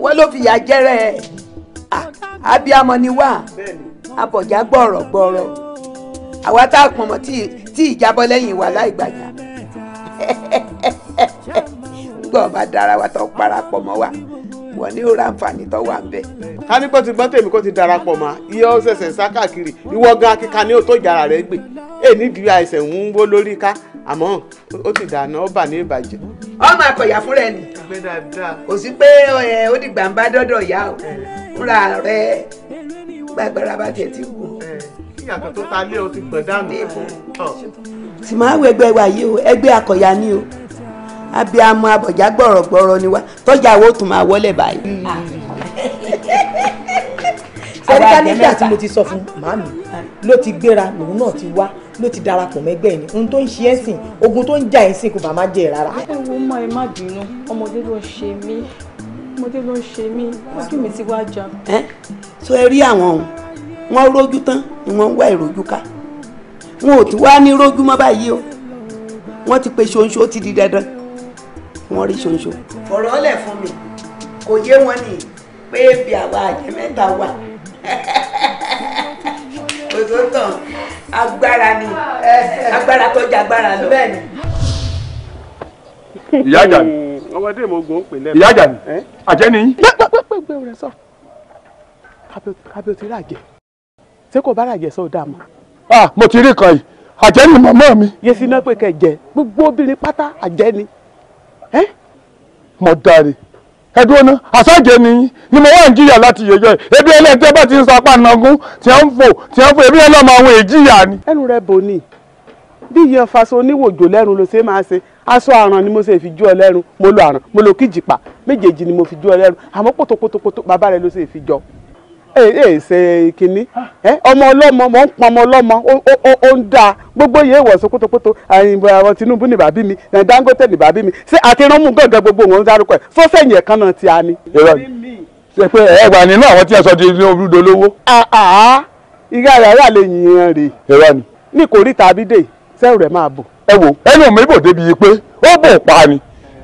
wọn ló fìyà jẹra ẹ abiyamọ ni wá abọjá gbọrọ gbọrọ àwa tá a pọnmọ tí ìjábọ̀ lẹ́yìn wa láì gbàjà ńgbà ọba dára wa tó parapọ̀ mọ́ wa wọn ní ó ra àǹfààní tó wà ń bẹ. ká ní kó ti gbọ́ tèmi ti darapọ̀ mọ́ iye ó ṣẹ̀ṣẹ̀ sá káàkiri ìwọ gan akíkan ni ó tó ìjàrà rẹ gbè nídìí àìsàn ń wó lórí ká àmọ́ ó ti dànù ó ní ìbàjẹ́. ọmọ àkọyà fúnra ẹni kò sí pé ó dìgbà ń bá dọ́dọ̀ o fúnra rẹ gbàgbára bá tẹ̀ tí kù. kíyàtọ̀ tó ta lé o ti gbọ̀n dànù. tí máa wẹgbẹ́ wa yìí o ẹgbẹ́ àkọyà ni o abiyamọ abọjá gbọrọgbọrọ ni wa tọjà wo tún máa wọlé báyìí. sẹ́rí ká nígbà tí mo ti sọ fún màmí ló ti gbéra lòun náà ti wá ló ti darapọ̀ mẹ́gbẹ́ ẹ̀ ni ohun tó ń ṣe ẹ́ sìn ogun tó ń jà ẹ́ sìn kò bá má jẹ́ rárá. ẹ wo má ẹ má bínú ọmọdé ló ń ṣe mí ọmọdé ló ṣe mí ojú mi ti wá jà. ẹ sọ ẹ rí àwọn ohun wọn rójú tán ni wọn ń wá ìrójú ká wọn ò tún wá ní rójú mọ́ báyìí o wọn ti pe ṣonṣo ti di dandan wọ́n rí ṣoṣo. ọ̀rọ̀ ọ̀lẹ̀ fún mi kò yé wọn ni pé bí àwa àjẹ́ mẹ́ta wà òtò tán agbára ni agbára tó jẹ agbára lọ. ìyá àjà ni ọmọdé mo gùn ó pè lẹ́nu. ìyá àjà ni àjẹ́ ni. pẹ́pẹ́pẹ́ rẹ̀ sọ kábíyọ̀tì ràjẹ́ ṣé kò bá ràjẹ́ sọ dáa mọ́. Ah, mo ti rí kan yìí àjẹ́ ni màmá mi. yẹ́sìn náà pé kẹ́ jẹ́ gbogbo obìnrin pátá àjẹ́ ni. mo dáre ẹdúró ná àṣàjẹ nìyí ni mo wà ń láti ebi tí ẹ bá ti ń sọ apá nagún tí ń fò ń fò ebi ẹlẹ́yìn ọmọ àwọn ejiya. ni. ẹnu rẹ bò ní bí ìyẹn faṣọ oníwòjò lẹ́rùn ni mo fi mo lo mo lo mejeji ni mo fi baba re ẹ ṣe kínní ọmọ ọlọ́mọ mọ̀ ń pọn ọmọ ọlọ́mọ ó ń dáa gbogbo yìí ìwọ̀sùn pótópótó àyìnbó àwọn Tinubu ní bàbí mi Dangote ní bàbí mi ṣé àtiránmú gàngàn gbogbo wọn ń dárúkọ ẹ sọ́sẹ̀yìn ẹ̀kan náà ti a ni. ṣe pé ẹgbà nínú àwọn tí ẹ sọ di olúdo lówó. ìyá rẹ̀ ara lè yìnyín rè. ìrọ ni. ní kò rí tàbí dé sẹ́rù rẹ̀ máa bò. ẹ wo ẹnu mi bò débi pé ó bò pa ni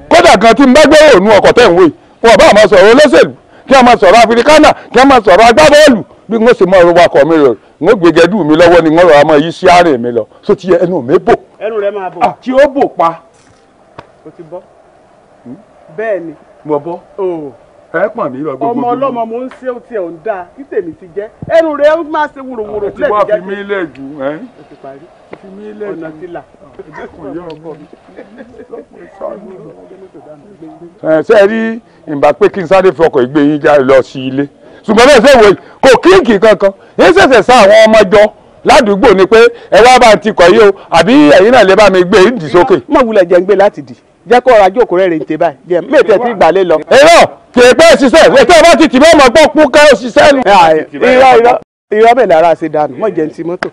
kódà kan tí n bá gbé òòrùn ọkọ̀ tẹ̀ ń wé wọn bá àwọn sọ̀rọ̀ olóṣèlú kí a máa sọ̀rọ̀ afirikánà kí a máa sọ̀rọ̀ agbábọ́ọ̀lù bí wọ́n ṣe máa wakọ̀ mi rẹ̀ wọ́n gbẹgẹ́dù mi lọ́wọ́ ni wọ́n rọra máa yí sí àárín mi lọ so ti ẹnu mi bò. ẹnu rẹ máa bò ah, tí ó bò pa o ti bọ́ bẹ́ẹ̀ ni. mo bọ́ ẹ pọ̀n mí lọ gbogbo ọmọ ọlọ́mọ mo ń ṣe ó tiẹ̀ ń dáa kí tèmi ti jẹ́ ẹnu rẹ máa ṣe wòròwòrò lẹ́ẹ̀kí jáde. àti wá fi mí lẹ̀ jù ẹ́ fi mí ọ̀nà ti là. ẹ ìgbà pé kí n sáré fi ọkọ̀ ìgbé yín jáde lọ sí ilé ṣùgbọ́n bẹ́ẹ̀ ṣe wòye kò kíǹkì kankan yín ṣẹ̀ṣẹ̀ sá àwọn ọmọ jọ ládùúgbò ni pé ẹ wá bá ti kọ̀ yìí o àbí ẹ̀yin náà lè bá mi gbé ìdì sókè. má wulẹ̀ jẹ́ ń gbé láti dì jẹ́ kó ọ̀rọ̀ ajé òkúrẹ́ rẹ̀ ń tẹ báyìí jẹ́ mẹ́tẹ̀ẹ́ tí gbàlẹ́ lọ. èrò kì í pẹ́ ṣiṣẹ́ ètò ọba ti tì mọ́ ọmọ gbọ́ kú ká ṣiṣẹ́ ni. irọ́ irọ́ irọ́ bẹ̀ lára ṣe dànù mọ̀ jẹ́ ti mọ́tò.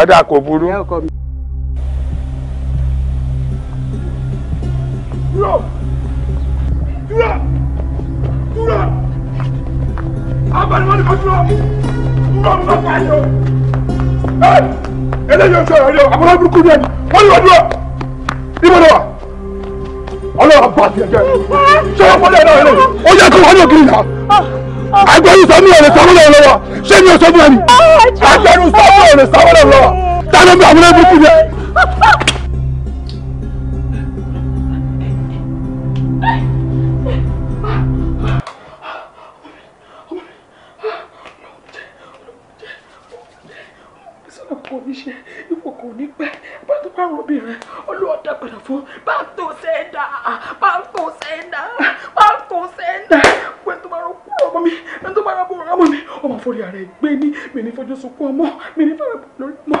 ọ̀dà kò burú. yóò dúró dúró abàlùwọ̀n kan dúró dúró ń bá pààyè o. eléyìí oṣù ọ̀rọ̀ ni o àbúrò burúkú ni ẹni wọ́n lè wá dúró ibo ni wa ọlọ́run bá tiẹ̀ jẹ́ ṣé wọ́n fọ́lẹ́ náà eléyìí ó yẹ kó wọ́n ní ògiri náà agbẹnu sọmi ọ̀rẹ́ sọmọlẹ̀ lọ́wọ́ ṣé mi ò sọmi ẹni agbẹnu sọmi ọ̀rẹ́ sọmọlẹ̀ lọ́wọ́ tani mi àbúrò burúkú ni ẹ. Hey! mi ṣe ipò kò ní pẹ́ bá tó bá rọ obìnrin olúwa dá padà fún bá tó sẹ́ńdà bá tó sẹ́ńdà bá tó sẹ́ńdà pé tó bá rọ kúrò ọmọ mi pé tó bá rọ kúrò ọmọ mi ọmọ àforí ààrẹ gbé ní mi ní fojú sunkún ọmọ mi ní fẹ́rẹ̀ lórí ọmọ.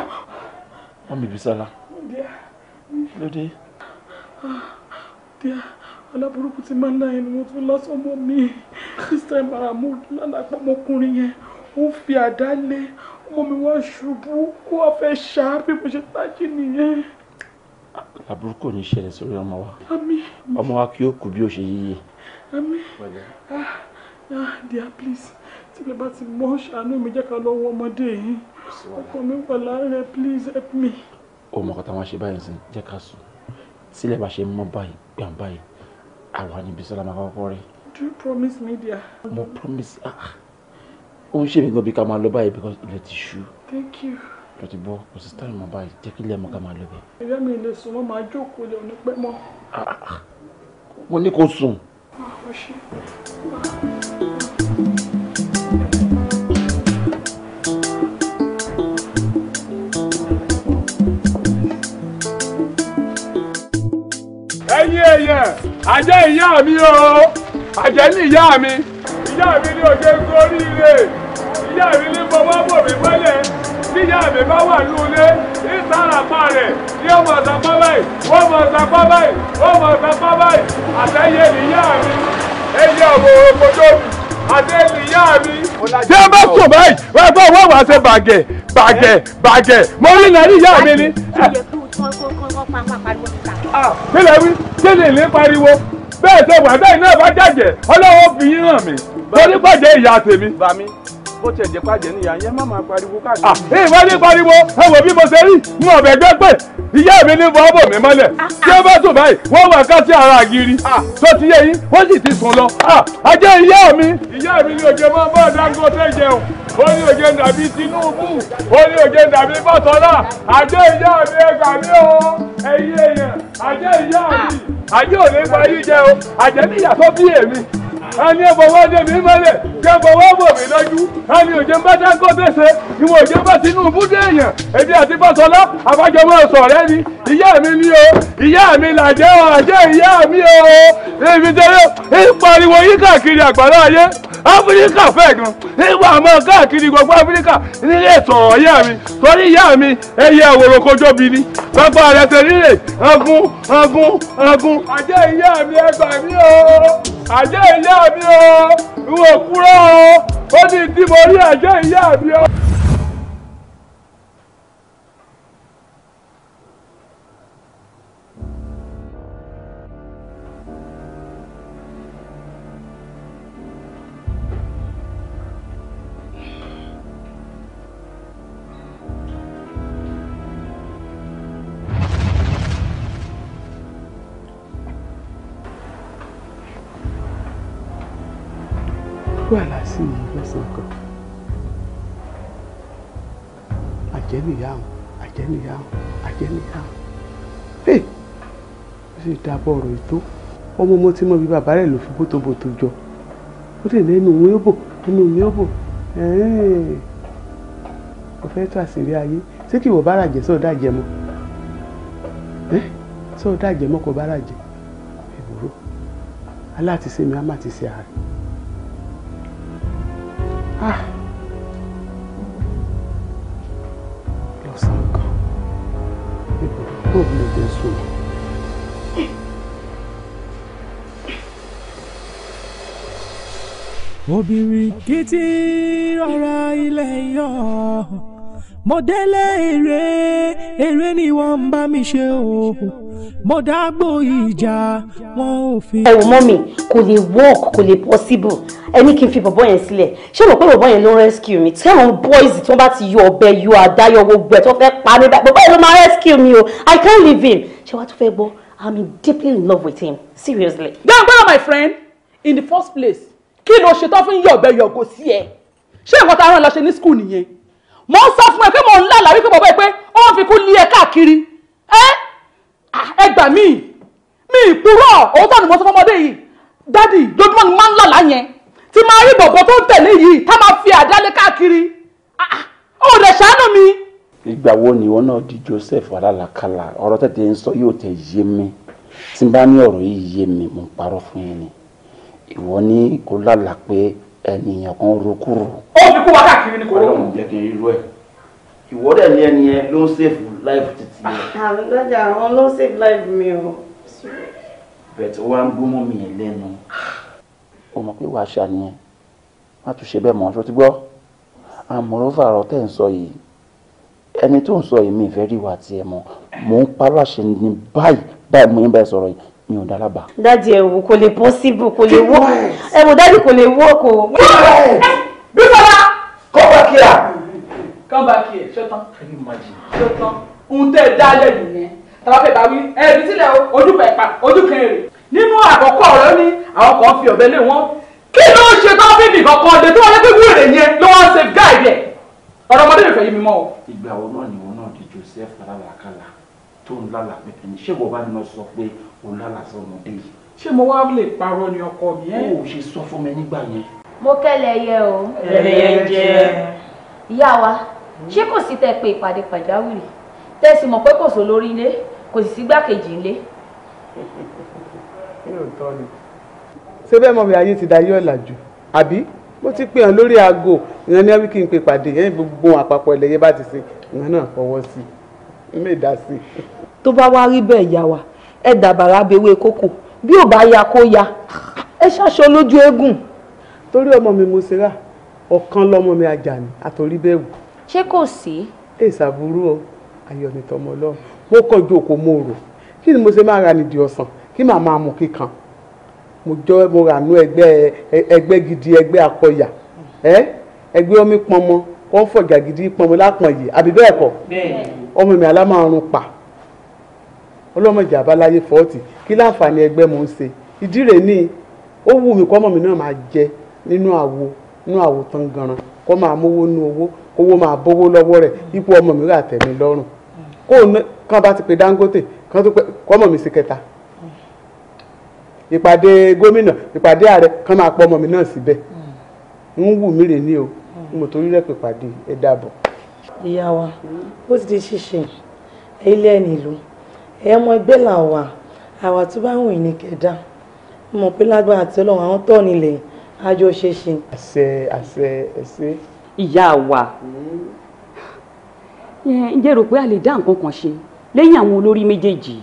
wọn bìbí sọlá lóde. díẹ̀ aláburúkú ti máa ń láyé ni mo tún lásán ọmọ mi sísè màràmú lálàpọ̀ ọmọkùnrin yẹn ó fi àdá lé ọmọ mi wọ́n ṣubú kó wọ́n fẹ́ ṣá bí mo ṣe tají nìyẹn. àbúrò kò ní ṣẹlẹ̀ sórí ọmọ wa ọmọ wa kí ó kú bí ó ṣe yíyẹ. àmín ah ah dear please tí lè bá ti mọ ṣàánú mi jẹ́ ká lọ́wọ́ ọmọdé yìí ọkọ mi wà láàárẹ̀ please help me. ó mọ̀ kọ́tà wọn ṣe báyìí sí jẹ́ ká sùn sílẹ̀ bá ṣe mọ́ báyìí gbà báyìí àwa níbi sọ́lá máa kọ́kọ́ rẹ̀. do you promise me dear. mo promise ah ó ṣe mí gan bí ká máa lọ báyìí because ilẹ̀ ti ṣú. thank you. lọ ti bọ́ kò sí táyì mọ́ báyìí jẹ́ kí ilẹ̀ mọ́ ká máa lọ bẹ́ẹ̀. ìyá mi lè sùn wọ́n máa jókòó lè òní pẹ́ mọ́. Ah, ah, ah. mo ní kó sùn. ó ṣe. ẹ̀yin èèyàn àjẹ́ ìyá mi o àjẹ́ ní ìyá mi ìyá mi ni òjò gorí ìyá mi ní mo wá bò mí mọ́lẹ̀ tí mi bá wà lóore ní sàràpá rẹ̀ ní ọmọ ọ̀sánpá báyìí ọmọ ọ̀sánpá báyìí ọmọ ọ̀sánpá báyìí àtẹ̀yẹ nìyá mi ẹyẹ ọmọ òkòjọ́ mi àtẹ̀yẹ nìyá mi. tí a bá sùn báyìí wọ́n gbọ́ wá ṣe bàgẹ̀ bàgẹ̀ bàgẹ̀ mo rí nàrí ìyá mi ni. Ah, kílẹ̀ wí kí ni ìlú pariwo bẹ́ẹ̀ ṣe wà bẹ́ẹ̀ náà bá jàjẹ́ ọlọ́wọ́ fi yín hàn mí torí pàjẹ́ ìyá tèmi bó tiẹ̀ jẹ́ pàjẹ́ níyà yẹn má máa pariwo káàkiri. Ah, ẹ ìwọ ní pariwo ẹ wò bí mo ṣe rí mo ọ̀bẹ gbẹ́ pé ìyá mi ní fọwọ́ bò mí mọ́lẹ̀ ah, ah. tí ó bá tún báyìí wọ́n wà ká sí ara àgiri tó ti yé yín wọ́n sì ti sùn lọ. ajé ìyá mi. ìyá mi ni òjò máa bá Dangote jẹun ó ní òjò dàbí Tinubu ó ní òjò dàbí Bọ́sọ́lá ajé ìyá mi ẹ gbà mí o ẹ̀yin èèyàn ajé ìyá mi ajé ò ní parí jẹ o àjẹ́ níyà tó bí èmi ẹni ẹ̀ bọ̀wọ́ dé mi mọ́lẹ̀ kẹ́ bọ̀wọ́ bò mí lójú a ní òjò ń bá Dangote ṣe ìwọ òjò ń bá Tinubu dé èèyàn èmi àti Fáṣọlá àbájọmọ sọ̀rẹ́ ni ìyá mi ni o ìyá mi làjẹ́ o àjẹ́ ìyá mi o èmi tẹ́lẹ̀ ń pariwo yí káàkiri àgbàlá ayé áfíríkà fẹ́ gan nígbà àmọ́ káàkiri gbogbo áfíríkà nílé ìtọ̀rọ̀ ìyá mi torí ìyá mi ẹyẹ òwòrò kojó bi ni gbogbo àrẹ tẹ̀lé agun agun agun. àjẹ́ ìyá mi ẹgbàá mi o àjẹ́ ìyá mi o ìwọ kúrò o ó ní ìdí mo rí àjẹ́ ìyá mi o. bàjẹ́ níyà ah. ẹ ó sì dábọ̀ ọ̀rọ̀ ètò ọmọ ọmọ tí mo bí bàbá rẹ̀ ló fi bótobòto jọ ó dẹ̀ lẹ́nu òun yóò bò ẹnu òun yóò bò ọ̀fẹ́ tó àṣírí ayé ṣé kí ìwọ bá ràjẹ́ sọ̀rọ̀ dàjẹ́ mọ́ sọ̀rọ̀ dàjẹ́ mọ́ kò bá ràjẹ́ ìwúrò aláàtìsẹ́mi á má ti ṣe ah obìnrin kìtì ọ̀rọ̀ ilẹ̀ yọ mo délé èrè èrè ni wọ́n ń bá mi ṣe o mo dágbò ìjà wọn ò fi. ẹ wò mọ́ mi kò lè work kò lè possible ẹni kí n fi bọ̀bọ̀ yẹn sílẹ̀ ṣé mo pé bọ̀bọ̀ yẹn ló ń rescue mi tí àwọn boys tí wọ́n bá ti yọ ọbẹ̀ yọ àdáyọ gbogbo ẹ̀ tó fẹ́ pa mi báyìí bọ̀bọ̀ yẹn ló máa rescue mi o I can't leave him ṣé wàá tún fẹ́ gbọ́ I'm deeply in love with him seriously. gbàgbọ́ my friend in the first place kí ló ṣe tán fún yọ̀bẹ yọ̀gò sí ẹ ṣé nǹkan tá a rán lọ ṣe ní skul nìyẹn mo ń sọ fún ẹ pé mo ń lálàá wípé bàbá ẹ pé ó ń fi kú lé ẹ káàkiri ẹ ẹ gbà mí mi ìpurọ́ òótọ́ ni mo sọ fọmọdé yìí dádì lójúmọ́ ni máa ń lálàá yẹn tí máa rí bọ̀bọ̀ tó ń tẹ̀lé yìí tá máa fi àdálé káàkiri ó rẹ̀ ṣàánú mi. ìgbà wo ni ìwọ náà di Joseph alálàkálà ọ̀rọ̀ tètè ń sọ yóò tẹ̀ yé mi tí n bá ní ọ̀rọ̀ yìí yé mi mo ń parọ́ fún yín ni ìwọ ní kó lálà pé ènìyàn kan rokúrò. ó fi kú wa káàkiri ní kò rò. ọlọ́run jẹ́ kí n rí lú ẹ̀ ìwọ dẹ̀ ní ẹni yẹn ló ń sèfù láìfù títí yẹn. àrùn ah, ah, lọ́jà àwọn ló ń sèfù láìfù mi o. bẹ̀tẹ̀ wá ń gbómọ mi yẹn lẹ́nu. o mọ̀ pé wàá ṣàníyàn má tún ṣe bẹ́ẹ̀ mọ́ ṣó ti ah, ẹni tó ń sọ yìí mi ìfẹ́ rí wa tiẹ̀ mọ́ mò ń pa láṣẹ ní báyìí báyìí mo ń bá sọ̀rọ̀ yìí mi ò dára bá. dájú ẹ wò kò lè possible kò lè wọ ẹ wò dájú kò lè wọ kò. bísọ̀lá come back here. come back here ṣọ́tán ṣọ́tán ohun tẹ́ ẹ dálẹ̀ nìyẹn tàbí bá wí ẹbí sílẹ̀ ojú pẹ̀pà ojú kan èrè nínú àkọ́kọ́ ọ̀rọ̀ ni àwọn kan fi ọ̀bẹ lé wọn kí ló ń ṣe tó fi nìkan kan ọdẹ tó wọlé pé wúrè yẹn ló wá ṣe gáàdì ẹ ọ̀rọ̀ ọmọdé nìkan yìí mi mọ́ o. ìgbà wo náà ni wọn náà di Joseph lálàkàlà tó ń lálàpẹ̀pẹ̀ ní ṣé wọ́n bá ní lọ sọ pé òun lálàsọ ọmọdé yìí ṣé mo wá lè parọ́ ni ọkọ mi ẹ́. o ò ṣe sọ fún mi nígbà yẹn. mo kẹ́lẹ̀ yẹ o. ẹlẹ́yẹ jẹ́. ìyá wa ṣé kò sí tẹ pé ìpàdé pàjáwìrì tẹ́sí mọ̀ pé kò sọ lórí ilé kò sì sí gbákejì ilé. ṣé bẹ́ẹ̀ mọ̀ mi ayé ti dayé ọ̀làjú àbí mo ti pè hàn lórí aago ìyẹn ní wíkì ń pè pàdé yẹn gbogbo àpapọ̀ ẹlẹ́yẹ bá ti ṣe ìyẹn náà fọwọ́ sí i ń mè dá sí i. tó bá wá rí bẹ́ẹ̀ yá wa ẹ dàbàrà bewé kókò bí ò bá ya kó ya ẹ ṣaṣọ lójú eégún. torí ọmọ mi mo ṣe rà ọ̀kan lọ́mọ mi àjàní àtòrí bẹ́ẹ̀ wù. ṣé kò sí. ẹ ṣàbúrú o ayọ̀ ni tọmọ ọlọ́run mo kàn ju òkò mo rò kí ni mo ṣe máa ra nídìí ọ̀sán kí màá máa mú kíkan mo jọ mo rà nú ẹgbẹ́ ẹgbẹ́ gidi ẹgbẹ́ akọyà ẹ ẹgbẹ́ omi pọnmọ kọ́ gidi pọnmọ lápọ̀n yìí àbí bẹ́ẹ̀ kọ́ ọmọ mi alámọ̀ọ́rùn pa ọlọ́mọdé àbáláyé fọ́ọ̀tì kí láǹfààní ẹgbẹ́ mo ń ṣe ìdí rẹ̀ ní ó wù mí kọ́mọ mi náà máa jẹ nínú àwo nínú àwo tán ganan kó máa mówó nú owó kówó máa bówó lọ́wọ́ rẹ̀ ipò ọmọ mi rà tẹ̀mí lọ́rùn kó kán bá ti pe Dangote kán tó pe kọ́mọ mi sí kẹta ìpàdé gómìnà ìpàdé ààrẹ kán máa pọ ọmọ mi náà síbẹ̀ ń wù mí rè ní o mo torí rẹ̀ pè pàdé ẹ dàbọ̀. ìyá wa ó ti di ṣíṣe ilé ẹni ìlú ẹ̀yẹ́ ọmọ ẹgbẹ́ là wà àwa tó bá wù ní kẹ̀dá mọ̀ pé lágbára àti ọlọ́run àwọn tọ́ nílẹ̀ àjọ ṣe ṣe. àṣẹ àṣẹ ẹṣẹ. ìyá wa hmm. ǹjẹ́ rò pé a lè dá nǹkan kan ṣe lẹ́yìn àwọn olórí méjèèjì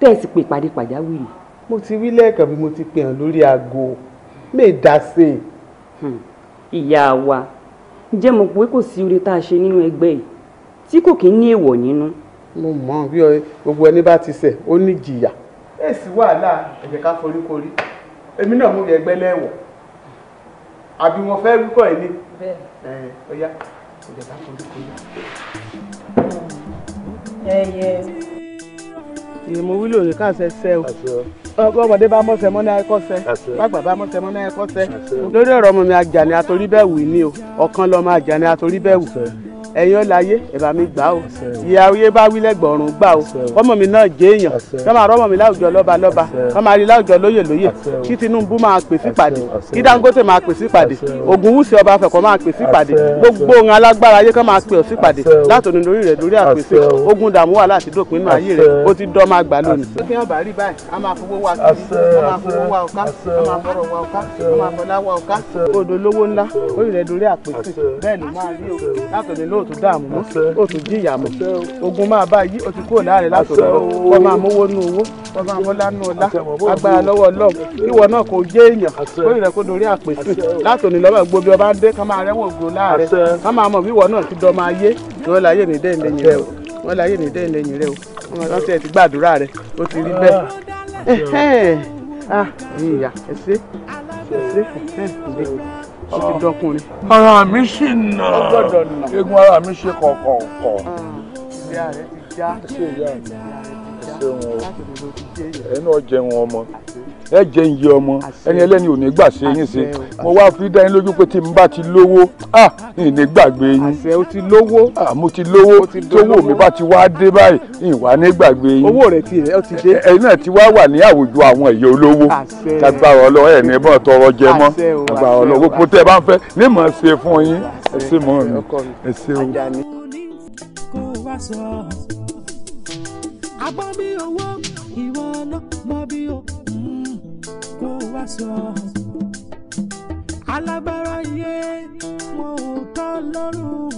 tẹ́ẹ̀sì pé ìpàdé pàjáwìrì. mo ti wí lẹ́ẹ̀kan bí mo ti pè hàn lórí aago mé dá sí i. Hmm. ìyá wa ǹjẹ́ mo pé kò sí oore tá a ṣe nínú ẹgbẹ́ yìí tí kò kí ń ní èèwọ̀ nínú mo mọ bí gbogbo ẹni bá ti ṣẹ̀ ó ní jìyà. èsì wàhálà ẹ jẹ́ ká forí korí èmi náà mú yẹ ẹgbẹ́ lẹ́wọ̀ àbí wọn fẹ́ rí kọ́ ẹ ní. bẹ́ẹ̀ ọ̀yá ẹ jẹ́ ká forí korí. ẹyẹ ìmú wílò ní káṣẹ ṣẹ o ọgbọ́mọdé bá mọ̀sẹ̀ mọ́ ní akọ́sẹ́ bàgbà bá mọ̀sẹ̀ mọ́ ní akọ́sẹ́ lórí ọ̀rọ̀ ọmọ mi àjà ni àtorí bẹ́ẹ̀ wì ní o ọ̀kan lọ́mọ àjà ni àtorí bẹ́ẹ̀ wì ẹ̀yin ọ̀làyé ẹ̀bà mi gbà o ìyàwó yé bá wílẹ̀ gbọ̀rùn gbà o ọmọ mi náà jẹ́ èèyàn wọ́n máa rọ́mọ mi láwùjọ lọ́ba lọ́ba wọ́n máa láwùjọ lóyè lóyè kí Tinubu máa pè sípàdé kí Dangote máa pè sípàdé Ògúnwùsì ọba afẹ́kọ̀ọ́ máa pè sípàdé gbogbo ohun alágbára ayé kan máa pè ọ́ sípàdé látòní lórí rẹ̀ lórí àpèsè ogun dààmú wà láti dópin inú ayé rẹ̀ ó ti dọ́ máa gbà lónìí. kí wọ́n rí báyìí a máa fowó wa kiri a máa fowó ó tún dààmú mọ́ ó tún jìyà mọ́ ogun máa bá yí ó ti kúrò láàrin látòdò wọ́n máa mówó nu owó wọ́n máa mọ́lá nu ọlá agbára lọ́wọ́ ọlọ́run ìwọ náà kò jẹ́ èèyàn ó rìn kó dorí àpèsè látòní lọ́wọ́ gbogbo ọba dé ká máa rẹ́wọ̀n ògo láàrẹ ká máa mọ̀ wíwọ náà ti dọ́mọ ayé wọ́n láyé ní dẹ́yìn lẹ́yìn rẹ o wọ́n láyé ní dẹ́yìn lẹ́yìn rẹ o wọ́n rántí ẹ ti gbàdúrà rẹ ó ti rí bẹ́ẹ̀ ah ìyá ẹ ṣe ẹ ṣe ẹ ṣe ó ti ah. dọkùnrin. ara mi ṣì nà eegun ara mi ṣe kọ̀ọ̀kọ̀ọ̀kọ̀. Ah. ìyá rẹ ti já jẹun ẹnu ọjẹun ọmọ ẹ jẹ iye ọmọ ẹni ẹlẹ́ni ò ní gbà ṣe yín ṣe mo wá fi dá yín lójú pé tí n bá ti lówó à ní ní gbàgbé yín àṣẹ o ti lówó à mo ti lówó tówó mi bá ti wá dé báyìí ìwà ní gbàgbé yín owó rẹ ti rẹ ó ti dé ẹ̀yin náà ti wá wà ní àwùjọ àwọn èyí olówó tagbára ọlọ́wọ́ ẹ̀ ní bọ́ọ̀ tọrọ jẹ mọ́ tagbára ọlọ́wọ́ kó tẹ́ ẹ bá ń fẹ́ ní mọ̀ ṣe fún yín ẹ ṣe mọ̀ mi ẹ ṣe o agbọ́n bí owó ìwọ ló mọ bí o mm, kó wá sọ. alágbára iye mo ò tọ́ lọ́rùn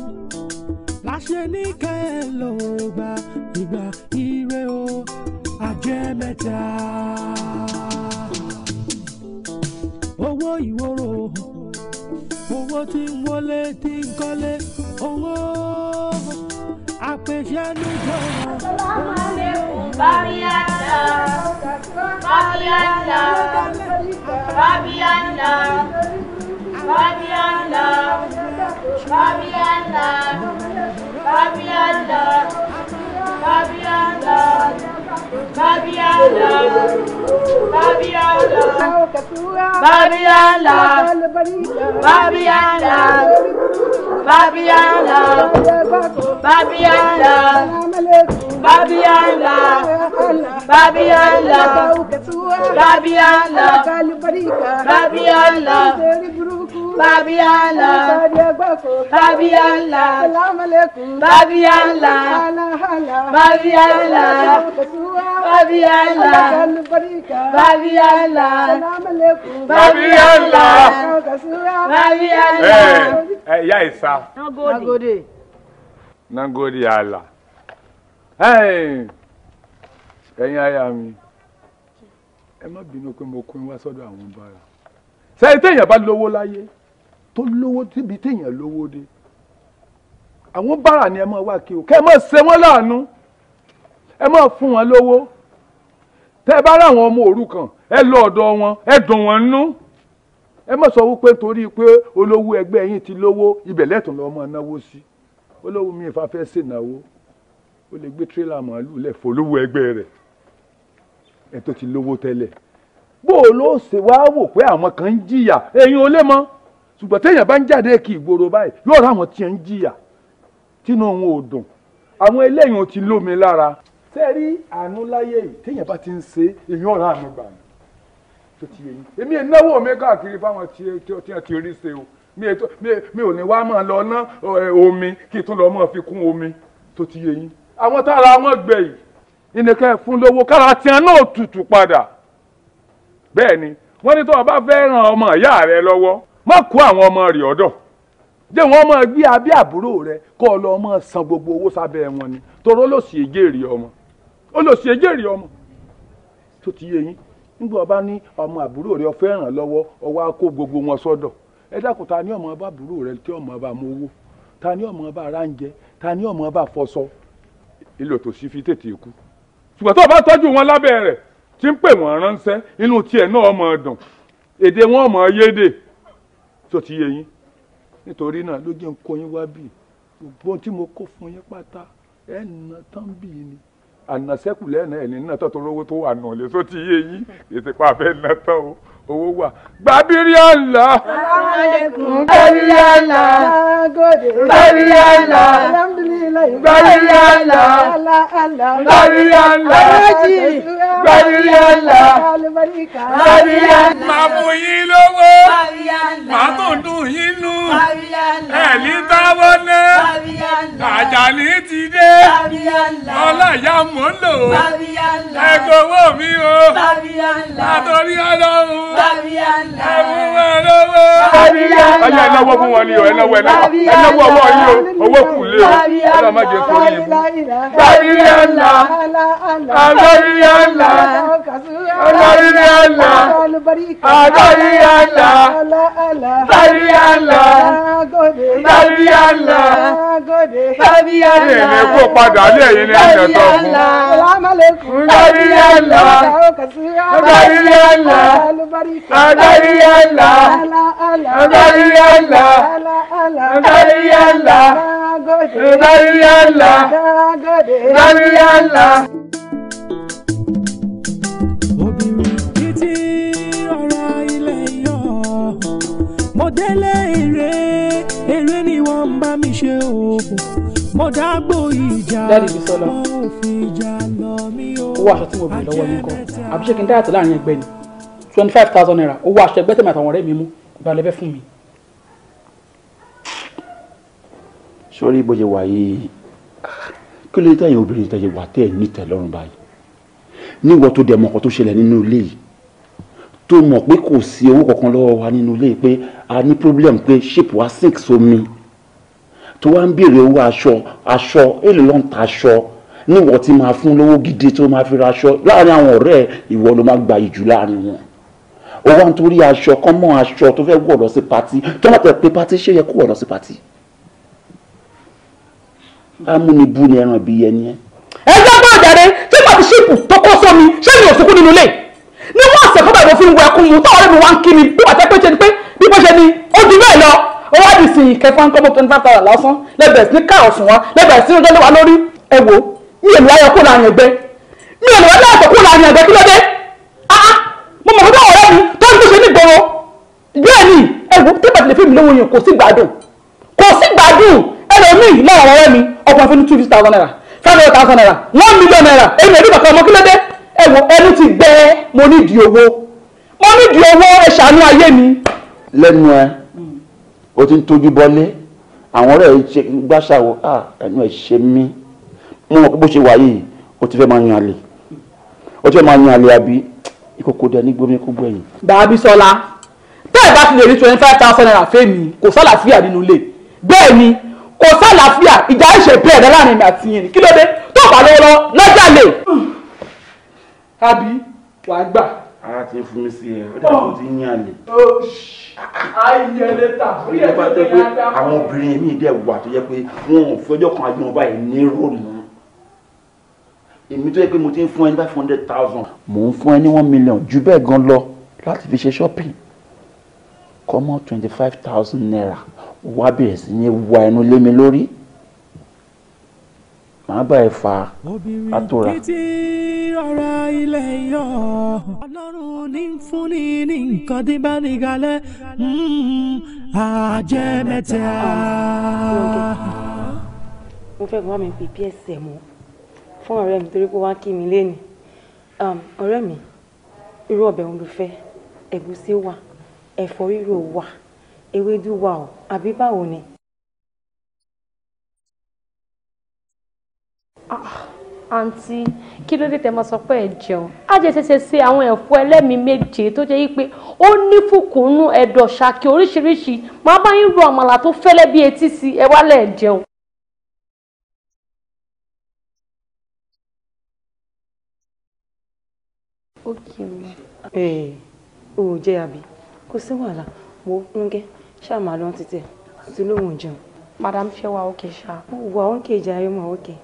láṣẹ ní kẹ́lò ìgbà ire o àjẹ mẹ́ta. owó ìwòrò owó tí ń wọlé tí ń kọ́lé owó àpèjẹ ló jọra. sàlámàlẹ́kùn bábíyànlá bábíyànlá bábíyànlá bábíyànlá bábíyànlá bábíyànlá. Babiana, Babiana, Babiana, Babiana, Babiana, Babiana, Babiana, Babiana, Babiana, Babiana, Babiana, Babiana, Babiana, Babiana, Babiala, Babiala, Babiala, Babiala, Babiala. Ẹ eh, ya ìsa. Nangode. Nangode àlà. Ẹ̀yin aya mi, ẹ má bínú pé mo kún wá sọ́dọ̀ àwọn bára. Sẹ́yìn téèyàn bá lówó láyé, tó lówó síbi téèyàn lówó dé. Àwọn bára ni ẹ máa wá kí ẹ máa fún wọn lówó tẹ ẹ bá ráwọn ọmọ òrukàn ẹ lọ ọ̀dọ̀ wọn ẹ dùn wọn nú ẹ má sọ wípé torí pé olówó ẹgbẹ́ yín ti lówó ibẹ̀ lẹ́tùn lọ máa náwó sí olówó mi ìfà fẹ́ ṣènáwó ó lè gbé tírélà màálù lẹ̀ fọlówó ẹgbẹ́ rẹ̀ ẹ tó ti lówó tẹ́lẹ̀ bó o ló ṣe wá wò pé àwọn kan ń jìyà ẹ̀yin ò lè mọ̀ ṣùgbọ́n téèyàn bá ń jáde kí ìgboro báyìí yóò rá àwọn tí ń jìyà tínú òun ò dùn àwọn eléyìí ò ti lómi lára sẹ́ẹ̀rí àánú láyé yìí téèyàn bá ti ń ṣe èyàn ọ̀rá àánú gbà mí tó ti yẹ yín èmi ìnáwó mi káàkiri fáwọn tí wọ́n ti rí ṣe o mi ò ní wá máa lọ ná omi kí n tún lọ máa fi kún omi tó ti yẹ yín àwọn tára wọn gbẹ yìí ìnìkan fún lówó kára tiẹ̀ náà tutù padà bẹ́ẹ̀ ni wọ́n ní tó o bá fẹ́ ran ọmọ ìyá rẹ lọ́wọ́ má kó àwọn ọmọ rẹ̀ ọ̀dọ̀ jẹ́ wọ́n máa gbé abẹ́ àbúrò rẹ kọ́ ọ lọ́ọ́ máa san gbogbo owó sábẹ́ wọn ni toró lòsì ègé èrè ọmọ olóṣì ejèrè ọmọ tó ti yé yín nígbà ọba ní ọmọ àbúrò rẹ ọfẹ ràn lọ́wọ́ ọwọ́ á kó gbogbo wọn sọ́dọ̀ ẹ dákun ta ni ọmọ ọba àbúrò rẹ tí ọmọ ọba mú owó ta ni ọmọ ọba ara ń jẹ ta ni ọmọ ọba fọṣọ ilé tòṣì fi tètè kú ṣùgbọ́n tó o bá tọ́jú wọn lábẹ́ rẹ̀ tí ń pè wọ́n ránṣẹ́ inú tiẹ̀ náà ọmọ ọ̀dàn èdè wọn ọmọ yédè tó ti yé yín nítorí náà ló jẹ́ ń kó yín wá bì gbogbo tí mo kó fún yín pátá ẹ̀ ń na tán bì ní ànàsẹ́kù lẹ́nà ẹ̀ ní nínà tó tó lówó tó wà nù lé só ti yé yín kì pa abẹ́ nà o owó wà gbàbírí àlá. gbàbírí àlá gbàbírí àlá gbàbírí àlá gbàbírí àlá gbàbírí àlá gbàbírí àlá. màá fún yín lówó màá tó dùn yín nú ẹ̀lí táwọn náà àjàní ti dé ọláyà mò ń lò ó ẹ̀kọ́ owó mi o látọ̀rí ọlọ́run ọyá ẹnáwó fún wọn ni o ẹnáwó ẹnáwó ẹnáwó ọwọ́ yín o owó kù lé o ọlọ́run má jẹ́ kó yín. gbàdúrà ńlá àgbàdúrà ńlá àgbàdúrà ńlá àgbàdúrà ńlá gbàdúrà ńlá gbàdúrà ńlá gbàdúrà ńlá. ẹ̀mí kó padà lé ẹ̀yin ní ẹ̀jẹ̀ tó fún. gbàdúrà ńlá gbàdúrà ńlá. Adarí àlá. Adarí àlá. Adarí àlá. Adarí àlá. Adarí àlá. Obìnrin títí ọ̀rọ̀ ilé yọ̀, mo délé èrè, èrè ni wọ́n ń bá mi ṣe oògùn mo dágbò ìjà mo fi ìjà lọ mí o. owó aṣọ àbíṣe kí n dáyàtọ̀ láàrin ẹgbẹ́ ni twenty five thousand naira owó aṣọ ẹgbẹ́ tèmi àtàwọn ọ̀rẹ́ mi mú ìbálẹ̀ bẹ́ẹ̀ fún mi. sórí bó ṣe wà yìí kí ló dé tẹ̀yìn obìnrin tẹ̀yìn wà tẹ̀ nítẹ̀ lọ́rùn báyìí níwọ̀ tó dẹ̀ mọ̀kàn tó ṣẹlẹ̀ nínú ilé yìí tó mọ̀ pé kò sí owó kankan lọ́wọ́ wa nínú ilé pé a ní problem pé ship wa six omi tó wá ń béèrè owó aṣọ aṣọ èlò ló ń ta aṣọ níwọ̀ tí máa fún lówó gidi tó máa fi ra aṣọ láàrin àwọn ọ̀rẹ́ ìwọ ló máa gba ìjù láàrin wọn ó wá nítorí aṣọ kán mọ́ aṣọ tó fẹ́ wọ̀ lọ sí pati tó bá tẹ̀ pé pati ṣé yẹ kó wọ̀ lọ sí pati. amúnibú ni ẹran bíi ẹni ẹ. ẹ jẹ́ bá àjàre tí pàtíṣípù tó kọ́ sọ mi ṣé mi ò sunkún nínú ilé ní wọ́n ọ̀sẹ̀ fún bàbá òfin wọ ẹkún mu táwọn ọ̀rẹ́ mi wá ń kí mi bí wàá tẹ́ pé ṣe ni pé bí mo ṣe ni ó ju bẹ́ẹ̀ lọ ó wá di sìn ìkẹfà ń kọ́bọ̀ twenty five thousand lásán lẹ́bẹ̀ẹ́ sí káà ọ̀sùn wa lẹ́bẹ̀ẹ́ sí ọjọ́ lẹ́wà lórí ẹ wo mi ò lè wáyọ kó láàrin ẹgbẹ́ mi ò lè wáyọ kó láàrin ẹgbẹ́ kí ló dé ah, ah, mo mọ̀ fún báwọn ọ̀rẹ́ mi tọrọ bẹ́ẹ̀ ni ẹ̀rù tí bàtà lè fi mi lówó yẹn kò sí gbádùn kò sí gbádùn ẹlòmíì láwọn ọ̀rẹ́ mi ọkọ̀ àfẹnú two fifty thousand naira five hundred thousand naira one million naira èyí ni ẹbí bàtà ọmọ kílódé ẹ̀wọ̀ ẹni ti gbẹ mo nídìí owó mo nídìí owó ẹ ṣàánú ayé mi. lẹ́nu ẹ hmm. o ti ń tójú bọ́lé àwọn ọ̀rẹ́ yìí ṣe gbàṣàwọ̀ ẹnu ẹ̀ ṣe mí mo mọ̀ pé bó ṣe wà yìí o ti fẹ́ máa yan àlè o ti fẹ́ máa yan àlè àbí ìkòkò dẹ̀ ní gbomi kó gbẹ̀yìn. bàbísọ́lá tẹ́ ẹ bá ti lè rí twenty five thousand naira fẹ́mi kò sálàáfíà nínú ilé bẹ́ẹ̀ ni kò sálàáfíà ìjà ìṣe bẹ́ẹ̀ dẹ́ láàrin mi àti yìnyín kí ló dé tó bá lọ́wọ́ lọ lọ́jà lè. àbí wàá gbà. ara ti fún mi sí ẹ ó dàbí ó ti ń yàn lè. ayẹlẹta ó yẹ kí ó yẹ kí ó yẹ kí ó yẹ kí ó yẹ yẹ kí ó yẹ kí ó yẹ kí ó yẹ kí ó èmi tó yẹ pé mo ti ń fún ẹ ní five hundred thousand. mò ń fún ẹ ní one million jù bẹ́ẹ̀ gan lọ láti fi ṣe shopping kọ́mọ́ twenty five thousand naira wá bẹ̀rẹ̀ sí ní wa ẹnu lé mi lórí màá bá ẹ fa àtòrà. obìnrin títí rọra ilẹ̀ yọ ọlọ́run ní fúnni ní nǹkan tí bá ní galẹ̀ hmm, àjẹmẹ́ta. mo fẹ́ gbọ́ mi pípí ẹsẹ̀ mọ́ fún ọ̀rẹ́ mi torí pé wá kí mi léni um, ọ̀rẹ́ mi irú ọbẹ̀ òun ló fẹ́ ẹ̀gúsí wà ẹ̀fọ́ rírò wà ewédú wà o àbí báwo ni. Ah, àǹtí kí ló dé tẹ́ máa sọ pé ẹ jẹun ajẹ́ ṣẹ̀ṣẹ̀ ṣe àwọn ẹ̀fọ́ ẹlẹ́mìí méje tó jẹ́ yí pé ó ní fùkúnú ẹ̀dọ̀ ṣàkí oríṣiríṣi máa bá yín ro àmàlà tó fẹ́lẹ́ bí etí sí ẹ wálẹ̀ jẹun. ókè mi. ẹ eh, o ò jẹ àbí kò sí wàhálà mo Rónkẹ́ ṣáà máa lọ títẹ àti lóhùn jẹun. madam ṣe wa ókè ṣá. wà ókè jàre mọ ókè.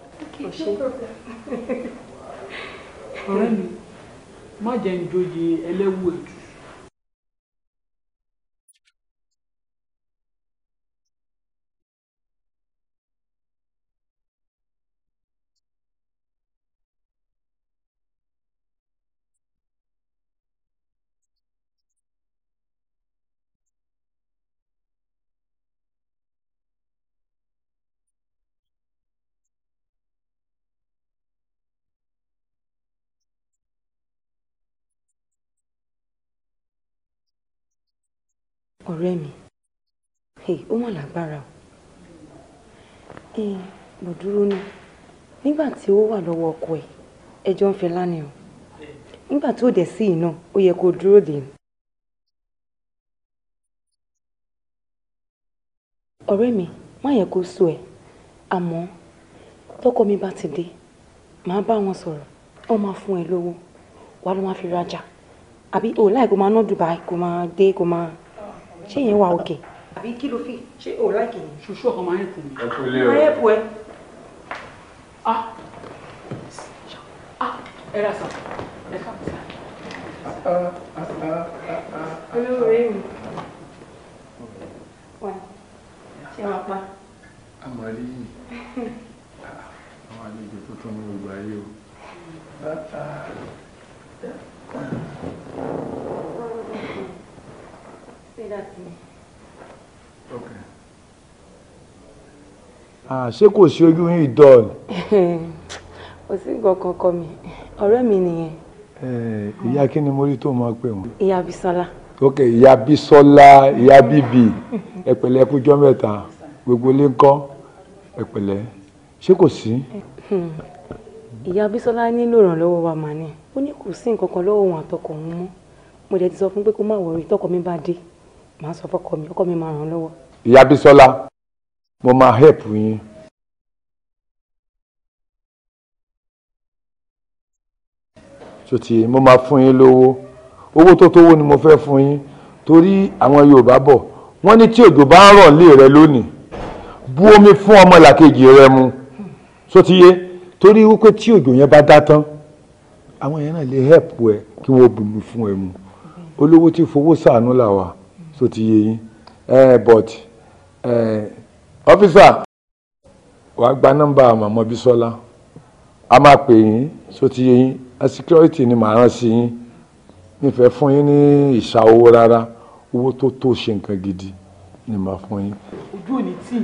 ọ̀rẹ́ mi má jẹ́ ń joyè ẹlẹ́wù ètù. ọ̀rẹ́ mi ó mà lágbára o mo dúró ní nígbà tí ó wà lọ́wọ́ ọkọ ẹ̀ ẹjọ́ ń fẹ́ lánìí o nígbà tí ó dẹ̀ sí iná ó yẹ kó dúró dè ní. ọ̀rẹ́ mi má yẹ kó sú ẹ àmọ́ tọ́kọ mi bá ti dé màá bá wọn sọ̀rọ̀ wọ́n máa fún ẹ lówó wàá ló máa fi rajà àbí o láì kó máa ná Dubai kó máa dé kó máa ṣé yẹn wà òkè. àbí kí ló fi ṣé o láìkì yẹn. ṣoṣo ọkọ máa ń kù mí. ẹ kú ilé o máa ń kù ẹ. ah ah ẹ ra sàn ẹ káàbọ̀ sàn. olóore mi wà ṣe máa pa. àmọ́ rí yìí àwọn àlejò tó tún ní gbogbo ayé o. Ah, ṣé kò sí ojú yín ìdọ́ọ̀lù? Kò sí nǹkan kankan mi. Ọ̀rẹ́ mi nìyẹn. Ìyá kí ni mo rí tó máa pè wọ́n? Ìyá Bísọ́lá. Ok, ìyá Bísọ́lá, ìyá bíbí, ẹ pẹ̀lẹ́ ẹ kú ọjọ́ mẹ́ta, gbogbo ilé ń kọ́, ẹ pẹ̀lẹ́. Ṣé kò sí? Ìyá Bísọ́lá nílò ìrànlọ́wọ́ wa màá ní. Ó ní kò sí nǹkan kan lọ́wọ́ òun àtọkọ̀ òun mọ́. Mo dẹ̀ ti sọ fún pé kó má wọrí tọkọ mi bá dé màá sọ fọ́kọ mi ọkọ mi máa ràn án lọ́wọ́. ìyá Bísọ́lá mo máa help yín. sòtì mo máa fún yín lówó owó tó tówó ni mo fẹ́ fún yín torí àwọn Yorùbá bọ̀ wọ́n ní tí òjò bá ń rọ̀ lé rẹ lónìí bu omi fún ọmọ làkejì rẹ mu sòtì yé torí wípé tí òjò yẹn bá dá tán àwọn yẹn náà lè help ẹ kí wọ́n bùnmi fún ẹ mu olówó tí fowó ṣàánú làwà so ti yé yín ẹ but ẹ ọfíìsà wà á gba nọ́mbà màmá Bísọ́lá a máa pè yín so ti yé yín a security ni màá rán sí yín nífẹ̀ẹ́ fún yín ní ìṣà owó rárá owó tó tó ṣe nǹkan gidi ni màá fún yín. ojú ò ní tì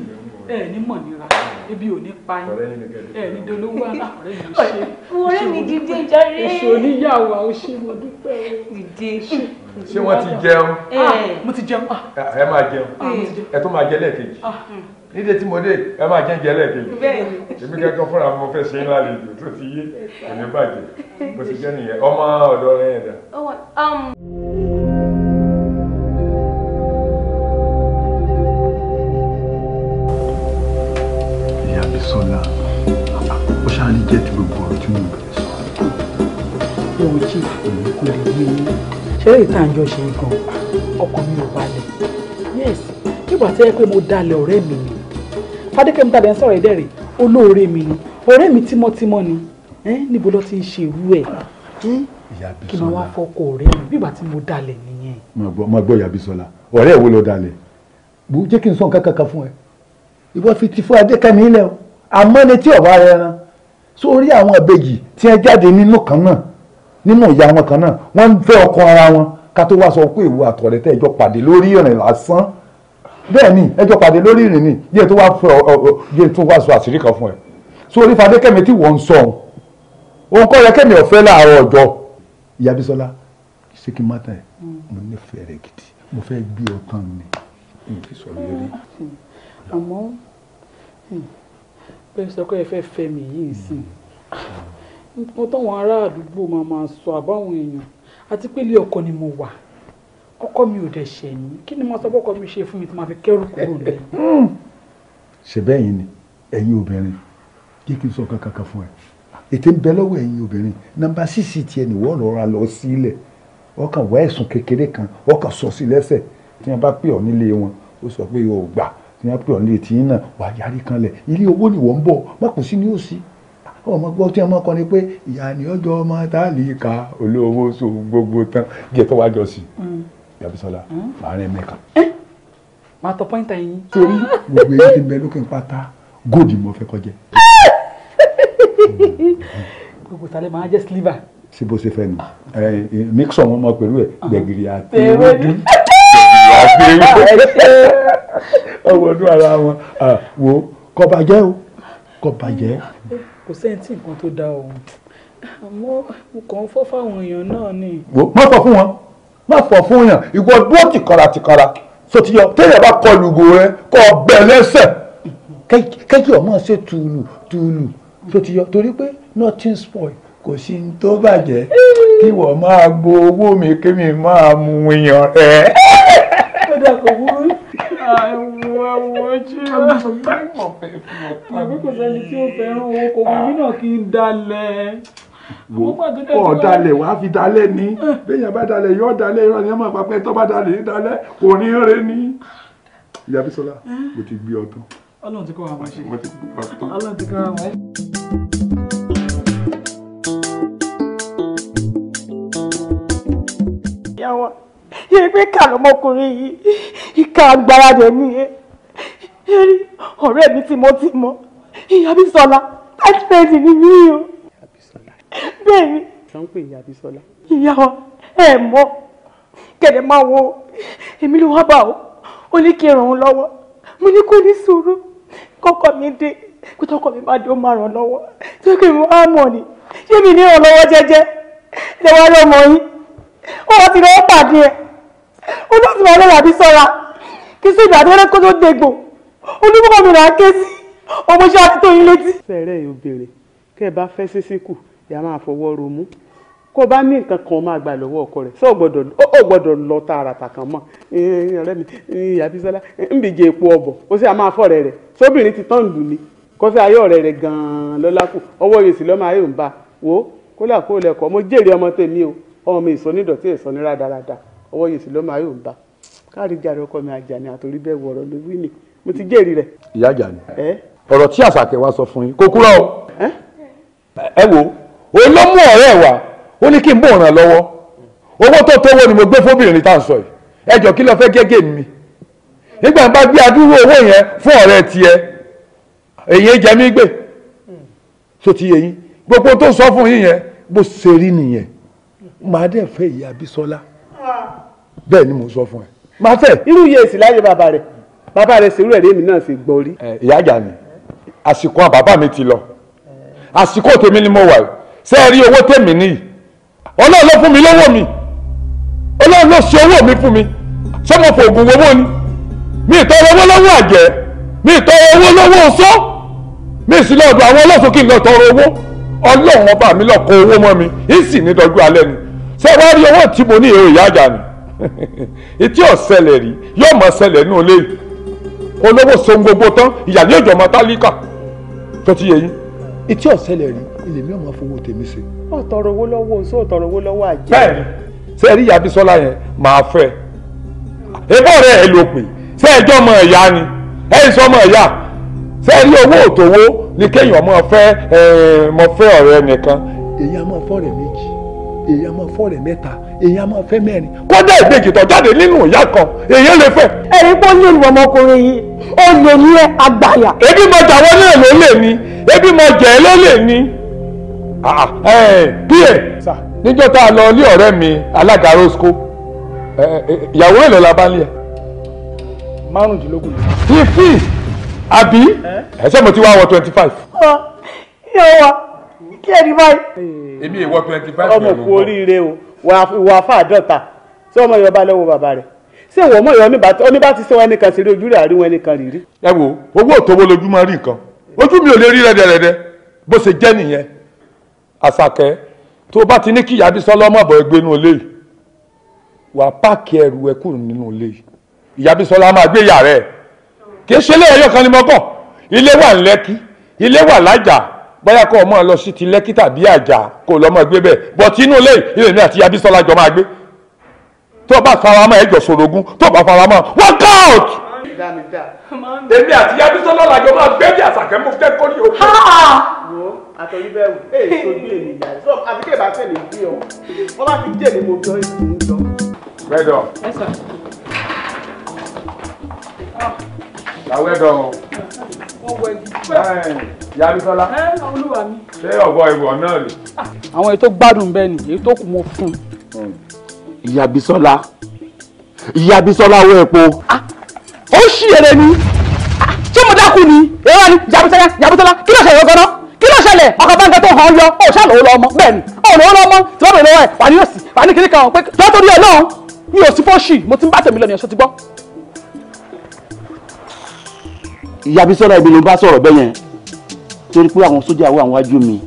ẹ ní mọ̀ nira ebi ò ní pa yín ẹ ní dolówó aláàrẹ mi ṣe ọ̀rẹ́ mi dìde jàre èso oníyàwó àwọn ṣe mo dúpẹ́ o dìde ṣé wọ́n ti jẹun ah, eh. ah. Ah, mo ti jẹun ẹ máa jẹun ẹ tó máa jẹ lẹ́ẹ̀kejì nídé tí mo dé ẹ máa jẹ jẹ lẹ́ẹ̀kejì èmi kẹ́kọ̀ọ́ fúnra mo fẹ́ ṣe ń lálejò tó ti yé èmi bàjẹ́ bó ti jẹ́ nìyẹn ọmọ ọ̀dọ́ rẹ̀ yẹn dà. eré ìta àjọ ṣe é gan ọkàn mi ò balẹ̀ yes nígbà tí ẹ pé mo dalẹ̀ ọ̀rẹ́ mi ni fadékẹ́mi tàbí ẹ̀ ń sọ̀rọ̀ ẹ̀dẹ̀ rẹ̀ olóore mi ni ọ̀rẹ́ mi tímọ́tímọ́ ni níbo ló ti ń ṣe irú ẹ̀ kí n wá fọkọ ọ̀rẹ́ mi bígbà tí mo dalẹ̀ nìyẹn. mo gbọ́ ìyá Bísọ́lá ọ̀rẹ́ ẹ̀ wo ló dalẹ̀. bù jẹ́ kí n sọ̀n kankan fún ẹ ìwọ fi ti fún adékẹ́mi ilẹ̀ o àmọ́ ni tí ọ̀bá rẹ ran sórí àwọn àbejì tí ẹ jáde nínú kan náà nínú ìyá wọn kan náà wọ́n ń fẹ́ ọkọ ara wọn ká tó wá sọ pé ìwọ àtọ̀rẹ́ tẹ́ ẹjọ́ pàdé lórí ìrìn lásán bẹ́ẹ̀ ni ẹjọ́ pàdé lórí ìrìn ni yé tó wá fẹ́ ọ yé tó wá sọ àṣírí kan fún ẹ so orí Fadékẹ́mi tí wọ́n ń sọ òun kọ́ yẹ kẹ́mi ọ̀fẹ́ láàárọ̀ ọjọ́ ìyá Bísọ́lá ṣé kí n má tàn ẹ́ mm. mo nífẹ̀ẹ́ rẹ gidi mo fẹ́ gbé ọtán ni mo fi sọ lórí. àmọ́ hmm, bẹ́ẹ̀ sọ pé ẹ fẹ́ fẹ́ mi yìí hmm. sí i hmm nǹkan táwọn ará àdúgbò máa máa sọ àbáwọn èèyàn àti pé ilé ọkọ ni mo wà ọkọ mi ò dẹ̀ ṣẹ̀ ní kí ni mo sọ bọ́kọ mi ṣe fún mi tí màá fi kẹ́rù kúrò lẹ̀. ṣe bẹ́ẹ̀ yín ni ẹ̀yin obìnrin jẹ́ kí n sọ kankan kan fún ẹ ètè ń bẹ lọ́wọ́ ẹ̀yin obìnrin nàmbà sísì tiẹ̀ nìwọ́ lọ́ra lọ sílẹ̀ ọkàn wá ẹ̀sùn kékeré kan ọkàn sọ sí lẹ́sẹ̀ tí wọ́n bá pè ọ́ nílé wọn ó sọ pé o gbà tí wọ́n pè ọ́ nílé tìyín náà wàá yarí kanlẹ̀ ilé owó nìwọ́ ń bọ̀ má kù sí ọmọ gbọ́ tí ọmọ kan ni pé ìyá ni ọjọ́ ọmọ tálíkà olówó sóhun gbogbo tán díẹ̀ tó wájọ sí i mm. yabisola mm. màá rẹ mẹ́ka. màá tọ pọ́ńtà yín. torí gbogbo èyí ti bẹ lókè pátá góòdì mo fẹ́ kọjẹ. gbogbo sálẹ̀ máa jẹ́ sliver. ṣé bó ṣe fẹ́ nu mixon wọn máa pẹ̀lú ah. ẹ̀ gbẹ̀gìrì àti ewédú ọmọdún ara wọn ah, wo kò o kò kò sẹ́ńtì nǹkan tó da òun àmọ́ mo kàn ń fọ́ fáwọn èèyàn náà ni. má fọ fún wọn má fọ fún èèyàn ìwọ dúró tìkọra tìkọra sotiyọ téèyàn bá kọ lùgò rẹ kọ bẹ lẹ́sẹ̀ kẹjì ọmọ ṣe tùlù tùlù sotiyọ torí pé nothing spoil kò sí ní tó bàjẹ́ kí wọ́n máa gbowó mi kí mi máa mú yan ẹ́. máa wọ ojú àbí kò n wo ọ dalẹ̀ wa fi dalẹ̀ ni bẹ́yàn bá dalẹ̀ yọ dalẹ̀ irọ́ ni ẹ máa papẹ́ tọ́ bá dalẹ̀ ni dalẹ̀ kò ní rẹ ní. ìyá Bísọ́lá mo ti gbé ọtán. Ọlọ́run ti kọ́ wa máa ṣe Ọlọ́run ti kọ́ wa máa ṣe. ìyá lọmọkùnrin yìí ẹ̀rí ọ̀rẹ́ mi tímọ́tímọ́ ìyá Bísọ́lá tight friend ni mí o. ìyá Bísọ́lá. bẹ́ẹ̀ni. sọ ń pè ìyá Bísọ́lá. ìyá wa ẹ mọ̀ kẹ̀dẹ̀ máa wo èmi ló wá bá o ó ní kí n ràn án lọ́wọ́ mo ní kó ní sùúrù kọ́kọ́ mi dé kó tọkọ mi máa dé ó máa ràn lọ́wọ́ tó kí n wá mọ̀ ni ṣé mi ní ràn lọ́wọ́ jẹ́jẹ́ lè wá lọ́mọ yín ó wọ́n ti lọ́wọ́ pàdé ẹ̀ ó lọ́sùn wọn lọ́wọ́ àbí sọ́ra olúmọ mi là á ké sí ọmọ ṣe àti tó yín létí. sẹ́rẹ̀ yóò béèrè kẹ́ ẹ bá fẹ́ sí síkù ìyá máa fọwọ́ romú kó bá ní nǹkan kan máa gbà lọ́wọ́ ọkọ rẹ̀ sọ gbọ́dọ̀ ó gbọ́dọ̀ lọ tààràtà kan mọ́ ọ̀rẹ́ mi ìyá bísọ́lá ń bìjẹ́ epo ọbọ̀ ó sì á máa fọ́ rẹ̀ rẹ̀ sóbìnrin ti tán lù ní kọ́sẹ́ ayé ọ̀rẹ́ rẹ̀ gan-an lọ́lá kù ọwọ́ yèsì lọ́mọ ayé ń bá wo kó là kó lẹ́kọ̀ọ́ mo jèrè ọmọ tèmi o ọmọ mi ìsọnídọ̀tí ìsọní rádaràda ọwọ́ yèsì lọ́mọ ayé ń bá káàrí jàre ọkọ mi àjà ni àtòrí bẹ́ẹ̀ wọ̀rọ̀ lówí ni mo ti jẹ́rìí rẹ̀. ìyá àjà ni ọ̀rọ̀ tí àṣàkẹ́ wa sọ fún yín kò kúrò o ẹ wo òun ló mú ọ̀rẹ́ wa ó ní kí n bò ràn lọ́wọ́ owó tó tówó ni mo gbé fóbìnrin tá à ń sọ yìí ẹ jọ kí ló fẹ́ gẹ́gẹ́ mi nígbà bá gbé adúrú owó yẹn fún ọ̀rẹ́ tiẹ̀ èyí jẹ mí gbé tó ti yẹ yín gbogbo tó sọ fún yín yẹn bó ṣe rí nìyẹn màá dẹ̀ fẹ́ ìyá Bísọ́lá ah. bẹ́ẹ̀ ni mo sọ fún ẹ màá fẹ́. irú yẹn èsì láyé bàbá rẹ̀ bàbá rẹ ṣerú ẹ̀rí èmi náà ṣe gbọ́ rí. ìyá àjà mi àsìkò àwọn bàbá mi ti lọ àsìkò tèmi ni mo wà ṣé ẹ rí owó tèmi nìyí ọlọ́run ló fún mi lówó mi ọlọ́run ló ṣe owó mi fún mi ṣé mo fògùn owó ni mi ìtọ́rọ owó lọ́wọ́ àjẹ́ mi ìtọ́rọ owó lọ́wọ́ ọ̀ṣọ́ mi sì lọ́dọ̀ àwọn ọlọ́sùn kí n lọ tọrọ owó ọlọ́run ọba mi lọ́kọ owó mọ́ mi ń sì ní dọ́jú alẹ́ ni ṣé wàá rí owó tí mo ní èrò ìyá àjà ni ìtí ọ̀sẹ̀lẹ̀ rí yóò mọ̀ ṣẹlẹ̀ ní olóyè olówó sohun gbogbo tán ìyàlẹ́ òjò ọmọ tálíkà tó ti yẹ yín. etí ọ̀sẹ̀lẹ̀ rí ilé mi ò máa fowó tèmi ṣe. ó tọrọ owó lọ́wọ́ oṣù ó tọrọ owó lọ́wọ́ àjẹ́. bẹ́ẹ̀ni ṣe rí ìyá Bísọ́lá yẹn máa fẹ́ ebó rẹ ẹ ló pè ṣe ẹjọ́ ọmọ ẹ̀yà ni ẹ̀yìn sọ ọmọ ẹ̀yà ṣe rí owó òtòwó ni kéèyàn ọmọ fẹ́ mọ fẹ́ ọ̀rẹ́ nìkan. èyí á máa fọ́ rẹ̀ méjì èyí á máa fọ́ rẹ̀ mẹ́ta èèyàn máa fẹ́ mẹ́rin kódà ìbejì tó jáde nínú ìyá kan èèyàn lè fẹ́. ẹ̀yin kò ní olùwọ́ ọmọkùnrin yìí ó lè ní ẹ àgbàyà. ebi mo jà wọlé ẹ ló lè ní ebi mo jẹ ẹ ló lè ní. píẹ̀ ah, ah, níjọ́ tá a lọ ilé ọ̀rẹ́ mi alága rosco ìyàwó èlò la bá ń lé ẹ. márùndínlógún. fifteen àbí ẹsẹ mo ti wá wọ twenty five. yóò wá kí ẹni báyìí. èmi ìwọ twenty five. ọmọ kú oríire o ìwà afá àdọ́ta ṣé ọmọ Yorùbá lọ́wọ́ bàbá rẹ̀ ṣé ìwọ ọmọ Yorùbá oníbà ti sẹ́wọ́n ẹnìkan sí rí ojú rẹ̀ àríwọ̀n ẹnìkan rí rí. ẹ wo owó òtòwó lójúmọ́ rí nǹkan ojú mi ò lè rí rẹ́dẹ̀rẹ́dẹ́ bó ṣe jẹ́ nìyẹn àṣàkẹ́ tó bá ti ní kí ìyá Bísọ́lá ọmọ ọ̀bọ̀ ẹgbẹ́ inú ilé yìí wà á páàkì ẹrù ẹ kúrò nínú ilé yìí ìyá Bísọ́lá máa gbé ìyá rẹ̀ kì í ṣe ilé ẹ̀yọ́ kan ni mo gbọ́ ilé wà ní ilé wà lájà bóyá kọ́ ọmọ lọ sí ti lẹ́kì tàbí àjà kó lọ́ mọ́ gbé bẹ́ẹ̀ bọ̀tí inú ilé ilé mi àti Abísọ́lá jọ máa gbé tó o bá faramọ́ ẹ jọ sorogún tó o bá faramọ́ work out. èmi àti Abísọ́lá làjọ máa gbé bí àṣàkẹ́ mo fẹ́ kórìí o. wo àtọ̀yí bẹ́ẹ̀ wò ẹ̀ sojú èmi ìyá rẹ̀ sọ́ọ̀ àbíkẹ́ ìbá tẹ̀lé bí ọ wọ́n bá fi jẹ́ èmi mo jọ ìdùnnú jọ. well done. yes sir. làwẹ̀ dán o mo wẹ̀ dúpẹ́. ìyá Bísọ́lá olúwa mi. àwọn èyí gbádùn bẹ́ẹ̀ ni èyí tó kù mo fún un. Hmm. ìyá Bísọ́lá ìyá epo. Ah, ó ṣì èrè ni ah, ṣé mo dákú ni èrò ni jàbútẹ́lá jàbútẹ́lá kí ló ṣe ìwé gan-an kí ló ṣẹlẹ̀ ọkọ̀ báńkì tó hàn yọ ó ṣàlò ó lọ ọmọ bẹ́ẹ̀ ni ó lò ó tí wọ́n bèèrè lọ́wọ́ ẹ̀ wà ní òsì wà ní kiri kan pé lọ́tọ́rí ẹ̀ náà mi ò sí fọ́ọ̀ṣì mo ti ń bá tèmi lọ nìyẹn ṣe ti gbọ́. ìyá Bísọ́lá ibi ló ń bá sọ̀rọ̀ bẹ́ẹ̀ yẹn torí pé àwọn sójà wà wájú mi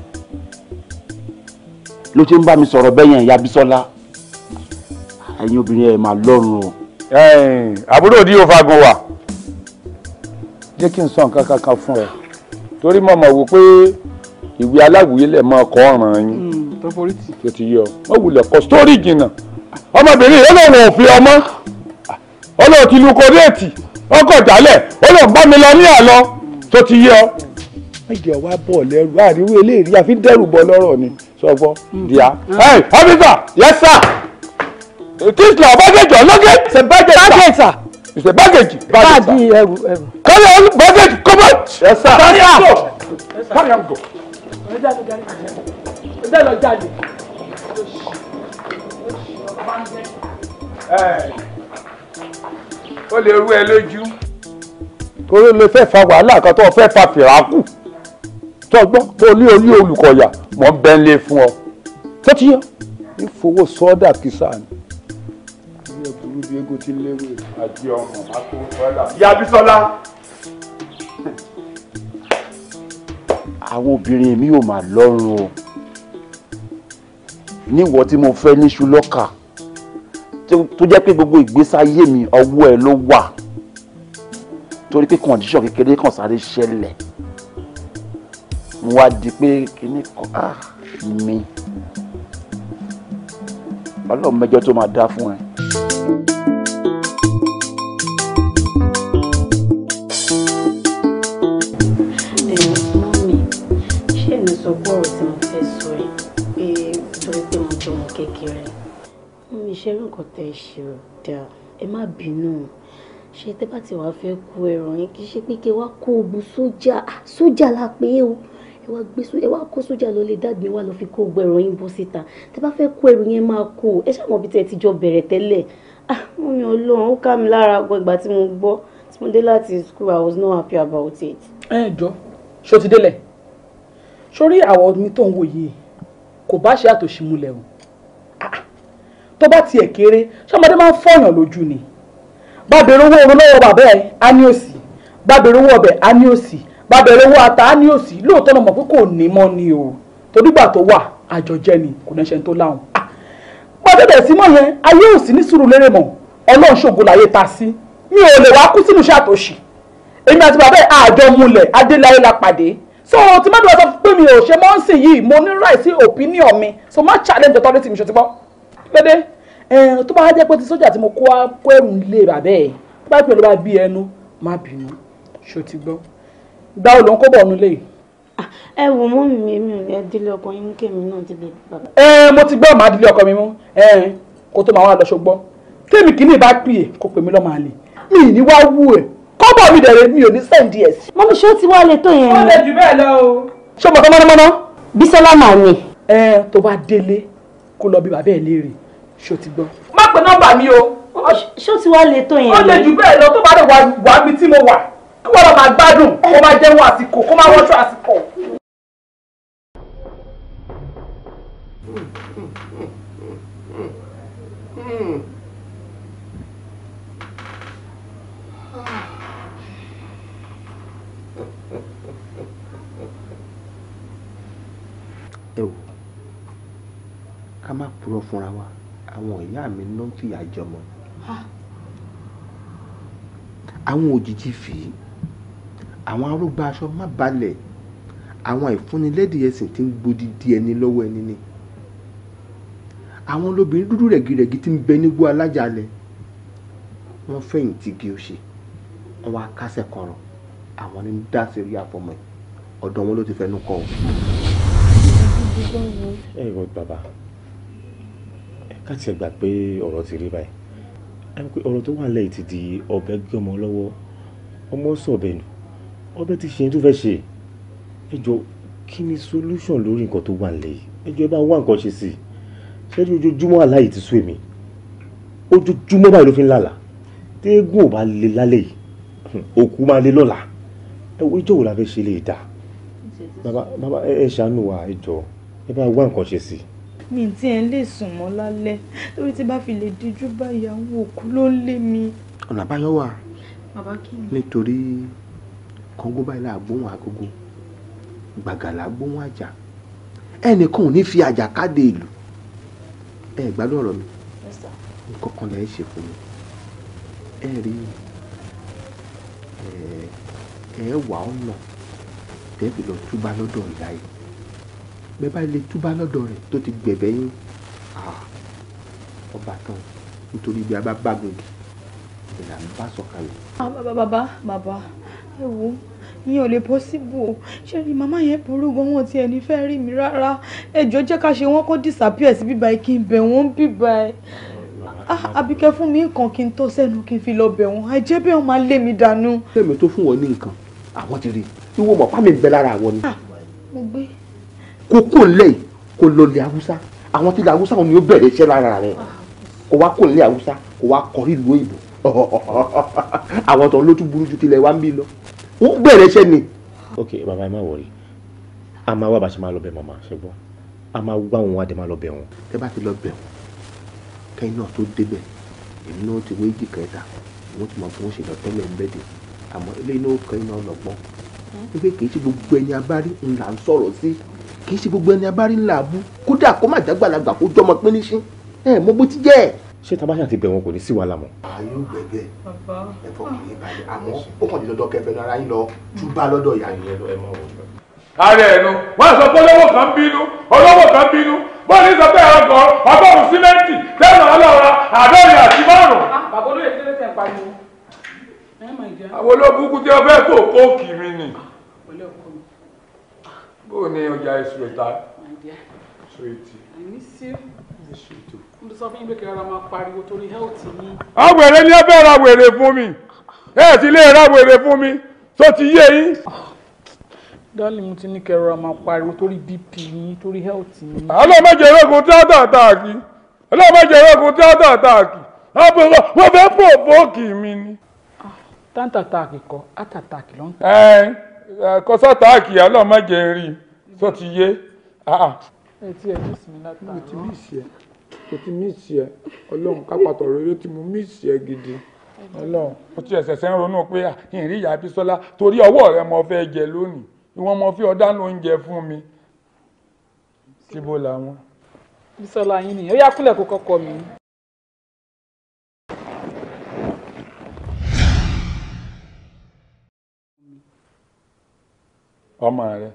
ló ti ń bá mi sọ̀rọ̀ bẹ́ẹ̀ yẹn ìyá Bísọ́lá ẹ̀yin obìnrin ẹ̀ máa lọ́rùn o. àbúrò ní o fagun wà. jẹ́ kí n sọ nǹkan kankan fún ẹ torí mo mọ̀ wò pé ìwé aláwìyé lẹ̀ mọ́ ọkọ̀ ọ̀ràn yín hmm, tó forí tì tó ti yọ wọ́n wulẹ̀ kọ́ sórí jìnnà ọmọbìnrin yìí lọ́wọ́ òfin ọmọ ọlọ́ọ̀tì lu kọ́dẹ́ẹ̀tì ọkọ̀ jálẹ̀ ó lọ bá mi lọ ní àlọ tó ti yé ọ. ẹ̀jẹ̀ wa bọ̀ lẹ́rù àríwé eléyìí àfi dẹ́rù bọ lọ́rọ̀ ni sọ́gbọ́ hmm. díà. ẹ hmm. ọ́fíìsà yes sir this na baggage or luggage. ṣe baggage sir. baggage sir. it's a baggage. báàgì ẹrù ẹrù. carry on baggage come out. yes sir. carry am carry am ọjà lọ jáde ọjà lọ jáde ó lè rú ẹ lójú. torí lè fẹ́ fa wàhálà kan tó fẹ́ fa fìràkù tó gbọ́ tó ní orí olùkọ̀yà mọ̀ ń bẹ́ lé fún ọ tó ti yọ ìfowó sọ́dà kìsà ni. ilé burú bí ego ti léwé àti ọmọ akówọ́lá. ìyá Bísọ́lá. àwọn obìnrin mi ò mà lọ́rùn o níwọ̀ tí mo fẹ́ níṣu lọ́kà tó jẹ́ pé gbogbo ìgbésí ayé mi ọwọ́ ẹ ló wà torí pé condition kékeré kan sáré ṣẹlẹ̀ mo wá di pé kíní kan ah mi ọlọ́run mẹ́jọ tó máa dá fún ẹ. sọ pé ọ̀rọ̀ tí mo fẹ́ sọ yìí pé torí pé mo jọmọ kékeré ṣe irú nǹkan tẹ́ ẹ ṣe ò dáa ẹ má bínú ṣe tẹ́ bá ti wàá fẹ́ kó ẹran yẹn kì í ṣe pé kí ẹ wá kó ogun sójà ah, sójà la pé o ẹ wá gbé ẹ wá kó sójà lọ lè dàgbé wá lọ fi kó ogun ẹran yín bọ́ síta tẹ́ bá fẹ́ kó ẹrù yẹn máa kó o ẹ ṣàmọ̀ bí tẹ́ ẹ ti jọ bẹ̀rẹ̀ tẹ́lẹ̀ ah mo mi ò lọ ó ká mi lára gbọ́ ìgbà tí mo gbọ́ tí mo dé láti school I was not happy about it. ẹ jọ ṣó ti délẹ̀ sórí àwọ̀ mi tó ń wò yìí kò bá ṣe àtòṣìmúlẹ̀ o tó bá tiẹ̀ kéré ṣọmọdé máa ń fọyàn lójú ni bàbẹ̀rẹ̀ owó orun lọ́wọ́ bàbá ẹ̀ á ní òsì bàbẹ̀rẹ̀ owó ọbẹ̀ á ní òsì bàbẹ̀rẹ̀ owó ata á ní òsì lóòótọ́ náà mọ̀ pé kò ní mọ́ ni o torígbà tó wà àjọjẹ ni kò ní ṣe tó láwọn. pàdébẹ̀ ah! sí mọ́ yẹn ayé òsì ní sùúrù lérè mọ́ ọlọ́run ṣògo láyé ta sí mi ò lè wá kú sínú iṣẹ́ àtòṣì èmi àti bàbá ẹ̀ àjọ mulẹ̀ adélayé la pàdé so tí mẹ́tò bá sọ pé mi ò ṣe mọ́ ń sìn yìí mo ní right sí opinion mi so má challenge authority mi ṣe ti gbọ́ pédé eh, tó bá jẹ́ pé ti sójà tí mo kó kó ẹrù lé bàbẹ́ ẹ̀ tó bá pè ló bá bí ẹnu má bínú ṣó ti gbọ́ gbá ò ló ń kó bọ̀ ọ̀nù lé. Ah, ẹ wò mú mi mi ò ní ẹdílé ọkọ yín mú kémi náà délé bàbá. ẹ eh, mo ti gbọ́ màá délé ọkọ mi mú eh, kó tó máa wá lọ ṣogbọ́ tèmi kìíní bá pè é kó pè mí lọ́mọ àlè mi ní wá wú ẹ̀ kọ́bọ̀ mi dẹ̀rẹ̀ mi ò ní sẹ́ǹdì ẹ̀ sí. mọ́mí ṣé ó ti wá le tó yẹn. ó lè jù bẹ́ẹ̀ lọ o. ṣé o mọ̀ tán mọ́nàmọ́ná. bísọ́lá màá ẹ tó bá délé kó lọ bí bàbá ẹ léèrè ṣó ti gbọ́. má pe nọ́mbà mi o. ṣó ti wá le tó yẹn. ó lè jù bẹ́ẹ̀ lọ tó bá lè wà wá mi tí mo wà kí wọ́n lọ máa gbádùn kó máa jẹun àsìkò kó máa wọ́n tó àsìkò. ẹ wò ká má purọ́ fúnra wa àwọn ìyá mi ló ń fìyà jọmọ àwọn òjijì fì í àwọn arúgbó aṣọ má balẹ̀ àwọn ìfúnnilédè ẹ̀sìn tí ń gbòdì di ẹni lọ́wọ́ ẹni ni àwọn olóbìnrin dúdú rẹ̀gírẹ̀gí tí ń bẹ nígbó alájàlẹ̀ wọ́n fẹ̀yìntì gé o ṣe wọ́n wá kásẹ̀ kọ̀rọ̀ àwọn ní dáṣẹ́ rí àfọmọ́ ẹ̀ ọ̀dọ̀ wọn ló ti fẹnu kọ́ ọ. ẹ ẹ bàbá káti ẹ̀ gbà pé ọ̀rọ̀ ti rí báyìí ẹ pé ọ̀rọ̀ tó wà lẹ́yìn ti di ọ̀bẹ gbé ọmọ lọ́wọ́ ọmọ sọ̀bẹ nù ọ̀bẹ ti ṣe tó fẹ́ ṣe ẹ jọ kí ni solution lórí nǹkan tó wà lẹ́yìn ẹ jọ ẹ bá wá nǹkan ṣe sí i ṣé ní ojoojúmọ́ aláyè ti sú èmi ojoojúmọ́ báyìí ló fi ń lálàá téégún ò bá le lálẹ́ yìí òkú máa le lọ́la ẹ wo ìjọ wo la fẹ́ ṣe lè dà bàbá ẹ ṣàánú wa ẹ jọ ẹ bá wá nǹkan ṣe sí i mi tí ẹ lè sùn mọ́ lálẹ́ torí tí bá fi lè díjú báyìí àwọn òkú ló ń lé mi. ọ̀nà àbáyọ wà nítorí kọ́ńgó báyìí là gbóhùn agogo gbàgàlà gbóhùn àjà ẹnìkan ò ní fi àjà káde ìlú ẹ gbádùn ọ̀rọ̀ mi nǹkan kan lè ṣe fún mi ẹ rí ẹ wà ọ̀nà tẹ́bi lọ túbá lọ́dọ̀ ìyá yìí bẹ́ẹ̀ bá lè túbá lọ́dọ̀ rẹ̀ tó ti gbẹ̀bẹ̀ yín ah, ọba kan nítorí ibi abábágun ìlà ń bá sọ̀kalẹ̀. bàbá ah, bàbá bàbá ẹ wo ìyẹn ò lè pọ́síbù o ṣé ni màmá yẹn burú gan wọn tiẹ̀ ní fẹ́ rí mi rárá ẹjọ́ jẹ́ ká ṣe wọ́n kó disappear sí bíbá kí n bẹ̀ wọ́n bíbá ẹ̀ ah, àbíkẹ́ fún mi nǹkan kí n tó sẹ́nu kí n fi lọ bẹ̀ wọ́n àìjẹ́ bẹ́ẹ̀ wọ́n máa lé mi dànù. sẹ́mi tó fún wọn ní nǹkan àwọn ti rí i ìwọ mọ̀ pàmì ń bẹ lára àwọn ni. mo gbé kó kó ńlẹ̀ kó lọ lẹ̀ haúsá àwọn tí ilẹ̀ haúsá wọn ni ó bẹ̀rẹ̀ iṣẹ́ lára rẹ̀ kó wá kó ńlẹ̀ haúsá kó wá kọrí ìlú òyìnbó àwọn tó ń lójú burú ju tilẹ̀ wá ń bí lọ ó bẹ̀rẹ̀ iṣẹ́ ni. ok bàbá ẹ má wọrí a máa wá bá a ṣe máa lọ bẹ̀ màmá ṣùgbọ́n a máa wá wọn wá dé máa lọ bẹ̀ wọn. tẹ bá ti lọ bẹ̀ wọn kẹ́yìn náà tó débẹ̀ èmi náà ti wéjì kẹta wọn ti mọ fún oṣù lọ tẹ́lẹ̀ hmm. ṣe gbogbo ẹni abárí ńlá ń sọ̀rọ̀ sí kì í ṣe gbogbo ẹni abárí ńlá abú kódà kó má jágbàlagbà kó jọmọ pín ní sí ẹ mọ bó ti jẹ ẹ. ṣé tabaṣà ti bẹ̀ wọn kò ní sí wàhálà mọ́. ayé ò gbẹgbẹ ẹ fọkàn yín balẹ̀ àmọ́ ó kàn dídọ́dọ́ kẹfẹ́ náà yín lọ túbà lọ́dọ̀ ìyá yín lọ ẹ mọ̀ wọ́n. ààrẹ ẹnu wọn sọ pé olówó kan bínú olówó kan bínú bọ́ọ̀lù sọ pé ọgọ ọgọ́rùn-ún símẹ́ǹtì lẹ́nu ọlọ́ra àádọ́rin àti márùn-ún. bàbá olóyè tí ló tẹ̀ pariwo. àwọn olóògùn kúté ọbẹ̀ kò kó kiri ni. bó ni ọjà iṣu ẹ̀ta. sweetie. I miss you. miss you too. mo sọ fún yín pé kí rárá máa pariwo torí health yín. àwẹ̀rẹ̀ ni ẹ bẹ́ẹ̀ ra wèrè fún mi ẹ ti lè ra wèrè fún mi tó ti yé yín. dálì mo ti ní kẹrọ máa pariwo tori bp yín tori health yín. ọlọ́mọdé erógun tí wọ́n tà tààkì ọlọ́mọdé erógun tí wọ́n tà tààkì wọ́n fẹ́ pò bóòkì mi ni. Ah, táǹtà tààkì kọ́ àtàtàkì ló ń tà. kọsá táàkì ọlọ́mọ̀jẹ̀ rí tó ti yé. Ah, ah. ẹ ti ẹ mí sí mi látàárọ̀. mo ti mí sí ẹ mo ti mí sí ẹ ọlọ́run kápátọ̀ rẹ ló ti mú mí sí ẹ gidi ọlọ́run ó ti ẹ̀sẹ̀sẹ̀ ń ronú pé ìrìn ah, ìyá Bísọ́lá torí ọwọ́ rẹ mo fẹ́ jẹ lónìí ìwọ́n mo fi ọ̀dá lóúnjẹ fún mi síbo làwọn. Bísọ́lá yín nìyẹn ó yá kúlẹ̀ kó kọ́kọ́ mi. ọmọ rẹ.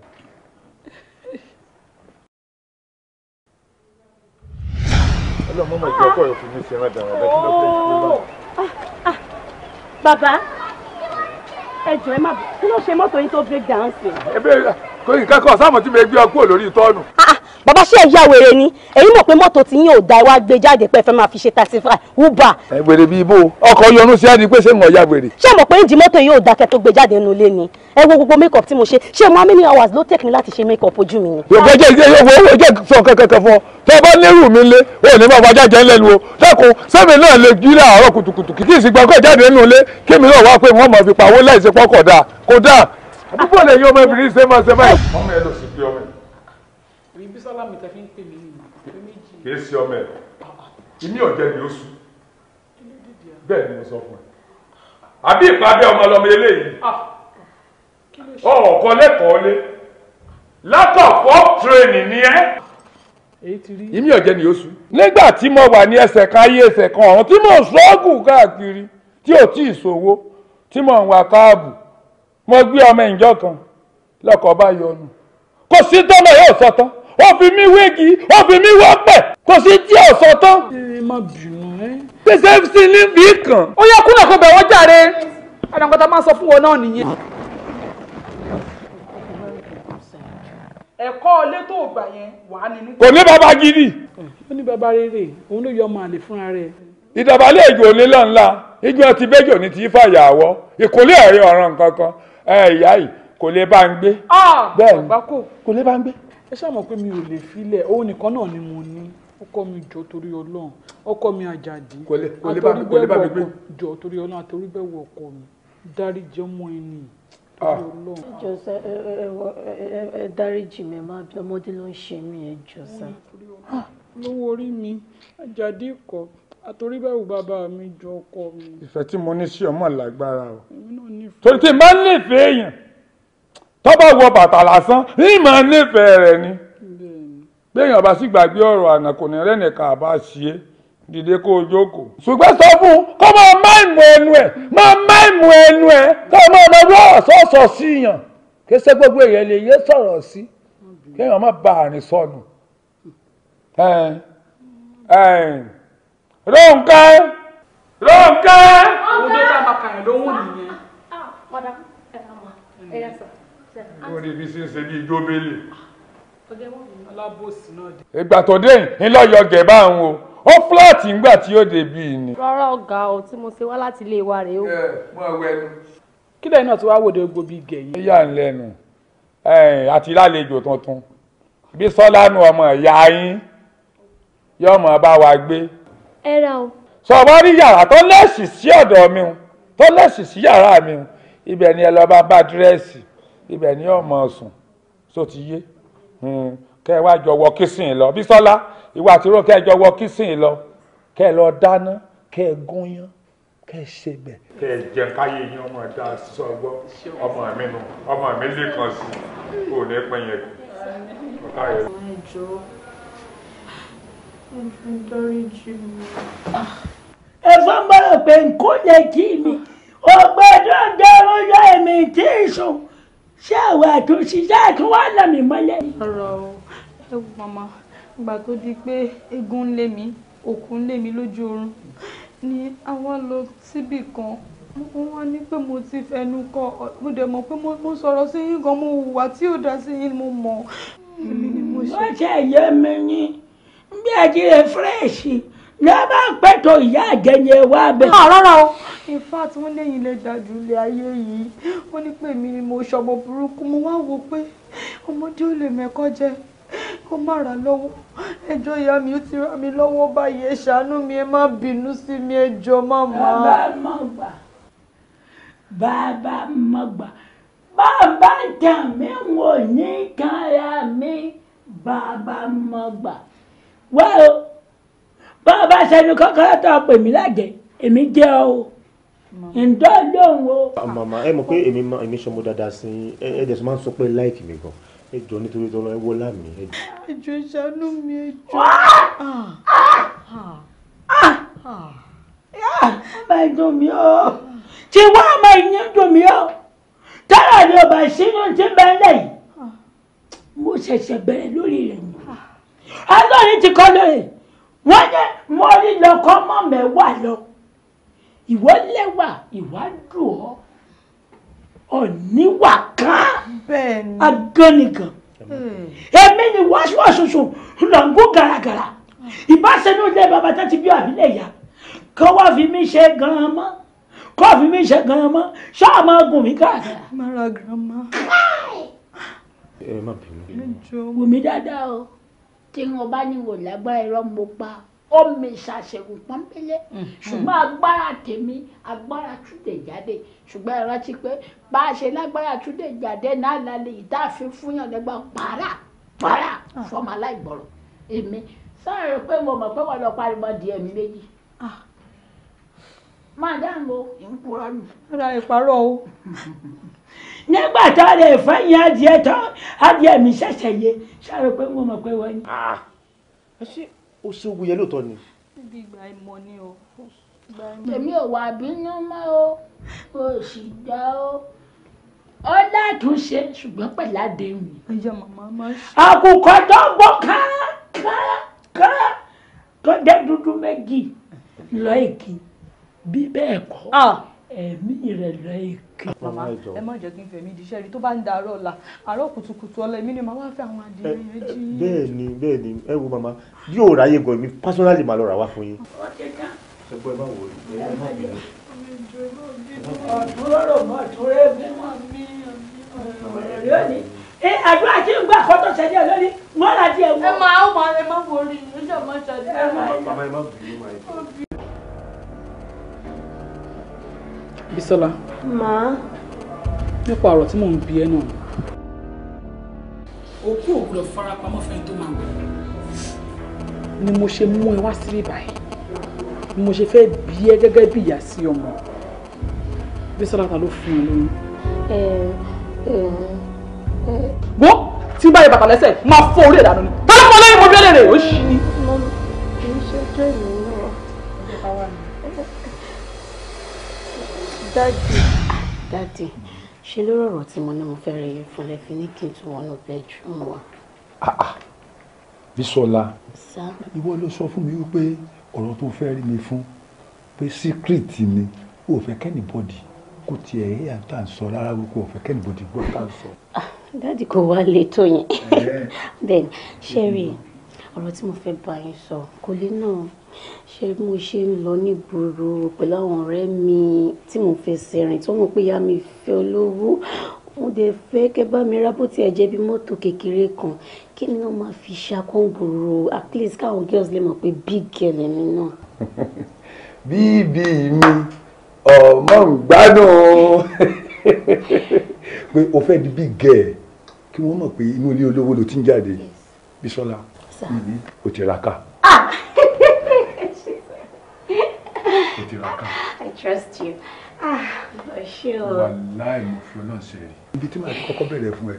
ọlọ́mọ mọ̀ ìjọ ọkọ rẹ̀ fún mi ṣe rán dàrẹ́dà kí ló fẹ́ ṣe lọ. bàbá ẹ jọ ẹ má kí ló ṣe mọ́tò yín tó break down sí. ẹ bẹ́ẹ̀ kò ìkẹ́kọ̀ọ́ sáàmù tí mi gbé ọ kúrò lórí bàbá ṣe ẹ̀yà wèrè ni èyí mọ̀ pé mọ́tò tí yín ò da ìwà gbé jáde pé ẹ fẹ́ máa fi ṣe taxi fry uber. ẹ wèrè bíi ibo ọkọ̀ yọnu sí àdìpé ṣé ń wọ̀ ya wèrè. ṣé mọ̀ pé ìjì mọ́tò yóò da kẹ́ tó gbé jáde nínú ilé ni ẹ wo gbogbo make up tí mo ṣe ṣé mo many hours ló take mi láti ṣe make up ojú mi ni. yóò jẹ́ yóò jẹ́ sọ kankan fún ọ tẹ bá nírú mi lé o ní bá wájà jẹ́ lẹ́nu o dákun sẹ́mi náà lè jí láàárọ̀ kùtùkùtù kìkì ìsìgbàgbọ́ jáde nínú ilé kí mi náà wá pé wọ́n mọ̀ fi pàwọ́ láìsí pọ́kọ̀ dáa kò dáa àdúgbò lè yí ọmọbìnrin ṣe máa ṣe báyìí. ọmọ ẹ lọ sí pé ọmọ ẹ sálámì tẹ́ fi ń pè mí nìyí pé méjì. kì í ṣe ọmọ ẹ ìmí ọ̀jẹ̀ ni ó sùn bẹ́ẹ̀ ni mo sọ fún ẹ àbí ìpàdé ọmọ ọlọmọ eléyìí ah, ah. ọ̀ọ̀kọ lẹ́kọ̀ọ́ lé látọ̀fọ́ tírèènì ni ẹ́ ìmí ọ̀jẹ̀ ni ó sùn. nígbà tí mo wà ní ẹsẹ̀ kan ayé ẹsẹ̀ kan ọ̀hún tí mò ń káàkiri tí ò tí ì sòwò tí mò ń wà káàbù mo gbé ọmọ ìjọ kan lọ́kọ̀ bá yọnu kò sí tọ́lọ̀ yóò sọ tán ó mi mí wégi ó fi mí wọ́pẹ̀ kò sí tí ò sọ tán. ẹ má bínú ẹ. pèsè sí níbi kan. ó yẹ kúnlẹ̀ kó bẹ̀ wọ́n jàre àdàgbàtà máa sọ fún wọn náà nìyẹn. ẹ̀kọ́ ilé tó gbà yẹn wà á nínú. kò ní bàbá gidi. ó ní bàbá rere òun ló yọ ọmọ àlè fúnra rẹ̀. ìdàbálẹ̀ ìjò òní lọ́nla ìjọ ti bẹ́jọ ní ti fàyà àwọ̀ ìkólé ẹ̀rí ọ̀ràn kankan ẹ̀yà yìí kò lè bá ń gbé. Ah! bẹ́ẹ̀ ni kò lè bá ń gbé ẹ ṣàmọ̀ pé mi ò lè filẹ̀ òun nìkan náà ni mo ní ọkọ mi jọ torí Ọlọ́run ọkọ mi àjàdí àtọríbẹ̀wò jọ torí Ọlọ́run àtọríbẹ̀wò ọkọ mi dáríjì ọmọ ẹni ah. torí Ọlọ́run. ìjọsẹ ẹ dáríjì mi máa bí ọmọdé ló ń ṣe mí ẹ jọsẹ. Ah, lówó orí mi àjàdí kọ àtọríbẹ̀wò bàbá mi jọ ọkọ mi. ìfẹ́ tí mo ní sí ọmọ lágbára o torí tí n bá nífẹ̀ẹ́ èèyàn tó bá wọ bàtà lásán ìmọ̀ nífẹ̀ẹ́ rẹ̀ ni béèyàn bá sì gbàgbé ọ̀rọ̀ àná kò ní rẹ́nìkan àbá ṣe é dìde kó o jókòó. ṣùgbọ́n sọ fún un kó máa máìmù ẹnu ẹ̀ máa máìmù ẹnu ẹ̀ kó o máa lọ sọ̀sọ̀ sí yàn kí ṣe gbogbo èèyàn lè yé sọ̀rọ̀ sí kéèyàn má ba àrìn sọnù. Rónkẹ́ Rónkẹ́. ọ̀dọ́ tá a bá kàyàn lówó nìyẹn. Ah, lórí ibi sí ń ṣe bí jóbélé. alábòsí náà dé. ìgbà tó dé ń lọ yọ gẹ̀ bá ń wo ó fúláàtì ńgbà tí ó dé ni. rárá ọ̀gá o tí mo ṣe wá láti ilé wa rèé o. ẹ mọ ọwẹ nu. kí lẹ́yìn náà tí wàá wòde gbogbo ìgẹ̀ yìí. ìyá ń lẹ́nu àti lálejò tuntun bí sọ́lá nu ọmọ ìyá yín yóò mọ̀ bá wa gbé. ẹ ra o. sọ̀rọ̀ rí yàrá tó lẹ́sì sí ọ̀dọ̀ mi tó lẹ́sì sí yàrá mi ibẹ̀ ni ẹ lọ́ọ́ bá bá dírẹ́sì ibẹ̀ ni yóò mọ̀ sùn tó ti yé hmm, kẹ́ ẹ wá jọ wọ kísìn lọ bísọ́lá ìwà àtúrò kẹ́ ẹ jọ wọ kísìn lọ kẹ́ ẹ lọ dáná kẹ́ ẹ gúnyán kẹ́ ẹ ṣe bẹ̀. kẹ́ ẹ jẹ káyé yín ọmọ ẹ̀dá sọgbọ́ ọmọ mi nù ọmọ mi lè kàn sí kò ní pẹ́ yẹn kù ẹ fọ́n bọ́lọ̀ pé nǹkan yẹ kí mi ọgbẹ́ dandan ló yọ èmi tí ì sùn ṣé àwọn àtúnṣe ṣé àtún wà lámì mọ́lẹ̀. ọ̀rọ̀ ẹ wù màmá ìgbà tó di pé eégún ń lé mi òkú ń lé mi lójú oorun ni àwa lọ síbì kan mo wá ní pé mo ti fẹnu kọ mo dẹ̀ mọ̀ pé mo sọ̀rọ̀ sí yín gan mo hùwà tí ò dá sí yín mo mọ̀. ó ṣe ẹ̀yẹ́ mi ní bí ajé fúrẹ́ẹ̀ṣì ní ẹ bá pẹ̀tọ̀ ìyá àjẹyẹ wá bẹ̀. rárá o in fact wọ́n léyìn lè dájú ilé ayé yìí wọ́n ní pé mi ni mo ṣọmọ burúkú mo wá wò pé ọmọdé ò lè mẹ́kọ́ jẹ kó má ra lọ́wọ́ ẹjọ́ ìyá mi ó ti rà mí lọ́wọ́ báyìí ẹ ṣàánú mi ẹ má bínú sí mi ẹjọ́ màmá. bàbá mọ̀ gbà bàbá mọ̀ gbà bàbá jà mí wò ní kára mi bàbá mọ̀ gbà wẹ́ẹ́ bá a bá ṣẹnu kọ́kọ́rọ́ tó a pè mí lájẹ èmi jẹ́ ọ o ǹdọ́ lóhùn o. Ah, màmá ẹ mọ̀ pé èmi èmi ṣọmọ dáadáa sí i ẹ jẹ̀sọ́ máa ń sọ pé láìkì mi gan ẹ jọ nítorí tọrọ ẹ wọlá mi. ẹjọ ìṣàánú mi ẹjọ. máa ń dùn o tí wọ́n á máa ń dùn mí o tọ́lá ni ọba sínú ti bẹ́ẹ̀ lẹ́yìn ah! mo ṣẹ̀ṣẹ̀ bẹ̀rẹ̀ lórí rẹ̀ ni. ọlọ́run ti kọ́ lórí wọ́n yẹ mọ́rí lọ́kọ́ mọ́ mẹ́wàá lọ ìwọ lẹ́wà ìwà dùn ọ́ ọ̀níwà kan agánigàn hmm. èmi ni wáṣíwáṣoṣo lọ́ngó garagara ìbáṣẹ́nu ilé bàbá tó ti bí àbílẹ̀ yá kọ́ wá fi mí ṣe gan-an mọ́ kọ́ fi mí ṣe gan-an mọ́ ṣáà máa gùn mí káàkiri. mara grandma. ẹ má bínú. omi dáadáa o tí wọn bá ní wò lágbára irọ́ mo pa ó mi ṣàṣẹ̀gùn pọ́npẹ́lẹ́ mm-hmm. ṣùgbọ́n agbára tèmi agbára túnde jáde ṣùgbọ́n ẹ rántí pé bá a ṣe lágbára túnde jáde náà lálẹ́ ìdáàfin fúnyàn lẹ́gbà pààrà pààrà ah. fọmọ aláìgbọ̀rọ̀ èmi sọ̀rọ̀ pé mo mọ̀ pé wọ́n lọ pariwo di ẹ̀mí méjì ah. máa dáhùn o ìkúrọ̀ nù. ó ra ìparọ́ o. nígbà tá a lè fẹ́ yín adìẹ tán adìẹ mi ṣẹ̀ṣẹ̀ yé ṣáà pé mo mọ̀ pé wọ́n ní. Ah. ẹ ṣe o ṣe ogun yẹn lóòótọ́ ni. ibi ìgbà ìmọ̀ ni o. èmi ò wà bínú mọ́ o o sì gbà o ó látúnṣe ṣùgbọ́n pẹ̀lú àdéhùn. ẹyà màmá máa ṣe. àkùkọ tó ń bọ̀ káàkáà tó dé dúdú méjì lọ èkì bí bẹ́ẹ̀ kọ́. Ah ẹ̀mí rẹ̀ lọ ike. mama ẹ má jẹ́ kí n fẹ̀mí ìdíṣẹ́ rí tó bá ń darọ́ ọ̀la àárọ̀ kùtùkùtù ọ̀la èmi ni màá wá fẹ́ àwọn adìyẹ yẹn jí. bẹ́ẹ̀ ni bẹ́ẹ̀ ni ẹ wo mama bí o ráyè gan mi personally máa lọ rà wá fún yín. ṣùgbọ́n ẹ má wò ó ẹ má bì í. àtúrọ̀rọ̀ mọ́ àtúrọ̀ ẹgbẹ́ mọ́ mi ọ̀rẹ́ lónìí. ẹ àdúrà tí ń gbà kọ́tọ̀ sẹ́dí ẹ̀ lónìí mọ́ra díẹ̀ wọ. ẹ máa ń mọ Bisola. Màá. Nípa ọ̀rọ̀ tí mò ń bi ẹ́ náà. Òkú òkú lọ fara pamọ́ fẹ́ni tó máa wọ̀. Ni mo ṣe mú ẹ wá síbí báyìí. Ni mo ṣe fẹ́ bi ẹ́ gẹ́gẹ́ bí ìyá sí ọmọ. Bisola ta ló fún ẹ lóyún. Ẹ ẹ ẹ. Wo tí báyìí bàtà lẹ́sẹ̀ máa fọ́ orí ẹ̀ dànù Tọ́lá fọ́ lẹ́yìn mo bí ẹ lè rè Ó ṣí ni. Mo ń ṣe jẹ́ ìlú. dáàdì. dáàdì ṣe ló rọ̀rọ̀ tí mo ní mo fẹ́ rí yín fún lẹ́fi ní kí n tún wọnú bedroom wa. Ah, ah, Bísọ́lá ìwọ ló sọ fún mi wípé ọ̀rọ̀ tó fẹ́ rí mi fún pé secret ni o ò fẹ́ kẹ́nìbọ̀dì kò tiẹ̀ ẹ̀ à ń tà ń sọ rárá wípé o ò fẹ́ kẹ́nìbọ̀dì gbọ́ tà ń sọ. Ah, dáàdì kò wá lè tó yẹn bẹ́ẹ̀ ni ṣe rí ọ̀rọ̀ tí mo fẹ́ bá yín sọ kò lè náà ṣé mo ṣe ń lọ nígboro pẹ̀lú àwọn ọ̀rẹ́ mi tí mo fẹsẹ̀ rìn tó mọ̀ pé ìyá mi fẹ́ olówó mo dẹ̀ fẹ́ kẹ́ bá mi rà bó tiẹ̀ jẹ́ bí mọ́tò kékeré kan kí ni wọ́n máa fi ṣàkóńgbòrò at least káwọn girls lè mọ̀ pé big girl ẹ̀mí náà. bíbí mi ọmọ ń gbádùn pé o fẹ́ di big girl kí wọ́n mọ̀ pé inú ilé olówó ló ti ń jáde Bísọ́lá o ti ra ká. Ah! tiraka. I trust you. Ah, ṣé o. Wàláì mo fi ọlọ́run ṣe rí. Ibi tí màá ti kọ́kọ́ bẹ̀rẹ̀ fún ẹ,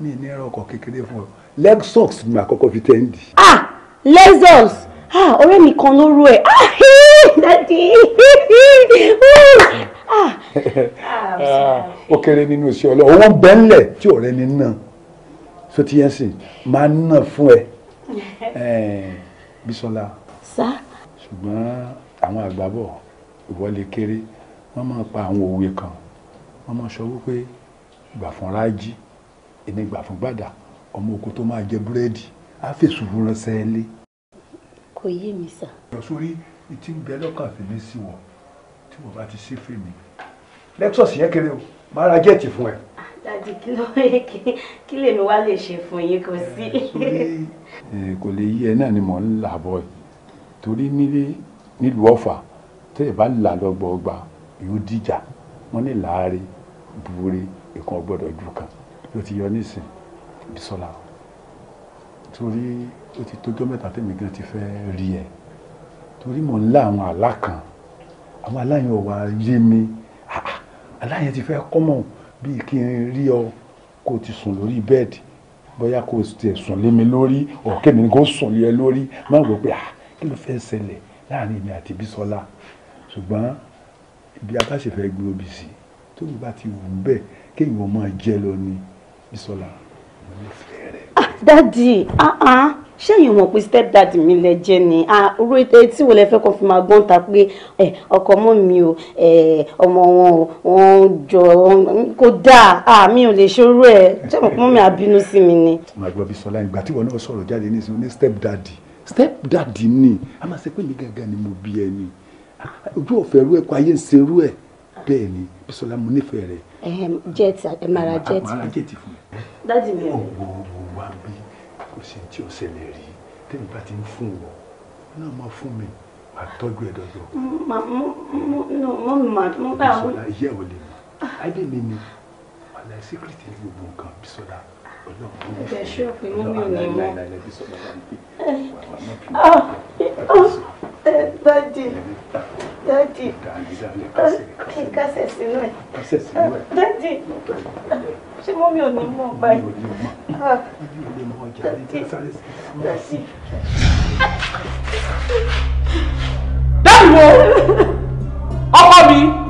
mi ní ẹ̀rọ ọkọ̀ kékeré fún ọ. Lexus ni màá kọ́kọ́ fi tẹ́ǹdì. Ah! Lexus! Ah! Ọ̀rẹ́ mi kan ló rú ẹ̀. Ah! Dadi! Ah! ah, ah ó kéré nínú iṣẹ́ ọlọ́run. Owó ń bẹ́ ńlẹ̀ tí ọ̀rẹ́ mi náà. So ti yẹn sìn, màá nà fún ẹ. Eh, Bísọ́lá. Sá. Ṣùgbọ́n àwọn àgbàbọ̀ ìwọlé kéré wọ́n máa pa àwọn òwe kan wọ́n máa sọ wípé gbà fún rájí ẹni gbà fún gbàdà ọmọ oko tó máa jẹ búrẹ́dì á fèsù ránṣẹ́ lé. kò yé mi sà. lọ sórí ìtí ń bẹ lọ́kàn fèmí sí wọ tí wọ́n bá ti ṣe fèmí. lexus yẹn kéré o máa ra jẹ́ẹ̀tì fún ẹ. dadi kí ló kí lèmi wá lè ṣe fún yín kò sí. kò lè yí ẹ náà ni mò ń là bọ̀ torí nílé nílùú ọ̀fà tẹ́yẹ̀ bá là lọ́gbọ̀ọ́gba yóò dìjà wọ́n ní láàárín buure ìkan ọgbọ́dọ̀ ju kan ló ti yọ nísìn Bísọ́lá torí ó ti tójọ́ mẹ́ta tẹ́mi gan ti fẹ́ rí ẹ̀ torí mò ń lá àwọn àlá kan àwọn àlá ò wá yé mi àlá yẹn ti fẹ́ kọ́mọ̀ bíi kí n rí ọ kó o ti sùn lórí bẹ́ẹ̀dì bóyá kó o tiẹ̀ sùn lé mi lórí ọ̀kẹ́ mi kó o sùn lé ẹ lórí má wò pé kí ló fẹ́ ṣẹlẹ̀ láàrin èmi àti Bísọ́lá ṣùgbọ́n ibi abáṣe fẹ́ gbé obì sí tó o bá ti wù ú bẹ́ẹ̀ kéèyàn ọmọ jẹ́ lọ ni Bísọ́lá mo lè fẹ́ rẹ. Ah, dadi ah, ah. ṣé èyí mọ̀ pé step dad mi lẹ jẹ́ ni irú etí wo lẹ fẹ́ kàn fi máa gbọ́n ta pé eh, ọkọ mọ́ mi o eh, ọmọ wọn o wọn jọ kó dáa mi ò lè ṣòro ẹ̀ ṣé mọ̀ pé mọ́ mi àbínú sí mi ni. màá gbọ́ Bísọ́lá ìgbà tí wọn náà sọ̀rọ̀ jáde ní step dad step dadi ni a máa ṣe pé mi gangan ni mo bí ẹ ni ojú ọ̀fẹ́ rú ẹ kó ayé ń ṣe rú ẹ bẹ́ẹ̀ ni bisola mo nífẹ̀ẹ́ rẹ. jet mara jet. mara jet fún mi. dadi mi. owó owó wa bí kò sí tí o ṣẹlẹ̀ rí tẹ́mi bá ti ń fún wọ náà máa fún mi wà á tọ́jú ẹ dọ́dọ̀. mo mi ma mo bá wọn. bisola iye ò lè mọ ayé mi ni wàhálà secret ni gbogbo nǹkan bisola ẹ̀jẹ̀ ṣé òpè mú mi ò ní daddy daddy dadi kásẹ̀ sínú ẹ̀ dadi daddy mú mi ò ní mọ́ báyìí dadi dadi. dáìwọ ọkọ mi.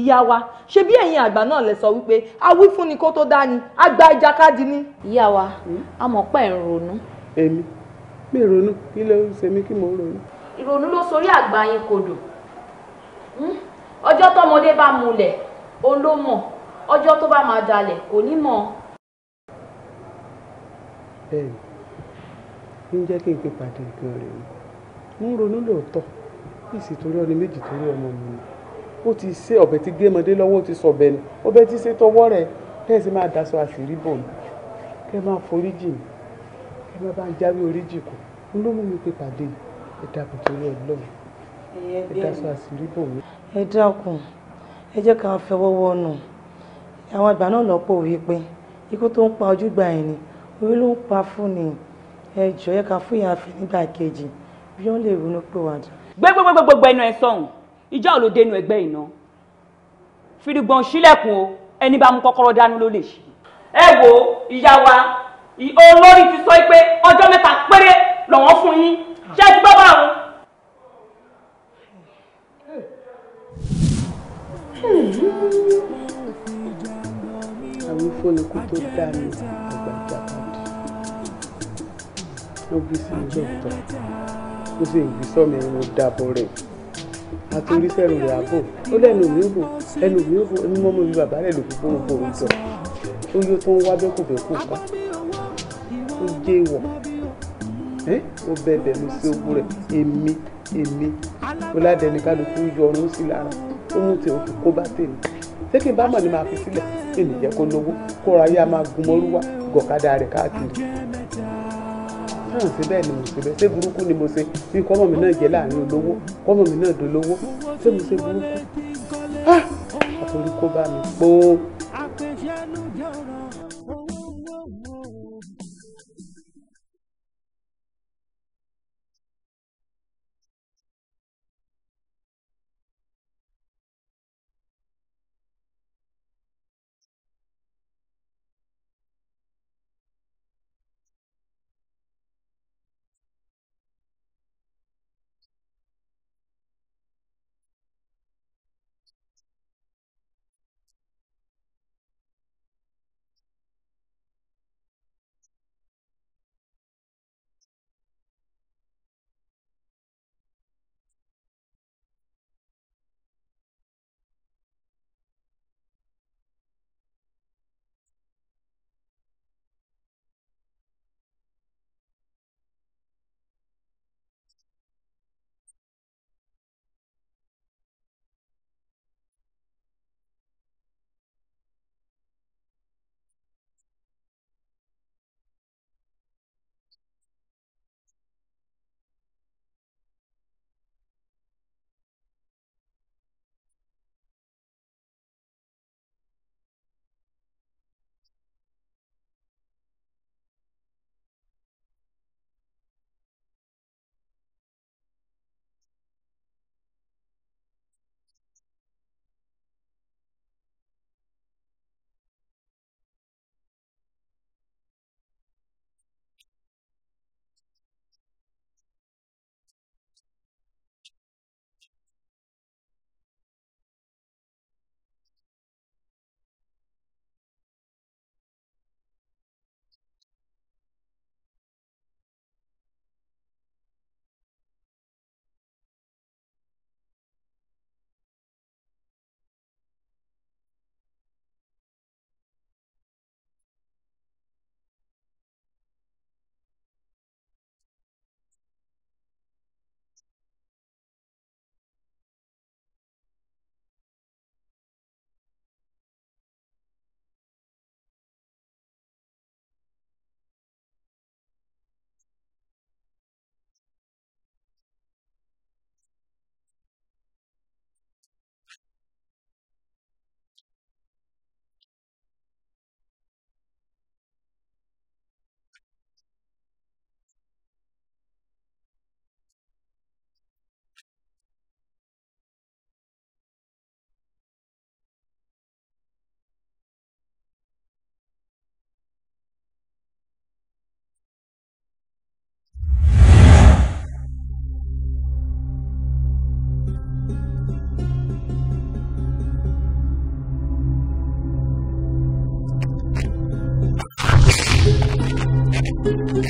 ìyá wa ṣe bí ẹ̀yin àgbà náà lè sọ wípé awí fún ni kó tó dá ni àgbà ìjàkadì ni. ìyá wa a mọ̀ pé ẹ̀ ń èmi mi ìrònú kí ló ń ṣe mí kí mo ronú. ìrònú ló sorí àgbà yín kodò ọjọ́ tọmọdé bá mulẹ̀ òun ló mọ̀ ọjọ́ tó bá máa dalẹ̀ kò ní mọ̀. bẹ́ẹ̀ni ń jẹ́ kí n pe pàdé nǹkan rẹ̀ ń ronú lóòótọ́ ìsìtúrí ọdún méjì torí ọmọ mi ni. ó ti ṣe ọ̀bẹ tí gémọdé lọ́wọ́ ti sọ bẹ́ẹ̀ ni ọ̀bẹ tí ṣe tọwọ́ rẹ̀ kẹ́ ẹ̀ sì máa daṣọ àṣírí bò mí kẹ́ ẹ máa foríjì mí kẹ́ ẹ máa bá ń jáwé oríjì kù ń ló mú mi pé pàdé ẹ dákun tó yẹ lọ ẹ daṣọ àṣírí bò mí. ẹ dákun ẹ jẹ́ ká fẹwọ́ wọnù àwọn àgbà náà lọ́pọ̀ wípé ikú tó ń pa ojúgbà ẹ̀ ni orí ló ń pa fún ni ẹ jọ̀ọ́ ẹ ká fún ìyá àfẹ́ nígbà kejì bí wọ́n lè ronú pé wàdà. gbẹgbẹgbẹgbẹgbẹ ẹnu ẹ sọhùn ìjà ò ló dénú ẹgbẹ́ iná fìdígbọ̀n sílẹ̀kùn o ẹni bá mú kọ́kọ́rọ́ dání ló lè ṣí. ẹ wo ìyá wa olórí ti sọ pé ọjọ́ mẹ́ta péré lọ́wọ́ fún yín ṣé ẹ ti gbọ́ bá wọn. àwọn fóònù tó dá mi àgbà ìjàkadì ó bí sí ìjọ ìtàn ó sì ń gbé sọ́mi ẹni mo dábọ̀ rẹ̀ àtòrí tẹ̀rù rẹ̀ àbò ó lẹ́nu mi bò ẹnu mi bò ẹnu mọ́mọ́ mi bàbá rẹ̀ ló fi kó gbogbo òun sọ ó yóò tó ń wá bẹ́kùbẹ́kù ká ó jẹ́ ìwọ̀ ó bẹ̀bẹ̀ mi sí ogun rẹ̀ èmi èmi ó ládẹ́ni kálukú yọ ọrùn sí lára ó mú tiẹ̀ òfin kó bá tèmi ṣé kí n bá mọ̀ ni màá fi sílẹ̀ èmi jẹ́ kó lówó kó ra yá máa gun mọ́rúwá gọ̀kadà rẹ̀ káàkiri náà ṣe bẹ́ẹ̀ ni mo ṣe bẹ́ẹ̀ ṣé burúkú ni mo ṣe bí kọ́mọ mi náà jẹ́ láàrin olówó kọ́mọ mi náà dolówó ṣé mo ṣe burúkú. Ah! àforí bá mi pọ́ọ́.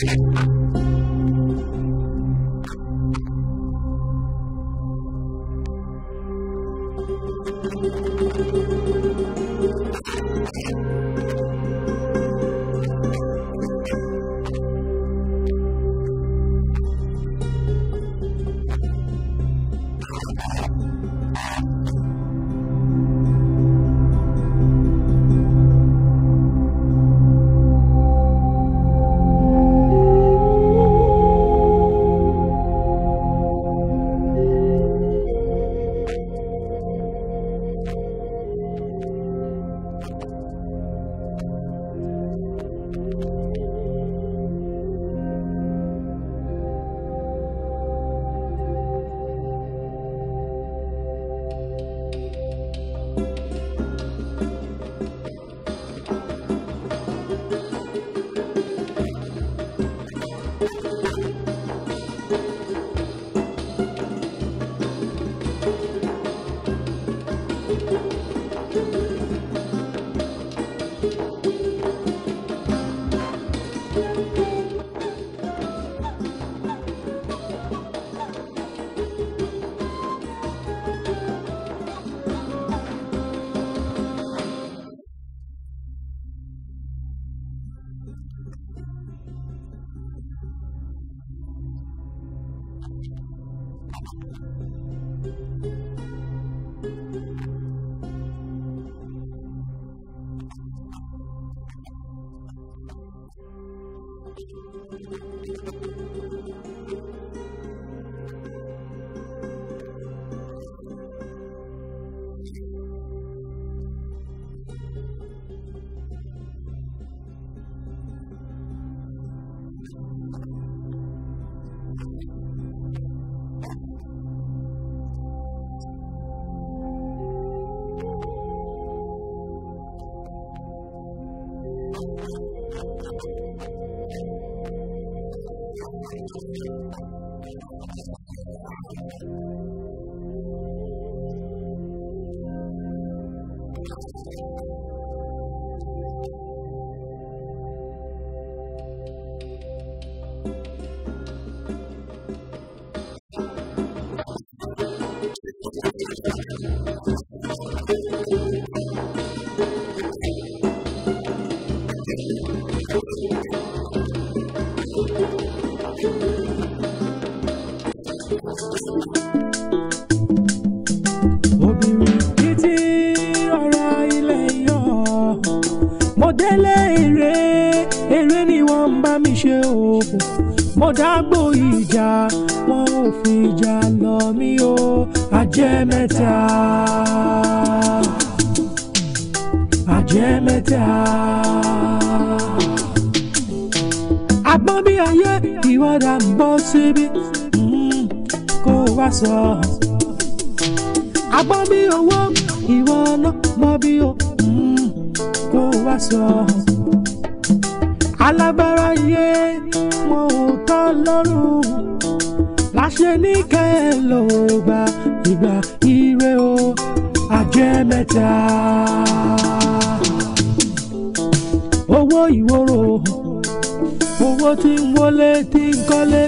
Thank you. dágbò ìjà wọn ò fi ìjà lọ mí o àjẹ́ mẹ́ta àjẹ́ mẹ́ta. àgbọn bí ayé ìwádà ń bọ́ síbi hmm, kó wá sọ. àgbọn bí owó ìwọ náà mọ bí o hmm, kó wá sọ. alágbára yé lọ́rùn láṣẹ ní kẹ́lò gba ìgbà ire o àjẹ mẹ́ta. owó ìwòrò owó tí ń wọlé tí ń kọ́lé.